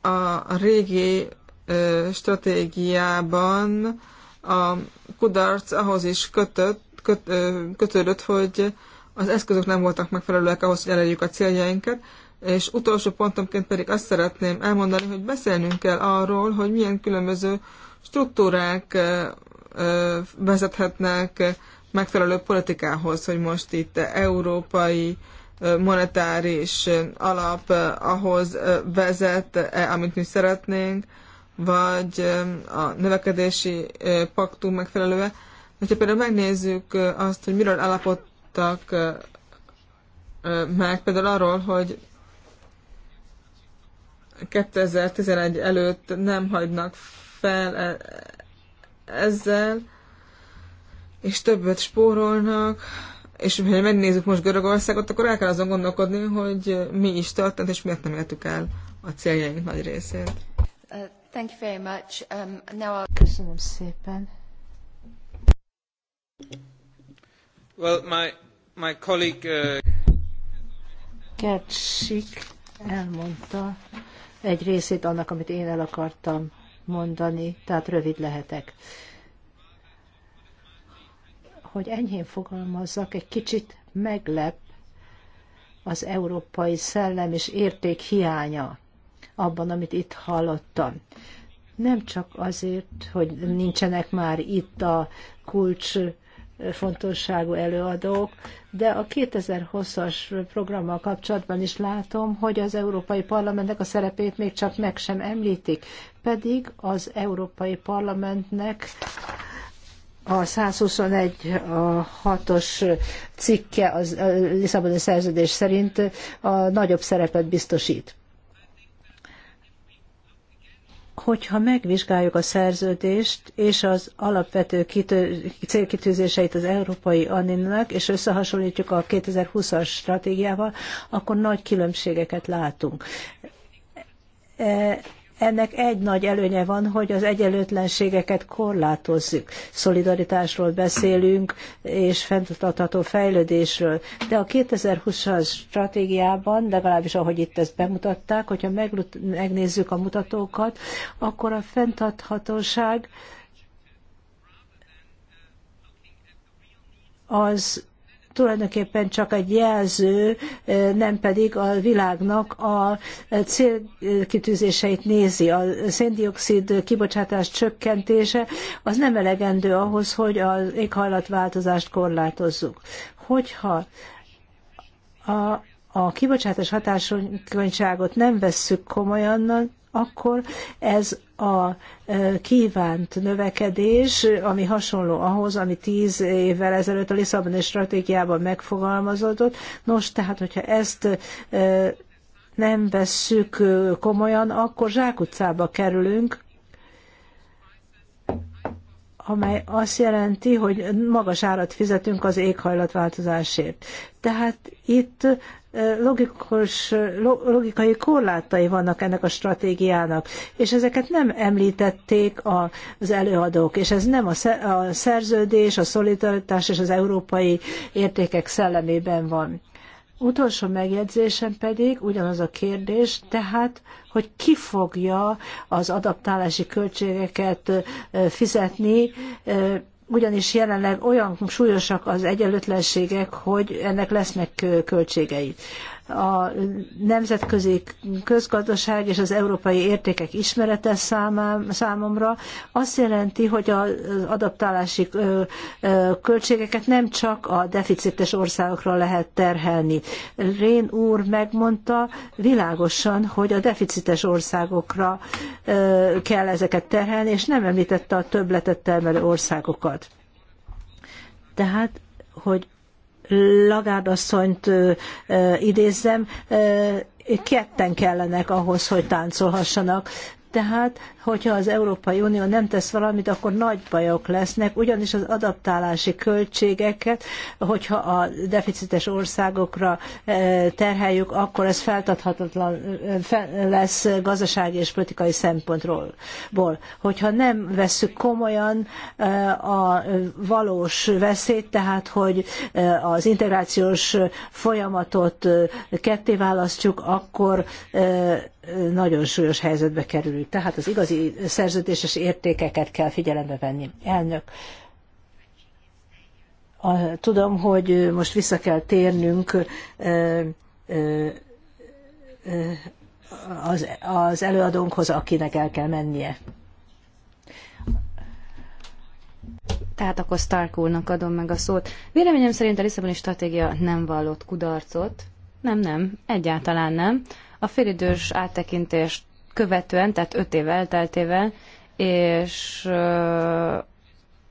a régi eh, stratégiában a kudarc ahhoz is kötött, köt, eh, kötődött, hogy az eszközök nem voltak megfelelőek ahhoz, hogy elérjük a céljainkat, és utolsó pontomként pedig azt szeretném elmondani, hogy beszélnünk kell arról, hogy milyen különböző struktúrák vezethetnek megfelelő politikához, hogy most itt európai monetáris alap ahhoz vezet-e, amit mi szeretnénk, vagy a növekedési paktum megfelelőe. Hogyha például megnézzük azt, hogy miről állapodtak meg, például arról, hogy 2011 előtt nem hagynak fel e- ezzel, és többet spórolnak, és ha megnézzük most Görögországot, akkor el kell azon gondolkodni, hogy mi is történt, és miért nem értük el a céljaink nagy részét. Uh, thank you very much. Um, now I'll... Köszönöm szépen. Well, my, my colleague... Uh... Sik elmondta, egy részét annak, amit én el akartam mondani, tehát rövid lehetek. Hogy enyhén fogalmazzak, egy kicsit meglep az európai szellem és érték hiánya abban, amit itt hallottam. Nem csak azért, hogy nincsenek már itt a kulcs fontosságú előadók, de a 2020-as programmal kapcsolatban is látom, hogy az Európai Parlamentnek a szerepét még csak meg sem említik, pedig az Európai Parlamentnek a 121 a 6-os cikke az Lisszaboni szerződés szerint a nagyobb szerepet biztosít hogyha megvizsgáljuk a szerződést és az alapvető kitő, célkitűzéseit az európai aninnak, és összehasonlítjuk a 2020-as stratégiával, akkor nagy különbségeket látunk. E, ennek egy nagy előnye van, hogy az egyenlőtlenségeket korlátozzuk. Szolidaritásról beszélünk, és fenntartható fejlődésről. De a 2020-as stratégiában, legalábbis ahogy itt ezt bemutatták, hogyha megnézzük a mutatókat, akkor a fenntarthatóság az tulajdonképpen csak egy jelző, nem pedig a világnak a célkitűzéseit nézi. A széndiokszid kibocsátás csökkentése az nem elegendő ahhoz, hogy az éghajlatváltozást korlátozzuk. Hogyha a, a kibocsátás hatékonyságot nem vesszük komolyan, akkor ez a kívánt növekedés, ami hasonló ahhoz, ami tíz évvel ezelőtt a Lisszaboni stratégiában megfogalmazódott. Nos, tehát, hogyha ezt nem vesszük komolyan, akkor zsákutcába kerülünk, amely azt jelenti, hogy magas árat fizetünk az éghajlatváltozásért. Tehát itt logikus, logikai korlátai vannak ennek a stratégiának, és ezeket nem említették az előadók, és ez nem a szerződés, a szolidaritás és az európai értékek szellemében van. Utolsó megjegyzésem pedig ugyanaz a kérdés, tehát, hogy ki fogja az adaptálási költségeket fizetni, ugyanis jelenleg olyan súlyosak az egyenlőtlenségek, hogy ennek lesznek költségei a nemzetközi közgazdaság és az európai értékek ismerete számomra azt jelenti, hogy az adaptálási költségeket nem csak a deficites országokra lehet terhelni. Rén úr megmondta világosan, hogy a deficites országokra kell ezeket terhelni, és nem említette a többletet termelő országokat. Tehát, hogy Lagarde asszonyt idézzem, ketten kellenek ahhoz, hogy táncolhassanak. Tehát, hogyha az Európai Unió nem tesz valamit, akkor nagy bajok lesznek, ugyanis az adaptálási költségeket, hogyha a deficites országokra e, terheljük, akkor ez feltathatatlan e, lesz gazdasági és politikai szempontról. Hogyha nem vesszük komolyan e, a valós veszélyt, tehát hogy az integrációs folyamatot ketté választjuk, akkor nagyon súlyos helyzetbe kerülünk. Tehát az igazi szerződéses értékeket kell figyelembe venni. Elnök, a, tudom, hogy most vissza kell térnünk az, az előadónkhoz, akinek el kell mennie. Tehát akkor Stark úrnak adom meg a szót. Véleményem szerint a Lisszaboni stratégia nem vallott kudarcot. Nem, nem, egyáltalán nem. A félidős áttekintést követően, tehát öt év elteltével, és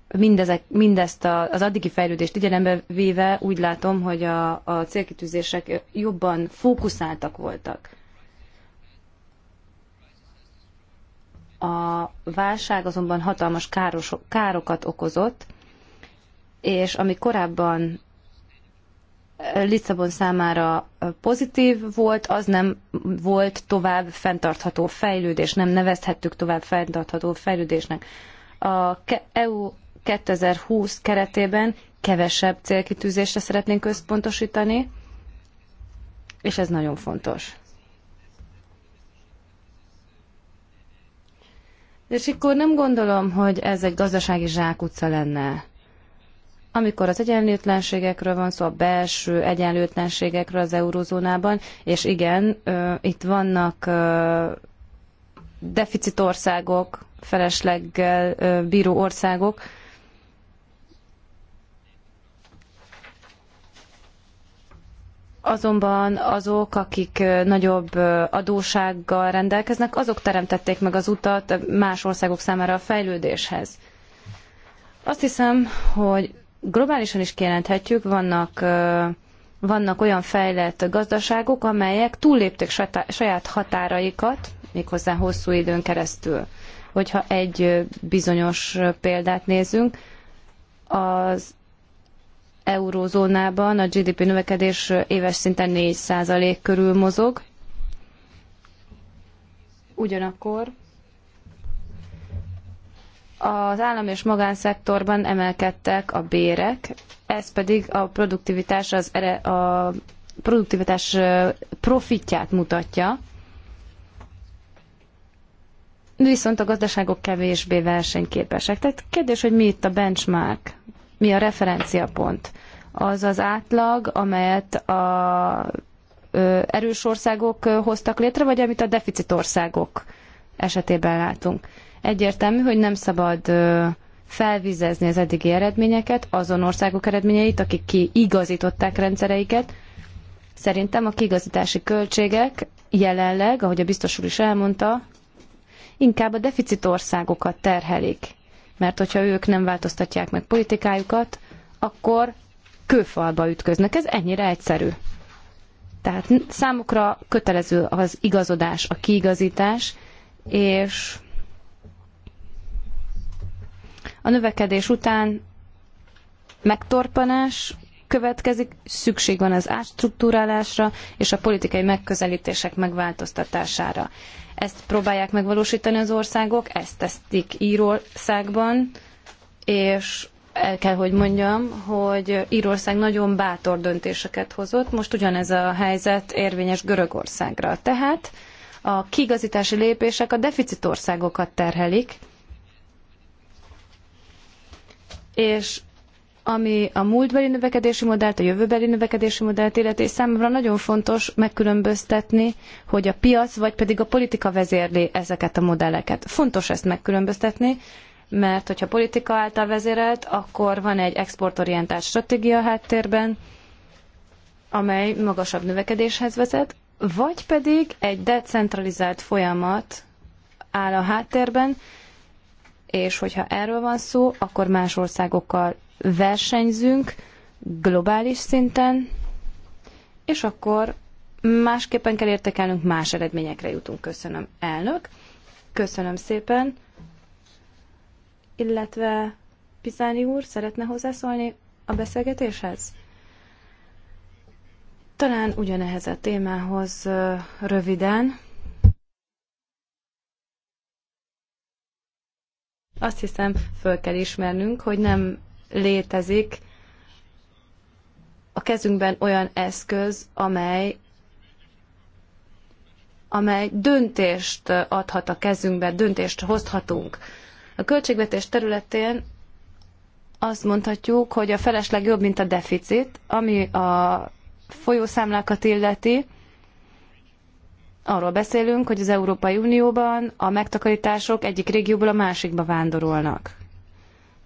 mindezek, mindezt a, az addigi fejlődést figyelembe véve úgy látom, hogy a, a célkitűzések jobban fókuszáltak voltak. A válság azonban hatalmas káros, károkat okozott, és ami korábban Lisszabon számára pozitív volt, az nem volt tovább fenntartható fejlődés, nem nevezhettük tovább fenntartható fejlődésnek. A EU 2020 keretében kevesebb célkitűzésre szeretnénk összpontosítani, és ez nagyon fontos. És akkor nem gondolom, hogy ez egy gazdasági zsákutca lenne amikor az egyenlőtlenségekről van szó, a belső egyenlőtlenségekről az eurozónában, és igen, itt vannak deficitországok, felesleggel bíró országok, Azonban azok, akik nagyobb adósággal rendelkeznek, azok teremtették meg az utat más országok számára a fejlődéshez. Azt hiszem, hogy globálisan is kijelenthetjük, vannak, vannak olyan fejlett gazdaságok, amelyek túllépték saját határaikat, méghozzá hosszú időn keresztül. Hogyha egy bizonyos példát nézünk, az eurózónában a GDP növekedés éves szinten 4% körül mozog. Ugyanakkor az állam és magánszektorban emelkedtek a bérek, ez pedig a produktivitás, az ere, a produktivitás profitját mutatja, viszont a gazdaságok kevésbé versenyképesek. Tehát kérdés, hogy mi itt a benchmark, mi a referenciapont? Az az átlag, amelyet a erős országok hoztak létre, vagy amit a deficit országok esetében látunk. Egyértelmű, hogy nem szabad felvizezni az eddigi eredményeket, azon országok eredményeit, akik kiigazították rendszereiket. Szerintem a kiigazítási költségek jelenleg, ahogy a biztos úr is elmondta, inkább a deficit országokat terhelik. Mert hogyha ők nem változtatják meg politikájukat, akkor kőfalba ütköznek. Ez ennyire egyszerű. Tehát számukra kötelező az igazodás, a kiigazítás, és a növekedés után megtorpanás következik, szükség van az átstruktúrálásra és a politikai megközelítések megváltoztatására. Ezt próbálják megvalósítani az országok, ezt tesztik Írországban, és el kell, hogy mondjam, hogy Írország nagyon bátor döntéseket hozott, most ugyanez a helyzet érvényes Görögországra. Tehát a kigazítási lépések a deficitországokat terhelik, és ami a múltbeli növekedési modellt, a jövőbeli növekedési modellt illeti, és számomra nagyon fontos megkülönböztetni, hogy a piac vagy pedig a politika vezérli ezeket a modelleket. Fontos ezt megkülönböztetni, mert hogyha politika által vezérelt, akkor van egy exportorientált stratégia háttérben, amely magasabb növekedéshez vezet, vagy pedig egy decentralizált folyamat áll a háttérben, és hogyha erről van szó, akkor más országokkal versenyzünk globális szinten, és akkor másképpen kell értékelnünk, más eredményekre jutunk. Köszönöm, elnök. Köszönöm szépen. Illetve Pizáni úr szeretne hozzászólni a beszélgetéshez? Talán ugyanehhez a témához röviden. Azt hiszem, föl kell ismernünk, hogy nem létezik a kezünkben olyan eszköz, amely amely döntést adhat a kezünkbe, döntést hozhatunk. A költségvetés területén azt mondhatjuk, hogy a felesleg jobb, mint a deficit, ami a folyószámlákat illeti arról beszélünk, hogy az Európai Unióban a megtakarítások egyik régióból a másikba vándorolnak.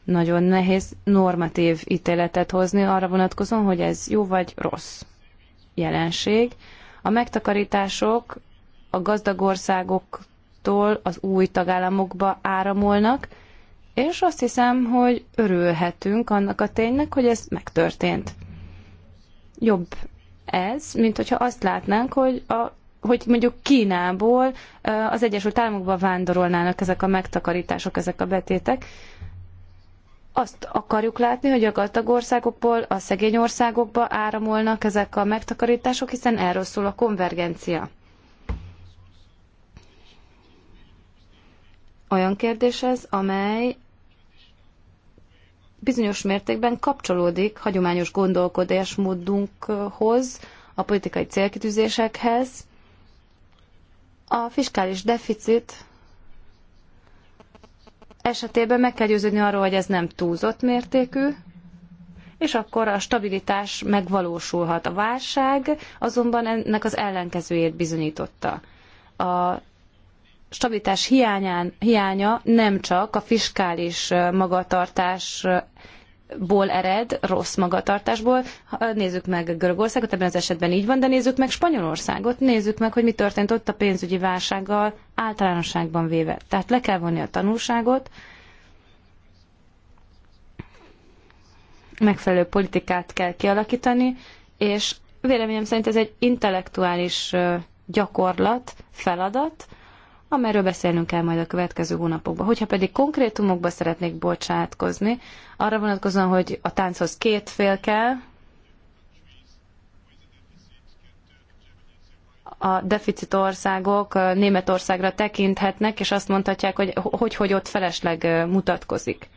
Nagyon nehéz normatív ítéletet hozni arra vonatkozóan, hogy ez jó vagy rossz jelenség. A megtakarítások a gazdag országoktól az új tagállamokba áramolnak, és azt hiszem, hogy örülhetünk annak a ténynek, hogy ez megtörtént. Jobb ez, mint hogyha azt látnánk, hogy a hogy mondjuk Kínából az Egyesült Államokba vándorolnának ezek a megtakarítások, ezek a betétek. Azt akarjuk látni, hogy a gazdag országokból a szegény országokba áramolnak ezek a megtakarítások, hiszen erről szól a konvergencia. Olyan kérdés ez, amely bizonyos mértékben kapcsolódik hagyományos gondolkodásmódunkhoz, a politikai célkitűzésekhez, a fiskális deficit esetében meg kell győződni arról, hogy ez nem túlzott mértékű, és akkor a stabilitás megvalósulhat. A válság azonban ennek az ellenkezőjét bizonyította. A stabilitás hiányán, hiánya nem csak a fiskális magatartás ból ered, rossz magatartásból. Nézzük meg Görögországot, ebben az esetben így van, de nézzük meg Spanyolországot, nézzük meg, hogy mi történt ott a pénzügyi válsággal általánosságban véve. Tehát le kell vonni a tanulságot, megfelelő politikát kell kialakítani, és véleményem szerint ez egy intellektuális gyakorlat, feladat, amelyről beszélnünk kell majd a következő hónapokban. Hogyha pedig konkrétumokba szeretnék bocsátkozni, arra vonatkozóan, hogy a tánchoz két fél kell, a deficit országok Németországra tekinthetnek, és azt mondhatják, hogy hogy, hogy ott felesleg mutatkozik.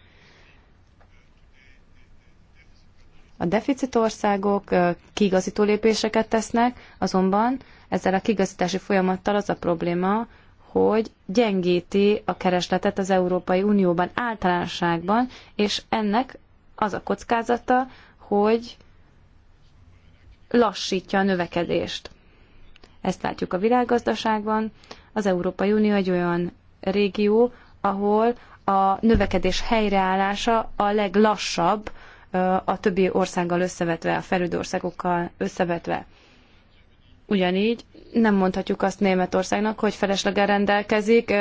A deficit országok kigazító lépéseket tesznek, azonban ezzel a kigazítási folyamattal az a probléma, hogy gyengíti a keresletet az Európai Unióban általánosságban, és ennek az a kockázata, hogy lassítja a növekedést. Ezt látjuk a világgazdaságban. Az Európai Unió egy olyan régió, ahol a növekedés helyreállása a leglassabb a többi országgal összevetve, a felüldországokkal országokkal összevetve. Ugyanígy nem mondhatjuk azt Németországnak, hogy felesleggel rendelkezik,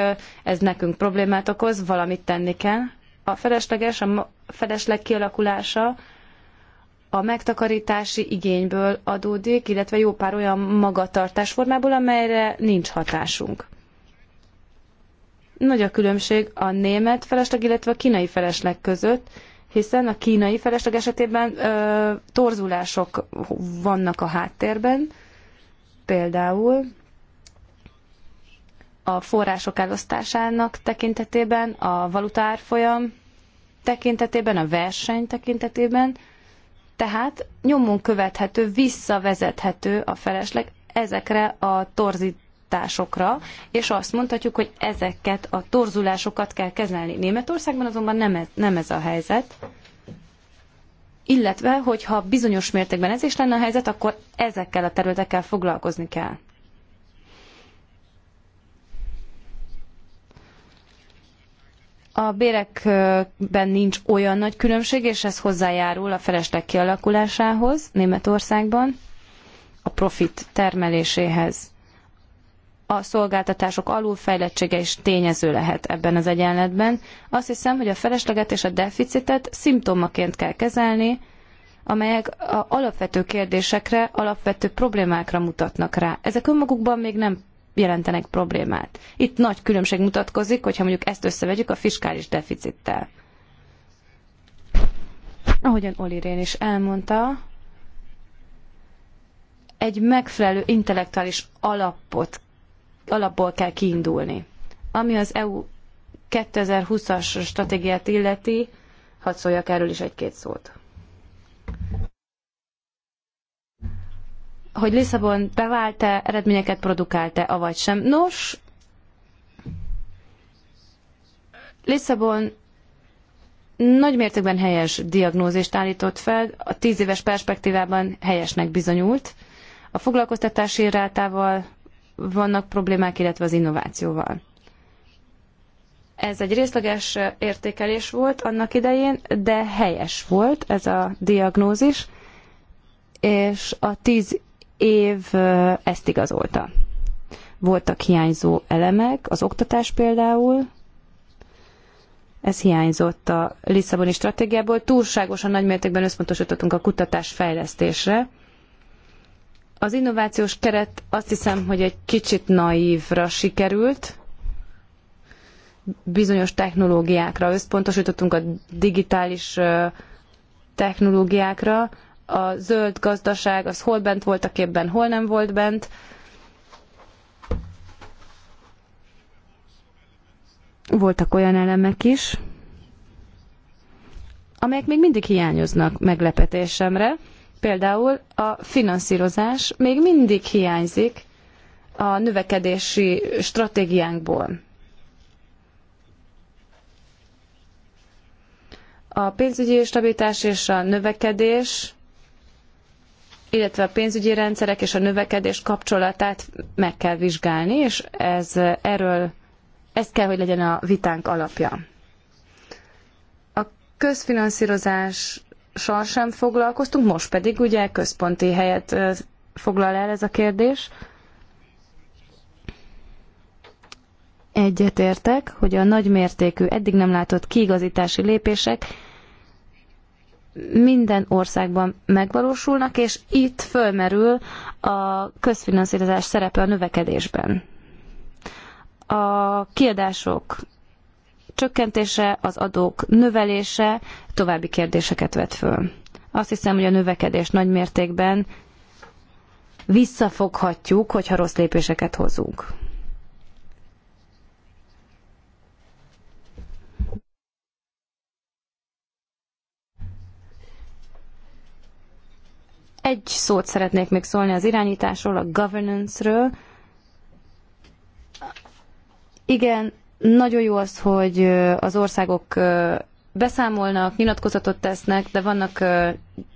ez nekünk problémát okoz, valamit tenni kell. A felesleges, a felesleg kialakulása a megtakarítási igényből adódik, illetve jó pár olyan magatartásformából, amelyre nincs hatásunk. Nagy a különbség a német felesleg, illetve a kínai felesleg között, hiszen a kínai felesleg esetében ö, torzulások vannak a háttérben, például a források elosztásának tekintetében, a valutárfolyam tekintetében, a verseny tekintetében, tehát nyomon követhető, visszavezethető a felesleg ezekre a torzításokra, és azt mondhatjuk, hogy ezeket a torzulásokat kell kezelni. Németországban azonban nem ez, nem ez a helyzet illetve hogyha bizonyos mértékben ez is lenne a helyzet, akkor ezekkel a területekkel foglalkozni kell. A bérekben nincs olyan nagy különbség, és ez hozzájárul a felesleg kialakulásához Németországban, a profit termeléséhez a szolgáltatások alulfejlettsége is tényező lehet ebben az egyenletben. Azt hiszem, hogy a felesleget és a deficitet szimptomaként kell kezelni, amelyek a alapvető kérdésekre, alapvető problémákra mutatnak rá. Ezek önmagukban még nem jelentenek problémát. Itt nagy különbség mutatkozik, hogyha mondjuk ezt összevegyük a fiskális deficittel. Ahogyan Olirén is elmondta, egy megfelelő intellektuális alapot alapból kell kiindulni. Ami az EU 2020-as stratégiát illeti, hadd szóljak erről is egy-két szót. Hogy Lisszabon bevált-e, eredményeket produkált-e, avagy sem. Nos, Lisszabon nagy mértékben helyes diagnózist állított fel, a tíz éves perspektívában helyesnek bizonyult. A foglalkoztatási rátával vannak problémák, illetve az innovációval. Ez egy részleges értékelés volt annak idején, de helyes volt ez a diagnózis, és a tíz év ezt igazolta. Voltak hiányzó elemek, az oktatás például, ez hiányzott a Lisszaboni stratégiából. Túlságosan nagymértékben összpontosítottunk a kutatás fejlesztésre, az innovációs keret azt hiszem, hogy egy kicsit naívra sikerült. Bizonyos technológiákra összpontosítottunk a digitális technológiákra. A zöld gazdaság az hol bent volt a képben, hol nem volt bent. Voltak olyan elemek is, amelyek még mindig hiányoznak meglepetésemre. Például a finanszírozás még mindig hiányzik a növekedési stratégiánkból. A pénzügyi stabilitás és a növekedés, illetve a pénzügyi rendszerek és a növekedés kapcsolatát meg kell vizsgálni, és ez erről, ez kell, hogy legyen a vitánk alapja. A közfinanszírozás sem foglalkoztunk, most pedig ugye központi helyet foglal el ez a kérdés. Egyetértek, hogy a nagymértékű, eddig nem látott kiigazítási lépések minden országban megvalósulnak, és itt fölmerül a közfinanszírozás szerepe a növekedésben. A kiadások csökkentése, az adók növelése további kérdéseket vet föl. Azt hiszem, hogy a növekedés nagy mértékben visszafoghatjuk, hogyha rossz lépéseket hozunk. Egy szót szeretnék még szólni az irányításról, a governance-ről. Igen, nagyon jó az, hogy az országok beszámolnak, nyilatkozatot tesznek, de vannak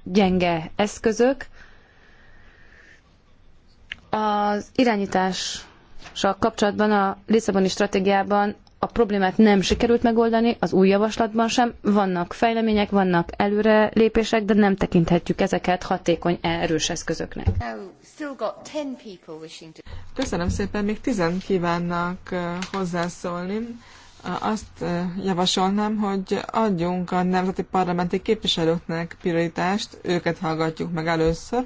gyenge eszközök. Az irányítással kapcsolatban a Lisszaboni stratégiában a problémát nem sikerült megoldani, az új javaslatban sem. Vannak fejlemények, vannak előre lépések, de nem tekinthetjük ezeket hatékony, erős eszközöknek. Köszönöm szépen, még tizen kívánnak hozzászólni. Azt javasolnám, hogy adjunk a nemzeti parlamenti képviselőknek prioritást, őket hallgatjuk meg először,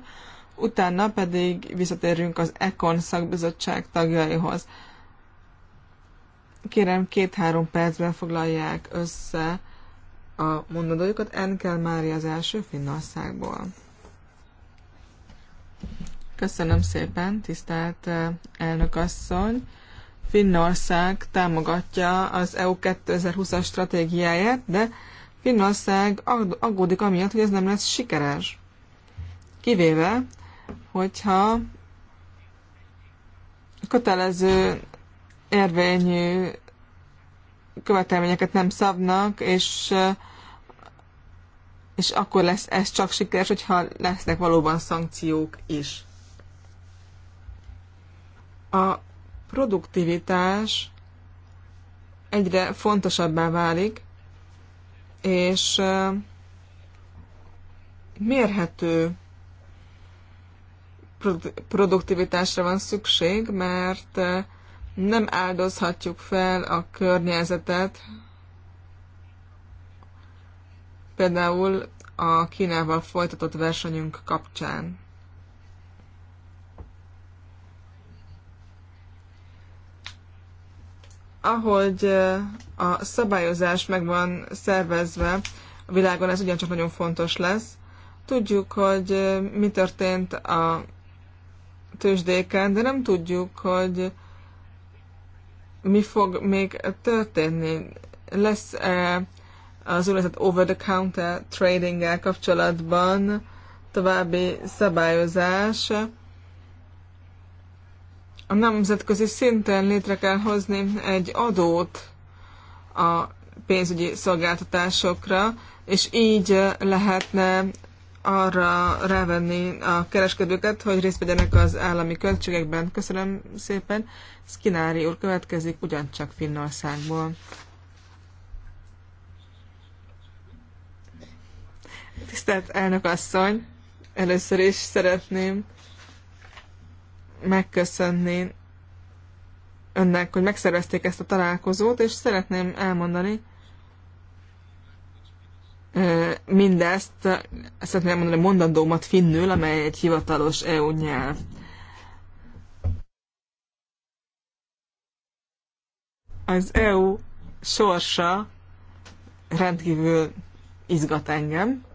utána pedig visszatérünk az ECON szakbizottság tagjaihoz. Kérem, két-három percben foglalják össze a mondatokat. Enkel Mária az első Finnországból. Köszönöm szépen, tisztelt eh, elnök asszony. Finnország támogatja az EU 2020-as stratégiáját, de Finnország aggódik amiatt, hogy ez nem lesz sikeres. Kivéve, hogyha kötelező érvényű követelményeket nem szabnak, és, és akkor lesz ez csak sikeres, hogyha lesznek valóban szankciók is. A produktivitás egyre fontosabbá válik, és eh, mérhető produktivitásra van szükség, mert eh, nem áldozhatjuk fel a környezetet, például a Kínával folytatott versenyünk kapcsán. Ahogy a szabályozás meg van szervezve, a világon ez ugyancsak nagyon fontos lesz. Tudjuk, hogy mi történt a tőzsdéken, de nem tudjuk, hogy mi fog még történni? Lesz -e az úgynevezett over-the-counter trading kapcsolatban további szabályozás? A nemzetközi szinten létre kell hozni egy adót a pénzügyi szolgáltatásokra, és így lehetne arra rávenni a kereskedőket, hogy részt vegyenek az állami költségekben. Köszönöm szépen. Skinári úr következik ugyancsak Finnországból. Tisztelt elnök asszony, először is szeretném megköszönni önnek, hogy megszervezték ezt a találkozót, és szeretném elmondani, mindezt, szeretném a mondandómat finnül, amely egy hivatalos EU nyelv. Az EU sorsa rendkívül izgat engem.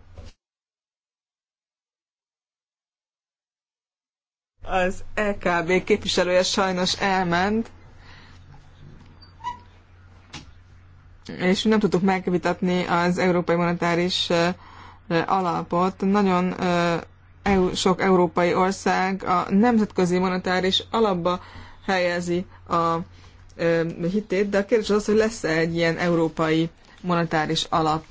Az EKB képviselője sajnos elment, és nem tudtuk megvitatni az Európai Monetáris Alapot. Nagyon sok európai ország a nemzetközi monetáris alapba helyezi a hitét, de a kérdés az, hogy lesz-e egy ilyen európai monetáris alap.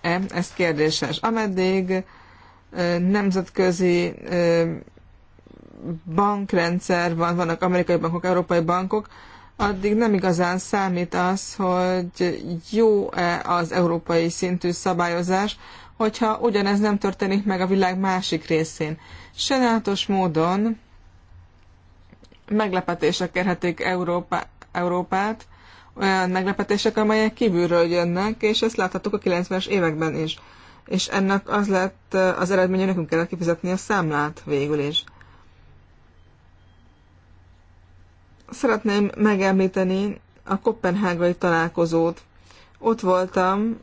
E, ez kérdéses. Ameddig nemzetközi bankrendszer van, vannak amerikai bankok, európai bankok, addig nem igazán számít az, hogy jó-e az európai szintű szabályozás, hogyha ugyanez nem történik meg a világ másik részén. Sajnálatos módon meglepetések kerhetik Európa, Európát, olyan meglepetések, amelyek kívülről jönnek, és ezt láthattuk a 90-es években is. És ennek az lett eh, az eredménye, nekünk kellett kifizetni a számlát végül is. Szeretném megemlíteni a kopenhágai találkozót. Ott voltam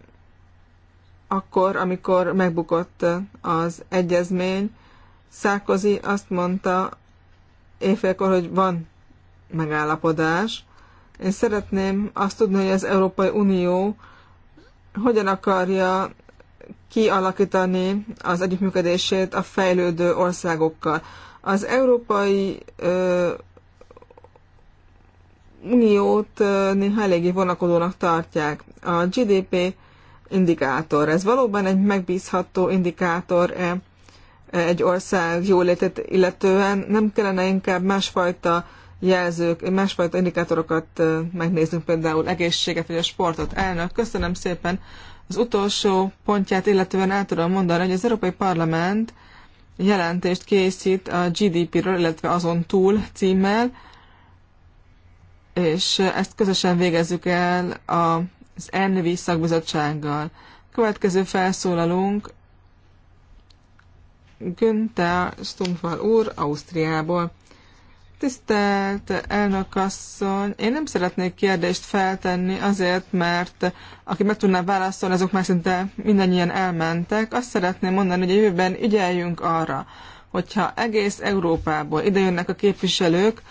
akkor, amikor megbukott az egyezmény. Szákozi azt mondta éjfélkor, hogy van megállapodás. Én szeretném azt tudni, hogy az Európai Unió hogyan akarja kialakítani az együttműködését a fejlődő országokkal. Az Európai ö, Uniót néha eléggé vonakodónak tartják. A GDP indikátor, ez valóban egy megbízható indikátor -e egy ország jólétét illetően? Nem kellene inkább másfajta jelzők, másfajta indikátorokat megnéznünk, például egészséget vagy a sportot. Elnök, köszönöm szépen. Az utolsó pontját illetően el tudom mondani, hogy az Európai Parlament jelentést készít a GDP-ről, illetve azon túl címmel, és ezt közösen végezzük el az ENVI szakbizottsággal. Következő felszólalunk Günther Stumfal úr Ausztriából. Tisztelt elnök asszony, én nem szeretnék kérdést feltenni azért, mert aki meg tudná válaszolni, azok már szinte mindannyian elmentek. Azt szeretném mondani, hogy a jövőben ügyeljünk arra, hogyha egész Európából idejönnek a képviselők,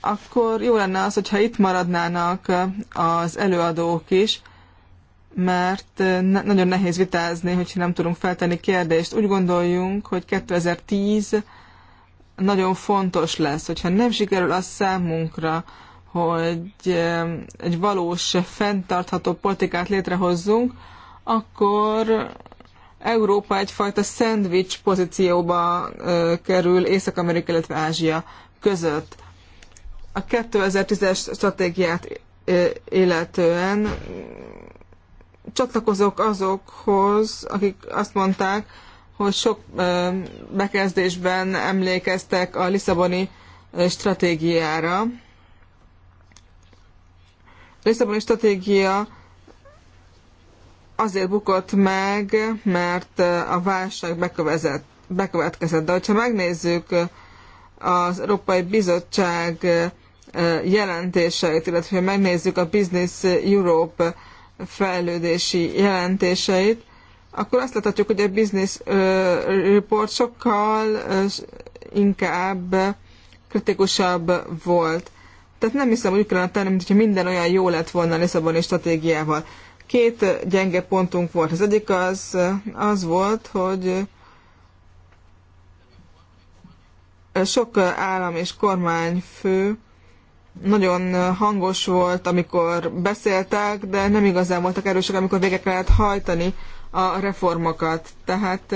akkor jó lenne az, hogyha itt maradnának az előadók is, mert nagyon nehéz vitázni, hogyha nem tudunk feltenni kérdést. Úgy gondoljunk, hogy 2010 nagyon fontos lesz, hogyha nem sikerül az számunkra, hogy egy valós, fenntartható politikát létrehozzunk, akkor Európa egyfajta szendvics pozícióba kerül Észak-Amerika, illetve Ázsia között. A 2010-es stratégiát illetően csatlakozok azokhoz, akik azt mondták, hogy sok bekezdésben emlékeztek a Lisszaboni stratégiára. A Lisszaboni stratégia azért bukott meg, mert a válság bekövezett, bekövetkezett. De ha megnézzük az Európai Bizottság jelentéseit, illetve ha megnézzük a Business Europe fejlődési jelentéseit, akkor azt láthatjuk, hogy a Business Report sokkal inkább kritikusabb volt. Tehát nem hiszem, hogy úgy kellene tenni, mintha minden olyan jó lett volna a Lisszaboni stratégiával. Két gyenge pontunk volt. Az egyik az, az volt, hogy sok állam és kormányfő nagyon hangos volt, amikor beszéltek, de nem igazán voltak erősek, amikor végre kellett hajtani a reformokat. Tehát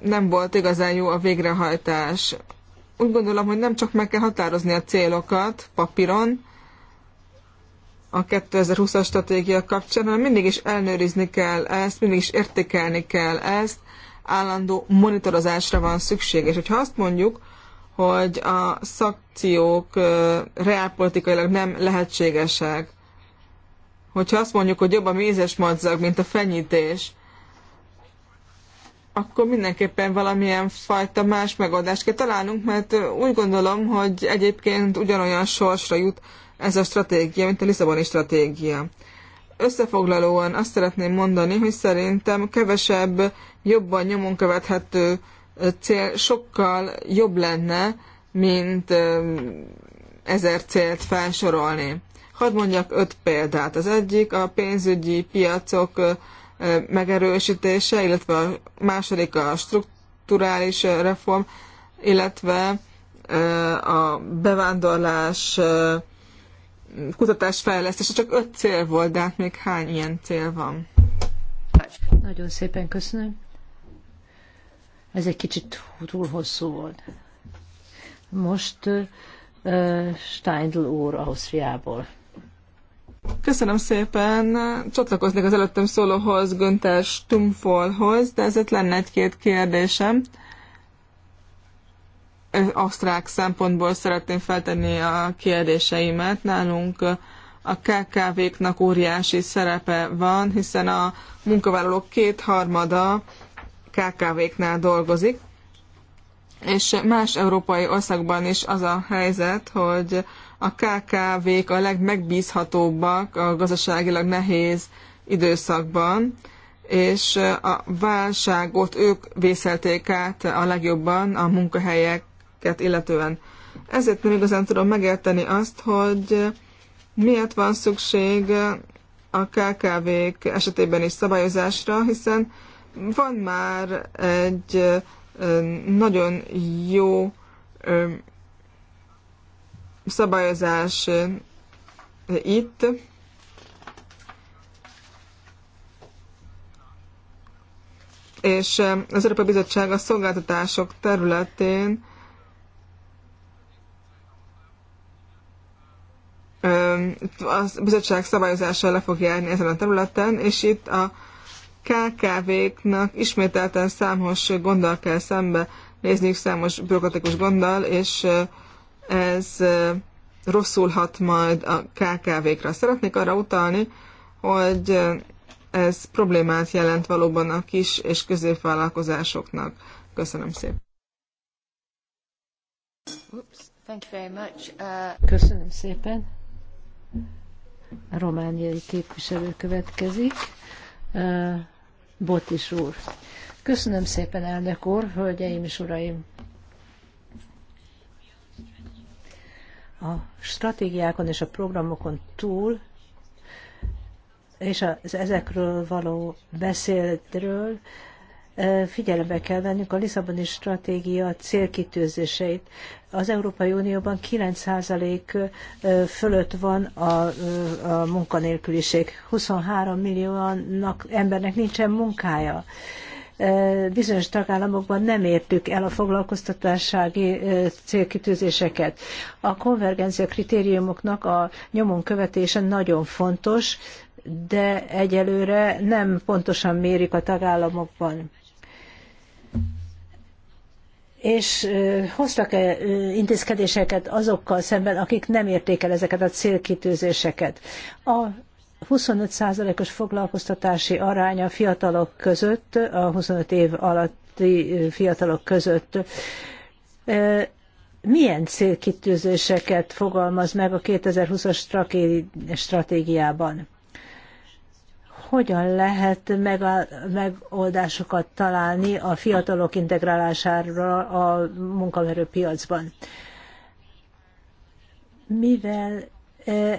nem volt igazán jó a végrehajtás. Úgy gondolom, hogy nem csak meg kell határozni a célokat papíron, a 2020-as stratégia kapcsán, hanem mindig is elnőrizni kell ezt, mindig is értékelni kell ezt, állandó monitorozásra van szükség. És hogyha azt mondjuk, hogy a szakciók reálpolitikailag nem lehetségesek. Hogyha azt mondjuk, hogy jobb a mézes madzag, mint a fenyítés, akkor mindenképpen valamilyen fajta más megoldást kell találnunk, mert úgy gondolom, hogy egyébként ugyanolyan sorsra jut ez a stratégia, mint a Lisszaboni stratégia. Összefoglalóan azt szeretném mondani, hogy szerintem kevesebb, jobban nyomon követhető cél sokkal jobb lenne, mint ezer célt felsorolni. Hadd mondjak öt példát. Az egyik a pénzügyi piacok megerősítése, illetve a második a strukturális reform, illetve a bevándorlás, kutatás fejlesztése. Csak öt cél volt, de hát még hány ilyen cél van? Nagyon szépen köszönöm. Ez egy kicsit túl hosszú volt. Most uh, Steindl úr Ausztriából. Köszönöm szépen. Csatlakoznék az előttem szólóhoz, Günther Stumfolhoz, de ezért lenne egy-két kérdésem. Ausztrák szempontból szeretném feltenni a kérdéseimet. Nálunk a KKV-knak óriási szerepe van, hiszen a munkavállalók kétharmada KKV-knál dolgozik, és más európai országban is az a helyzet, hogy a KKV-k a legmegbízhatóbbak a gazdaságilag nehéz időszakban, és a válságot ők vészelték át a legjobban a munkahelyeket illetően. Ezért nem igazán tudom megérteni azt, hogy miért van szükség a KKV-k esetében is szabályozásra, hiszen van már egy nagyon jó szabályozás itt. És az Európai Bizottság a szolgáltatások területén a bizottság szabályozása le fog járni ezen a területen, és itt a KKV-knak ismételten számos gonddal kell szembe nézniük, számos bürokratikus gonddal, és ez rosszul hat majd a KKV-kra. Szeretnék arra utalni, hogy ez problémát jelent valóban a kis és középvállalkozásoknak. Köszönöm szépen. Oops, thank you very much. Uh... Köszönöm szépen. A romániai képviselő következik. Uh, Botis úr. Köszönöm szépen, elnök úr, hölgyeim és uraim! A stratégiákon és a programokon túl, és az ezekről való beszédről figyelembe kell vennünk a Lisszaboni stratégia célkitűzéseit. Az Európai Unióban 9% fölött van a, a munkanélküliség. 23 milliónak embernek nincsen munkája bizonyos tagállamokban nem értük el a foglalkoztatássági célkitűzéseket. A konvergencia kritériumoknak a nyomon követése nagyon fontos, de egyelőre nem pontosan mérik a tagállamokban és hoztak-e intézkedéseket azokkal szemben, akik nem érték el ezeket a célkitűzéseket. A 25%-os foglalkoztatási arány a fiatalok között, a 25 év alatti fiatalok között milyen célkitűzéseket fogalmaz meg a 2020-as stratégiában? hogyan lehet megoldásokat találni a fiatalok integrálására a munkaerőpiacban. Mivel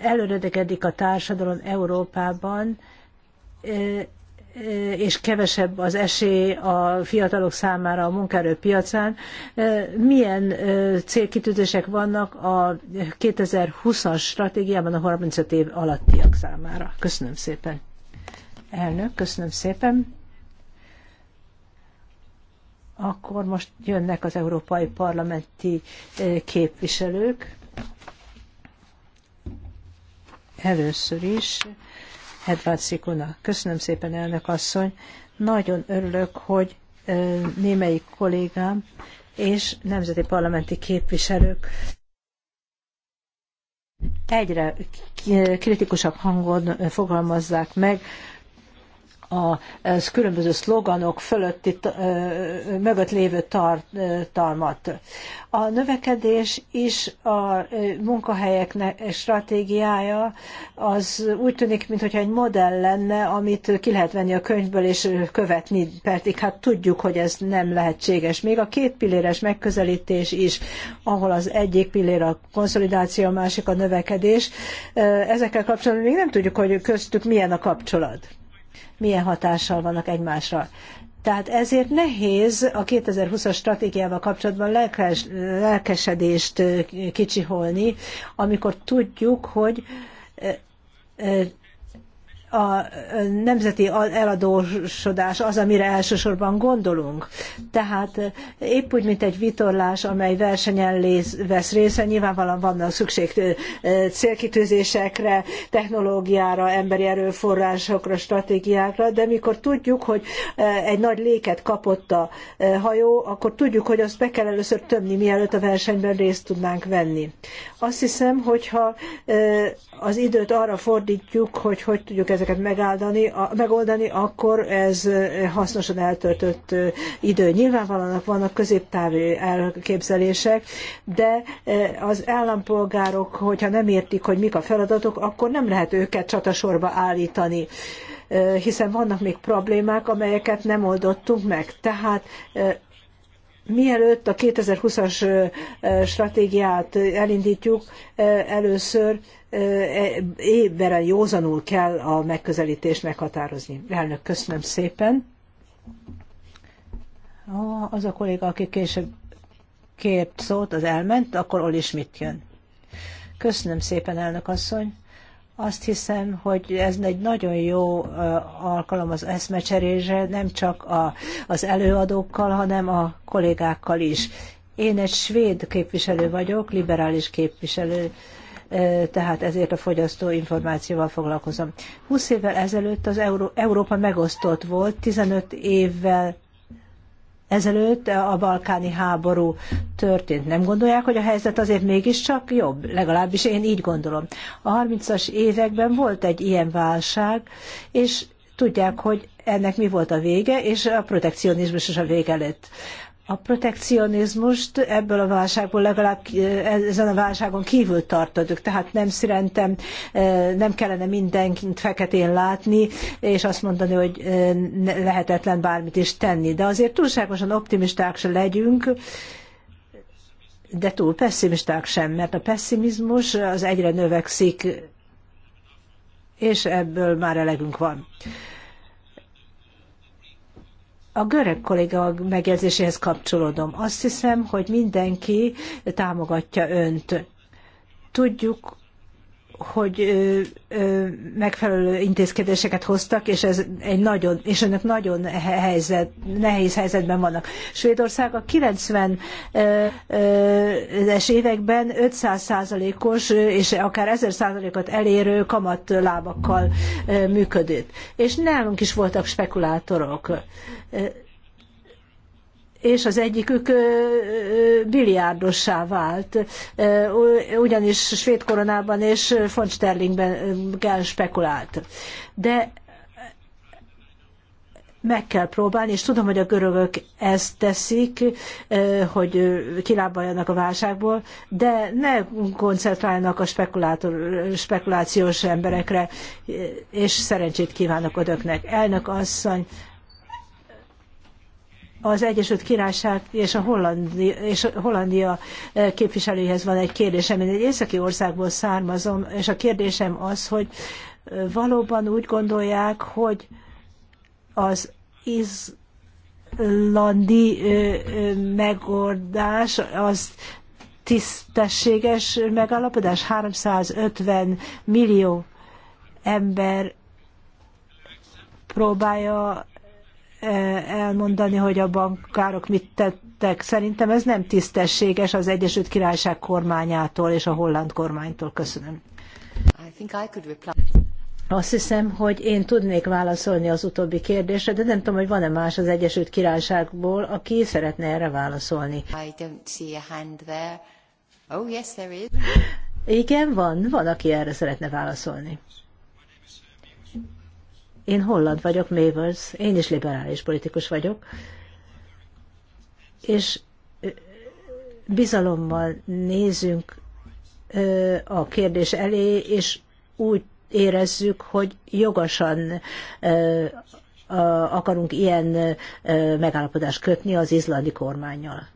előredekedik a társadalom Európában, és kevesebb az esély a fiatalok számára a munkaerőpiacán. Milyen célkitűzések vannak a 2020-as stratégiában a 35 év alattiak számára? Köszönöm szépen. Elnök, köszönöm szépen. Akkor most jönnek az európai parlamenti eh, képviselők. Először is Edvard Szikuna. Köszönöm szépen, elnök asszony. Nagyon örülök, hogy eh, némelyik kollégám és nemzeti parlamenti képviselők egyre kritikusabb hangon fogalmazzák meg a különböző szloganok fölötti, mögött lévő tartalmat. A növekedés is a munkahelyeknek stratégiája az úgy tűnik, mintha egy modell lenne, amit ki lehet venni a könyvből és követni, pedig hát tudjuk, hogy ez nem lehetséges. Még a két pilléres megközelítés is, ahol az egyik pillér a konszolidáció, a másik a növekedés, ezekkel kapcsolatban még nem tudjuk, hogy köztük milyen a kapcsolat milyen hatással vannak egymásra. Tehát ezért nehéz a 2020-as stratégiával kapcsolatban lelkes, lelkesedést kicsiholni, amikor tudjuk, hogy a nemzeti eladósodás az, amire elsősorban gondolunk. Tehát épp úgy, mint egy vitorlás, amely versenyen léz, vesz része, nyilvánvalóan vannak szükség célkitűzésekre, technológiára, emberi erőforrásokra, stratégiákra, de mikor tudjuk, hogy egy nagy léket kapott a hajó, akkor tudjuk, hogy azt be kell először tömni, mielőtt a versenyben részt tudnánk venni. Azt hiszem, hogyha az időt arra fordítjuk, hogy hogy tudjuk ezeket ezeket megáldani, a, megoldani, akkor ez hasznosan eltöltött idő. Nyilvánvalóan vannak középtávú elképzelések, de az állampolgárok, hogyha nem értik, hogy mik a feladatok, akkor nem lehet őket csatasorba állítani hiszen vannak még problémák, amelyeket nem oldottunk meg. Tehát mielőtt a 2020-as stratégiát elindítjuk, először E, évveren józanul kell a megközelítést meghatározni. Elnök, köszönöm szépen. Az a kolléga, aki később kért szót, az elment, akkor Oli Schmidt jön. Köszönöm szépen, elnök asszony. Azt hiszem, hogy ez egy nagyon jó alkalom az eszmecserésre, nem csak a, az előadókkal, hanem a kollégákkal is. Én egy svéd képviselő vagyok, liberális képviselő tehát ezért a fogyasztó információval foglalkozom. 20 évvel ezelőtt az Euró- Európa megosztott volt, 15 évvel ezelőtt a balkáni háború történt. Nem gondolják, hogy a helyzet azért mégiscsak jobb? Legalábbis én így gondolom. A 30-as években volt egy ilyen válság, és tudják, hogy ennek mi volt a vége, és a protekcionizmus is a vége lett a protekcionizmust ebből a válságból legalább eh, ezen a válságon kívül tartottuk, tehát nem szerintem eh, nem kellene mindenkit feketén látni, és azt mondani, hogy eh, lehetetlen bármit is tenni. De azért túlságosan optimisták se legyünk, de túl pessimisták sem, mert a pessimizmus az egyre növekszik, és ebből már elegünk van. A görög kolléga megjegyzéséhez kapcsolódom. Azt hiszem, hogy mindenki támogatja önt. Tudjuk, hogy megfelelő intézkedéseket hoztak, és ez egy nagyon, és önök nagyon helyzet, nehéz helyzetben vannak. Svédország a 90-es években 500%-os és akár 1000%-ot elérő kamatlábakkal működött. És nálunk is voltak spekulátorok és az egyikük biliárdossá vált, ugyanis svéd koronában és von sterlingben spekulált. De meg kell próbálni, és tudom, hogy a görögök ezt teszik, hogy kilábaljanak a válságból, de ne koncentráljanak a spekulációs emberekre, és szerencsét kívánok ödöknek. Elnök asszony, az Egyesült Királyság és a, Hollandia, és a Hollandia e, képviselőjéhez van egy kérdésem. Én egy északi országból származom, és a kérdésem az, hogy e, valóban úgy gondolják, hogy az izlandi e, megoldás az tisztességes megállapodás 350 millió ember próbálja elmondani, hogy a bankárok mit tettek. Szerintem ez nem tisztességes az Egyesült Királyság kormányától és a holland kormánytól. Köszönöm. I I Azt hiszem, hogy én tudnék válaszolni az utóbbi kérdésre, de nem tudom, hogy van-e más az Egyesült Királyságból, aki szeretne erre válaszolni. Oh, yes, Igen, van, van, aki erre szeretne válaszolni. Én holland vagyok, Mavers, én is liberális politikus vagyok, és bizalommal nézünk a kérdés elé, és úgy érezzük, hogy jogosan akarunk ilyen megállapodást kötni az izlandi kormányjal.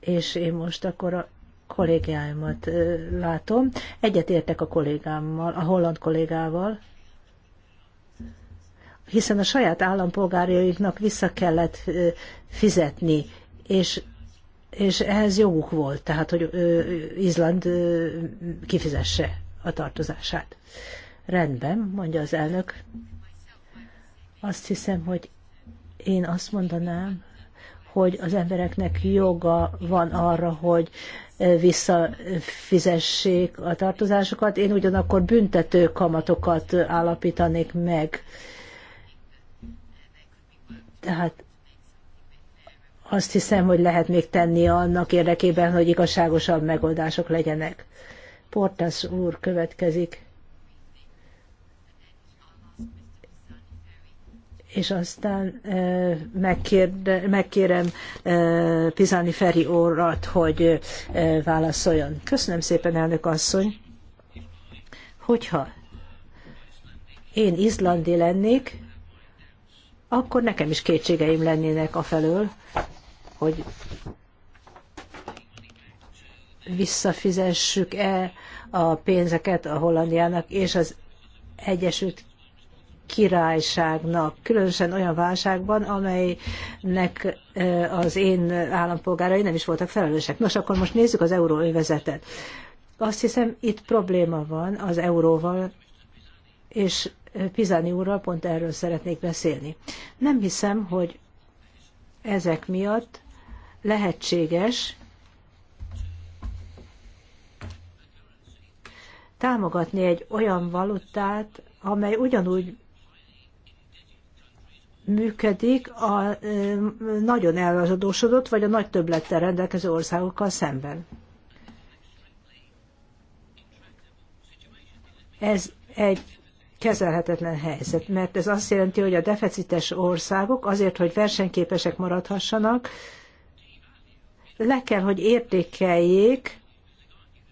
És én most akkor a kollégáimat látom. Egyet értek a kollégámmal, a holland kollégával, hiszen a saját állampolgárjaiknak vissza kellett fizetni, és, és ehhez joguk volt, tehát hogy Izland kifizesse a tartozását. Rendben, mondja az elnök. Azt hiszem, hogy én azt mondanám, hogy az embereknek joga van arra, hogy visszafizessék a tartozásokat. Én ugyanakkor büntető kamatokat állapítanék meg. Tehát azt hiszem, hogy lehet még tenni annak érdekében, hogy igazságosabb megoldások legyenek. Portas úr következik. és aztán megkérde, megkérem Pizani Feri órat, hogy válaszoljon. Köszönöm szépen, elnök asszony. Hogyha én izlandi lennék, akkor nekem is kétségeim lennének afelől, hogy visszafizessük-e a pénzeket a Hollandiának és az Egyesült királyságnak, különösen olyan válságban, amelynek az én állampolgárai nem is voltak felelősek. Nos, akkor most nézzük az euróövezetet. Azt hiszem, itt probléma van az euróval, és Pizani úrral pont erről szeretnék beszélni. Nem hiszem, hogy ezek miatt lehetséges támogatni egy olyan valutát, amely ugyanúgy működik a nagyon eladósodott vagy a nagy többlettel rendelkező országokkal szemben. Ez egy kezelhetetlen helyzet, mert ez azt jelenti, hogy a deficites országok azért, hogy versenyképesek maradhassanak, le kell, hogy értékeljék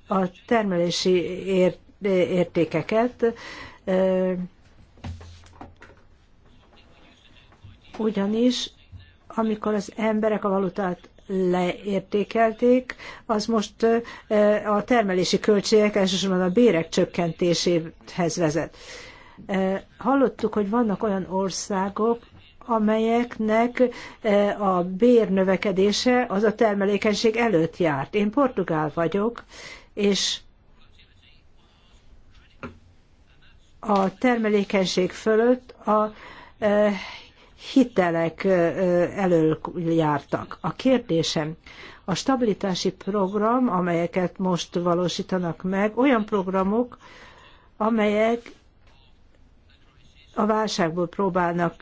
a termelési értékeket, Ugyanis, amikor az emberek a valutát leértékelték, az most a termelési költségek, elsősorban a bérek csökkentéséhez vezet. Hallottuk, hogy vannak olyan országok, amelyeknek a bér növekedése az a termelékenység előtt járt. Én portugál vagyok, és a termelékenység fölött a hitelek elől jártak. A kérdésem, a stabilitási program, amelyeket most valósítanak meg, olyan programok, amelyek a válságból próbálnak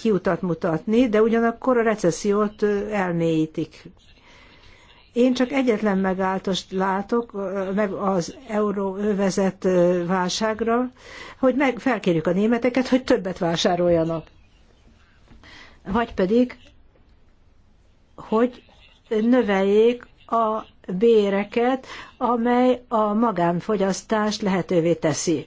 kiutat mutatni, de ugyanakkor a recessziót elmélyítik. Én csak egyetlen megáltást látok meg az euróövezet válságra, hogy meg felkérjük a németeket, hogy többet vásároljanak vagy pedig, hogy növeljék a béreket, amely a magánfogyasztást lehetővé teszi.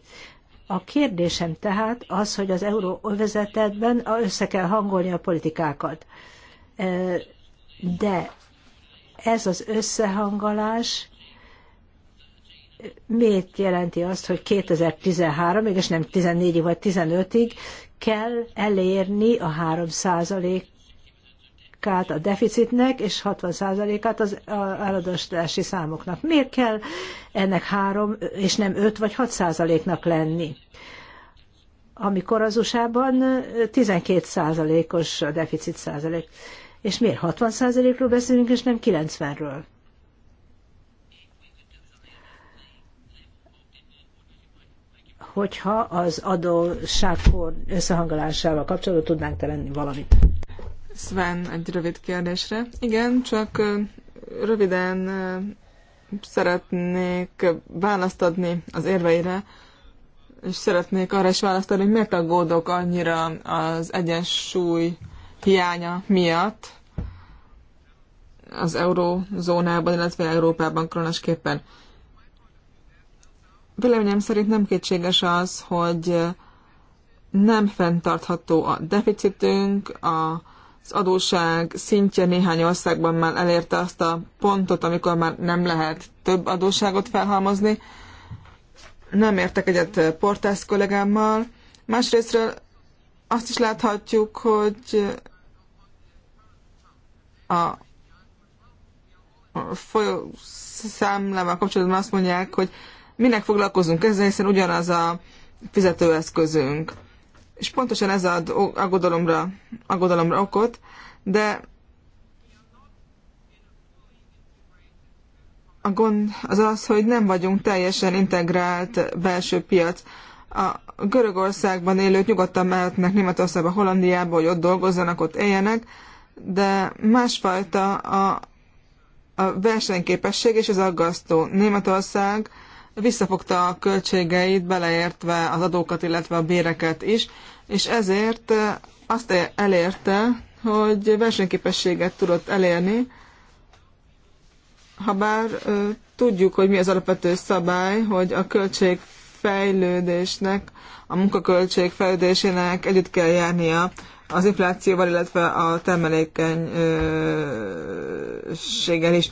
A kérdésem tehát az, hogy az euróövezetetben össze kell hangolni a politikákat. De ez az összehangolás miért jelenti azt, hogy 2013-ig, és nem 14-ig vagy 15-ig kell elérni a 3 át a deficitnek, és 60%-át az álladostolási számoknak. Miért kell ennek 3 és nem 5 vagy 6%-nak lenni? Amikor az USA-ban 12%-os a deficit százalék. És miért 60%-ról beszélünk, és nem 90-ről? hogyha az adósságfor összehangolásával kapcsolatban tudnánk tenni valamit. Sven, egy rövid kérdésre. Igen, csak röviden szeretnék választ adni az érveire, és szeretnék arra is választani, hogy miért aggódok annyira az egyensúly hiánya miatt az eurózónában, illetve Európában különösképpen. Véleményem szerint nem kétséges az, hogy nem fenntartható a deficitünk, az adóság szintje néhány országban már elérte azt a pontot, amikor már nem lehet több adóságot felhalmozni. Nem értek egyet Portász kollégámmal. Másrésztről azt is láthatjuk, hogy a folyószámlával kapcsolatban azt mondják, hogy minek foglalkozunk ezzel, hiszen ugyanaz a fizetőeszközünk. És pontosan ez ad aggodalomra, aggodalomra okot, de a gond az az, hogy nem vagyunk teljesen integrált belső piac. A Görögországban élők nyugodtan mehetnek Németországba, Hollandiába, hogy ott dolgozzanak, ott éljenek, de másfajta a, a versenyképesség, és az aggasztó. Németország visszafogta a költségeit, beleértve az adókat, illetve a béreket is, és ezért azt e- elérte, hogy versenyképességet tudott elérni, habár tudjuk, hogy mi az alapvető szabály, hogy a költség fejlődésnek, a munkaköltség fejlődésének együtt kell járnia az inflációval, illetve a termelékenységgel is.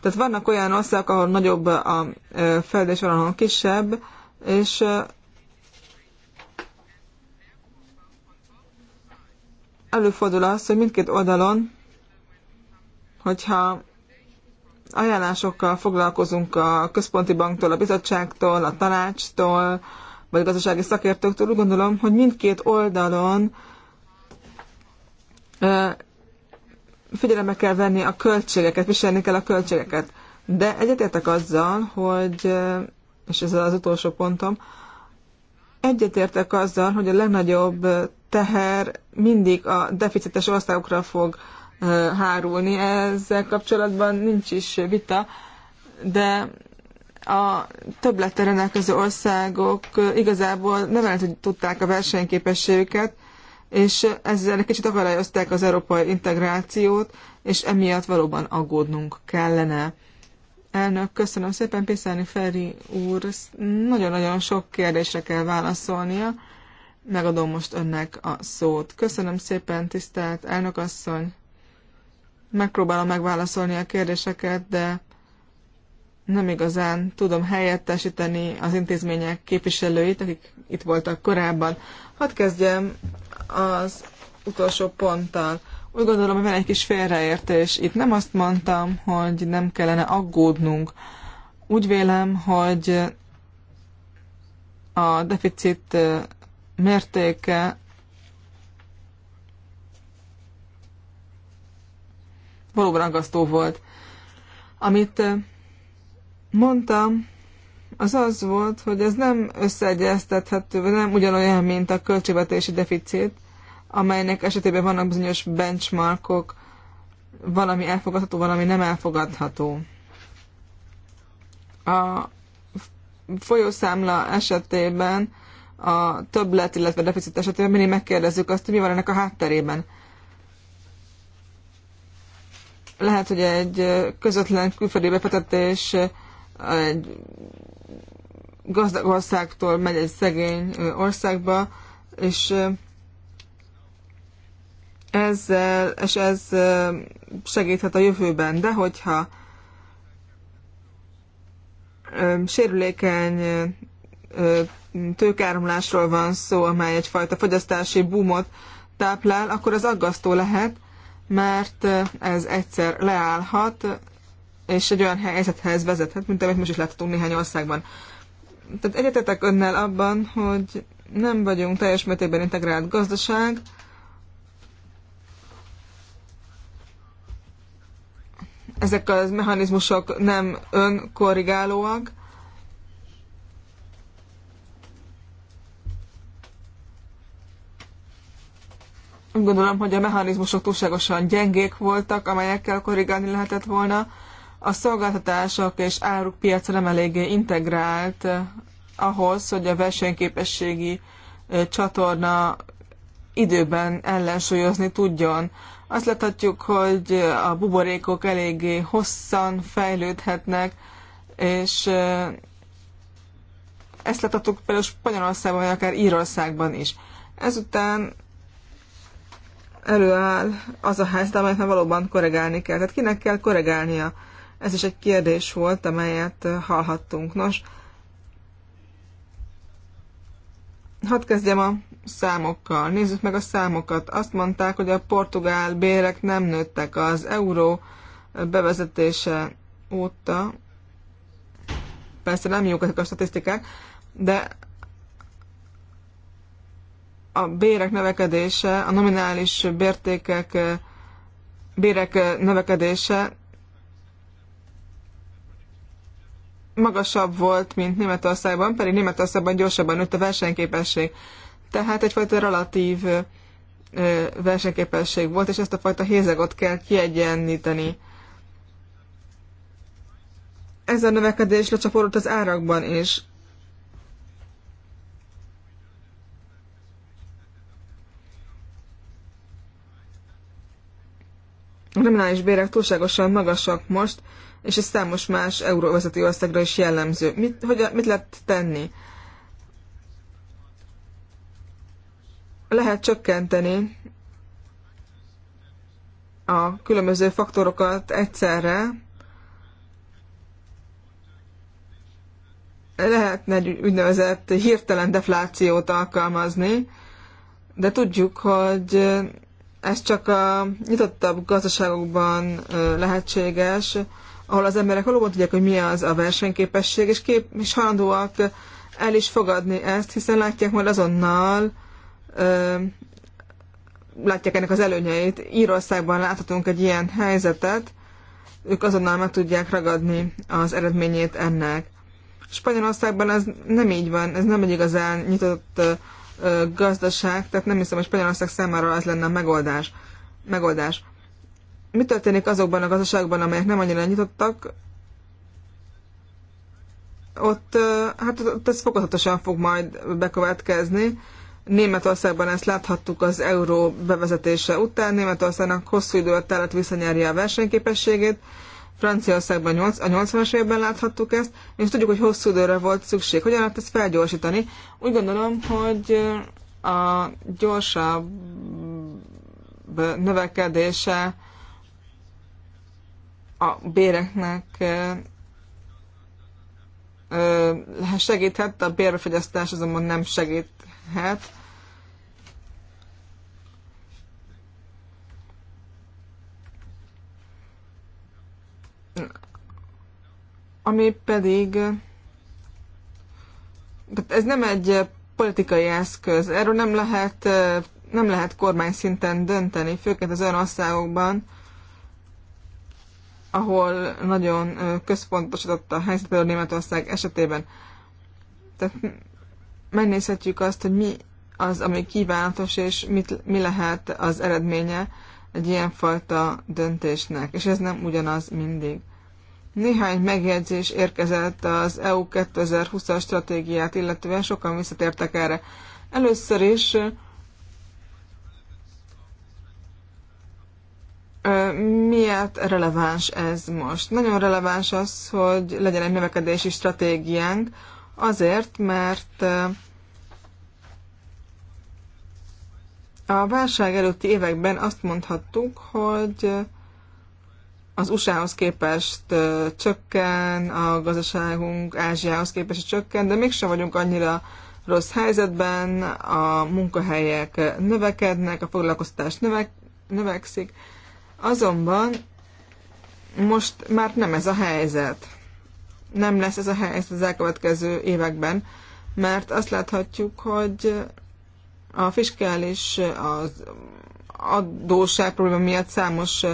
Tehát vannak olyan országok, ahol nagyobb a fejlődés, ahol kisebb, és előfordul az, hogy mindkét oldalon, hogyha ajánlásokkal foglalkozunk a központi banktól, a bizottságtól, a tanácstól, vagy a gazdasági szakértőktől, úgy gondolom, hogy mindkét oldalon figyelembe kell venni a költségeket, viselni kell a költségeket. De egyetértek azzal, hogy, és ez az utolsó pontom, egyetértek azzal, hogy a legnagyobb teher mindig a deficites országokra fog hárulni. Ezzel kapcsolatban nincs is vita, de a többlettel rendelkező országok igazából nem tudták a versenyképességüket, és ezzel egy kicsit akadályozták az európai integrációt, és emiatt valóban aggódnunk kellene. Elnök, köszönöm szépen, Piszáni Feri úr, nagyon-nagyon sok kérdésre kell válaszolnia. Megadom most önnek a szót. Köszönöm szépen, tisztelt asszony. Megpróbálom megválaszolni a kérdéseket, de nem igazán tudom helyettesíteni az intézmények képviselőit, akik itt voltak korábban. Hadd kezdjem az utolsó ponttal. Úgy gondolom, hogy van egy kis félreértés. Itt nem azt mondtam, hogy nem kellene aggódnunk. Úgy vélem, hogy a deficit mértéke valóban aggasztó volt. Amit mondtam, az az volt, hogy ez nem összeegyeztethető, vagy nem ugyanolyan, mint a költségvetési deficit, amelynek esetében vannak bizonyos benchmarkok, valami elfogadható, valami nem elfogadható. A folyószámla esetében a többlet, illetve deficit esetében mindig megkérdezzük azt, hogy mi van ennek a hátterében. Lehet, hogy egy közvetlen külföldi befektetés egy gazdag országtól megy egy szegény országba, és ezzel, és ez segíthet a jövőben, de hogyha sérülékeny tőkáromlásról van szó, amely egyfajta fogyasztási boomot táplál, akkor az aggasztó lehet, mert ez egyszer leállhat, és egy olyan helyzethez vezethet, mint amit most is láthatunk néhány országban tehát egyetetek önnel abban, hogy nem vagyunk teljes mértékben integrált gazdaság, ezek a mechanizmusok nem önkorrigálóak, gondolom, hogy a mechanizmusok túlságosan gyengék voltak, amelyekkel korrigálni lehetett volna a szolgáltatások és áruk piaca nem eléggé integrált eh, ahhoz, hogy a versenyképességi eh, csatorna időben ellensúlyozni tudjon. Azt láthatjuk, hogy eh, a buborékok eléggé hosszan fejlődhetnek, és ezt láthatjuk például Spanyolországban, vagy akár Írországban is. Ezután előáll az a helyzet, amelyet valóban korrigálni kell. Tehát kinek kell korrigálnia? Ez is egy kérdés volt, amelyet hallhattunk. Nos, hadd kezdjem a számokkal. Nézzük meg a számokat. Azt mondták, hogy a portugál bérek nem nőttek az euró bevezetése óta. Persze nem jók ezek a statisztikák, de a bérek növekedése, a nominális bértékek, bérek növekedése magasabb volt, mint Németországban, pedig Németországban gyorsabban nőtt a versenyképesség. Tehát egyfajta relatív versenyképesség volt, és ezt a fajta hézegot kell kiegyenlíteni. Ez a növekedés lecsapódott az árakban is. A nominális bérek túlságosan magasak most, és ez számos más euróvezető országra is jellemző. Mit, hogy, mit lehet tenni? Lehet csökkenteni a különböző faktorokat egyszerre, Lehet, egy úgynevezett hirtelen deflációt alkalmazni, de tudjuk, hogy ez csak a nyitottabb gazdaságokban lehetséges, ahol az emberek valóban tudják, hogy mi az a versenyképesség, és, kép, és hajlandóak el is fogadni ezt, hiszen látják majd azonnal, ö, látják ennek az előnyeit. Írországban láthatunk egy ilyen helyzetet, ők azonnal meg tudják ragadni az eredményét ennek. Spanyolországban ez nem így van, ez nem egy igazán nyitott ö, gazdaság, tehát nem hiszem, hogy Spanyolország számára ez lenne a megoldás. megoldás mi történik azokban a gazdaságban, amelyek nem annyira nyitottak, ott, hát ott ez fokozatosan fog majd bekövetkezni. Németországban ezt láthattuk az euró bevezetése után. Németországnak hosszú idő alatt állat visszanyerje a versenyképességét. Franciaországban a 80-as évben láthattuk ezt, és tudjuk, hogy hosszú időre volt szükség. Hogyan lehet ezt felgyorsítani? Úgy gondolom, hogy a gyorsabb növekedése a béreknek segíthet, a bérbefogyasztás azonban nem segíthet. Ami pedig, tehát ez nem egy politikai eszköz, erről nem lehet, nem lehet kormány szinten dönteni, főként az olyan országokban, ahol nagyon központosította a helyzet, például Németország esetében. Tehát megnézhetjük azt, hogy mi az, ami kívánatos, és mit, mi lehet az eredménye egy ilyenfajta döntésnek. És ez nem ugyanaz mindig. Néhány megjegyzés érkezett az EU 2020-as stratégiát, illetően sokan visszatértek erre. Először is miért releváns ez most? Nagyon releváns az, hogy legyen egy növekedési stratégiánk, azért, mert a válság előtti években azt mondhattuk, hogy az USA-hoz képest csökken, a gazdaságunk Ázsiához képest csökken, de mégsem vagyunk annyira rossz helyzetben, a munkahelyek növekednek, a foglalkoztatás növek, növekszik, Azonban most már nem ez a helyzet. Nem lesz ez a helyzet az elkövetkező években, mert azt láthatjuk, hogy a fiskális az adósság probléma miatt számos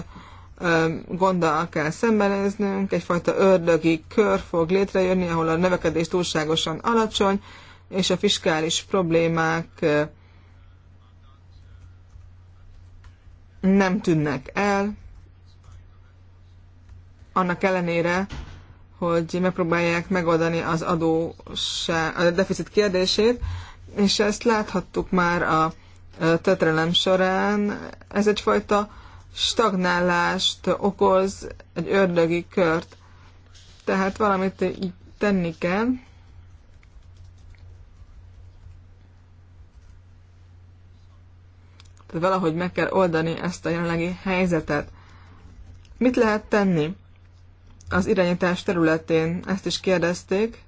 gonddal kell szembenéznünk, egyfajta ördögi kör fog létrejönni, ahol a növekedés túlságosan alacsony, és a fiskális problémák nem tűnnek el, annak ellenére, hogy megpróbálják megoldani az adó, a deficit kérdését, és ezt láthattuk már a tetrelem során. Ez egyfajta stagnálást okoz, egy ördögi kört. Tehát valamit így tenni kell. valahogy meg kell oldani ezt a jelenlegi helyzetet. Mit lehet tenni az irányítás területén? Ezt is kérdezték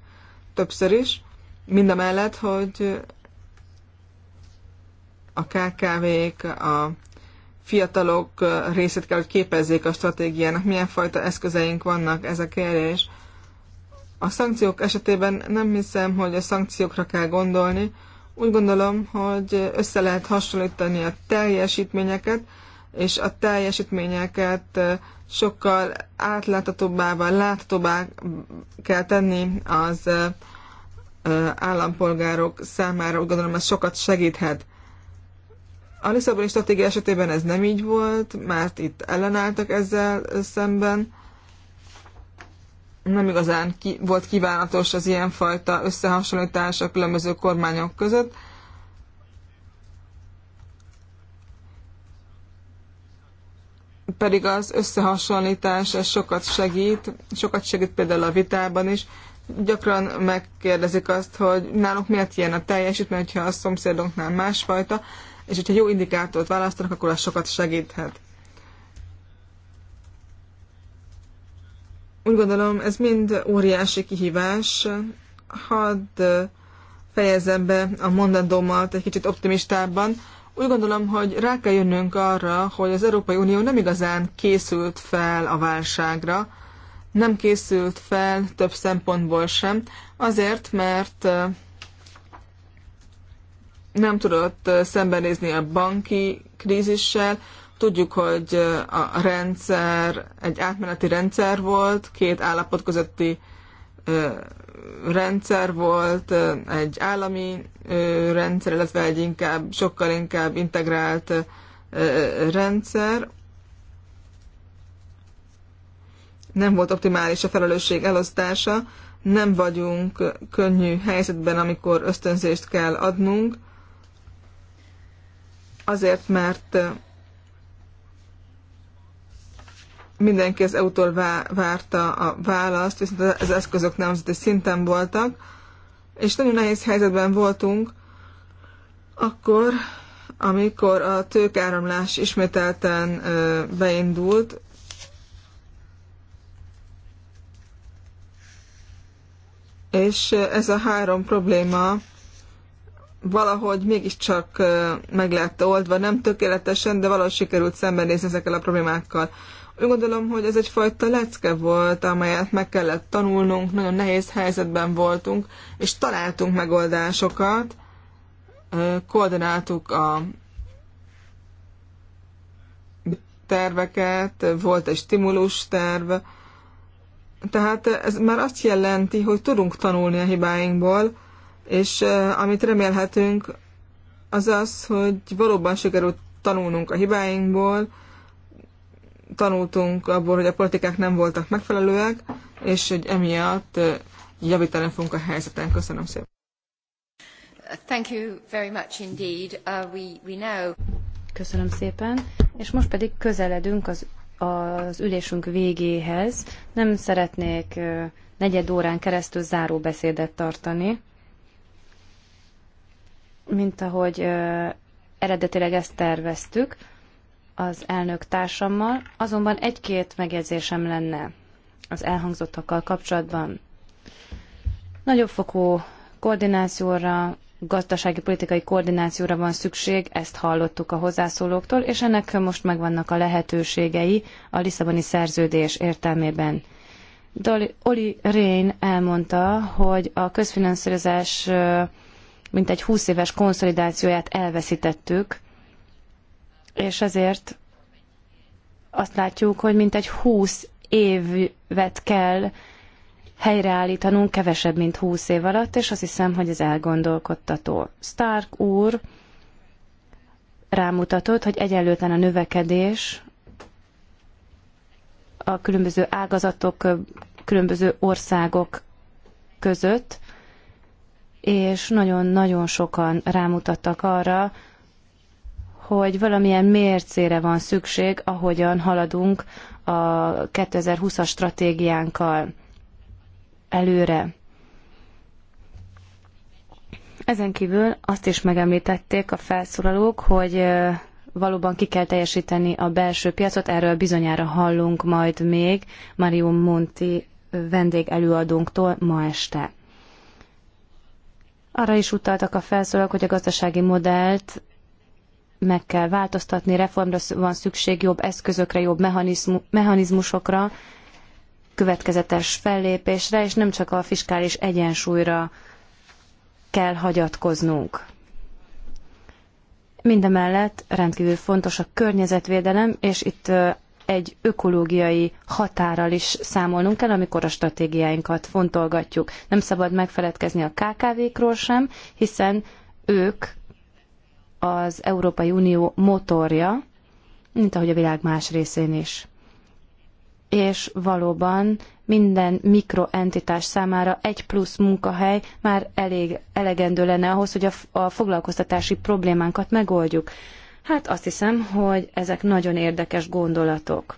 többször is, mind a mellett, hogy a KKV-k, a fiatalok részét kell, hogy képezzék a stratégiának, milyen fajta eszközeink vannak, ez a kérdés. A szankciók esetében nem hiszem, hogy a szankciókra kell gondolni, úgy gondolom, hogy össze lehet hasonlítani a teljesítményeket, és a teljesítményeket sokkal átláthatóbbá, láthatóbbá kell tenni az állampolgárok számára. Úgy gondolom, ez sokat segíthet. A Lisszaboni stratégia esetében ez nem így volt, mert itt ellenálltak ezzel szemben nem igazán ki, volt kívánatos az ilyenfajta összehasonlítás a különböző kormányok között. Pedig az összehasonlítás ez sokat segít, sokat segít például a vitában is. Gyakran megkérdezik azt, hogy nálunk miért ilyen a teljesítmény, ha a szomszédunknál másfajta, és hogyha jó indikátort választanak, akkor az sokat segíthet. Úgy gondolom, ez mind óriási kihívás. Hadd fejezem be a mondandómat egy kicsit optimistában. Úgy gondolom, hogy rá kell jönnünk arra, hogy az Európai Unió nem igazán készült fel a válságra, nem készült fel több szempontból sem, azért, mert nem tudott szembenézni a banki krízissel, Tudjuk, hogy a rendszer egy átmeneti rendszer volt, két állapot közötti rendszer volt, egy állami rendszer, illetve egy inkább, sokkal inkább integrált rendszer. Nem volt optimális a felelősség elosztása, nem vagyunk könnyű helyzetben, amikor ösztönzést kell adnunk, azért mert mindenki az EU-tól várta a választ, viszont az eszközök nemzeti szinten voltak, és nagyon nehéz helyzetben voltunk, akkor, amikor a tőkáramlás ismételten beindult, és ez a három probléma valahogy mégiscsak meg lett oldva, nem tökéletesen, de valahogy sikerült szembenézni ezekkel a problémákkal. Úgy gondolom, hogy ez egyfajta lecke volt, amelyet meg kellett tanulnunk, nagyon nehéz helyzetben voltunk, és találtunk megoldásokat, koordináltuk a terveket, volt egy stimulus terv, tehát ez már azt jelenti, hogy tudunk tanulni a hibáinkból, és amit remélhetünk, az az, hogy valóban sikerült tanulnunk a hibáinkból, tanultunk abból, hogy a politikák nem voltak megfelelőek, és hogy emiatt javítani fogunk a helyzeten. Köszönöm szépen. Thank you very much indeed. Uh, we, we know. Köszönöm szépen. És most pedig közeledünk az, az ülésünk végéhez. Nem szeretnék uh, negyed órán keresztül záró beszédet tartani, mint ahogy uh, eredetileg ezt terveztük az elnök társammal, azonban egy-két megjegyzésem lenne az elhangzottakkal kapcsolatban. Nagyobb fokú koordinációra, gazdasági politikai koordinációra van szükség, ezt hallottuk a hozzászólóktól, és ennek most megvannak a lehetőségei a Lisszaboni szerződés értelmében. Oli Rén elmondta, hogy a közfinanszírozás mintegy 20 éves konszolidációját elveszítettük, és ezért azt látjuk, hogy mintegy 20 évet kell helyreállítanunk kevesebb, mint 20 év alatt, és azt hiszem, hogy ez elgondolkodtató. Stark úr rámutatott, hogy egyenlőtlen a növekedés a különböző ágazatok, különböző országok között, és nagyon-nagyon sokan rámutattak arra, hogy valamilyen mércére van szükség, ahogyan haladunk a 2020-as stratégiánkkal előre. Ezen kívül azt is megemlítették a felszólalók, hogy valóban ki kell teljesíteni a belső piacot, erről bizonyára hallunk majd még Mario Monti vendégelőadónktól ma este. Arra is utaltak a felszólalók, hogy a gazdasági modellt meg kell változtatni, reformra van szükség, jobb eszközökre, jobb mechanizmusokra, következetes fellépésre, és nem csak a fiskális egyensúlyra kell hagyatkoznunk. Mindemellett rendkívül fontos a környezetvédelem, és itt egy ökológiai határral is számolnunk kell, amikor a stratégiáinkat fontolgatjuk. Nem szabad megfeledkezni a KKV-król sem, hiszen ők az Európai Unió motorja, mint ahogy a világ más részén is. És valóban minden mikroentitás számára egy plusz munkahely már elég elegendő lenne ahhoz, hogy a, a foglalkoztatási problémánkat megoldjuk. Hát azt hiszem, hogy ezek nagyon érdekes gondolatok.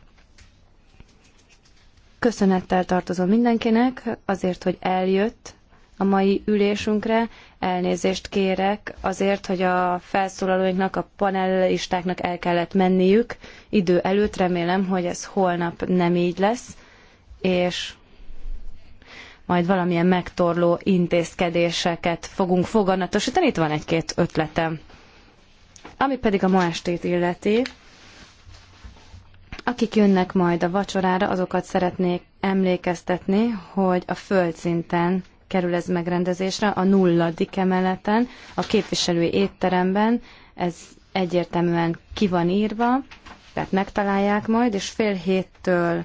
Köszönettel tartozom mindenkinek azért, hogy eljött a mai ülésünkre. Elnézést kérek azért, hogy a felszólalóinknak, a panelistáknak el kellett menniük idő előtt. Remélem, hogy ez holnap nem így lesz, és majd valamilyen megtorló intézkedéseket fogunk foganatosítani. Itt van egy-két ötletem. Ami pedig a ma estét illeti, akik jönnek majd a vacsorára, azokat szeretnék emlékeztetni, hogy a földszinten kerül ez megrendezésre a nulladik emeleten, a képviselői étteremben, ez egyértelműen ki van írva, tehát megtalálják majd, és fél héttől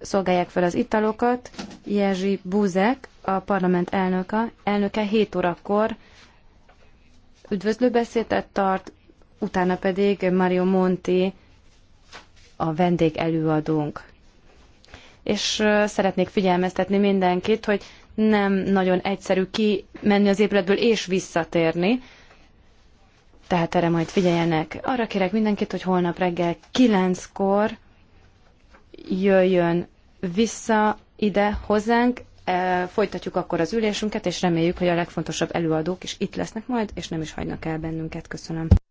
szolgálják fel az italokat. Jerzy Buzek, a parlament elnöke, elnöke 7 órakor üdvözlőbeszédet tart, utána pedig Mario Monti, a vendég előadónk. És szeretnék figyelmeztetni mindenkit, hogy nem nagyon egyszerű kimenni az épületből és visszatérni. Tehát erre majd figyeljenek. Arra kérek mindenkit, hogy holnap reggel kilenckor jöjjön vissza ide hozzánk. E, folytatjuk akkor az ülésünket, és reméljük, hogy a legfontosabb előadók is itt lesznek majd, és nem is hagynak el bennünket. Köszönöm.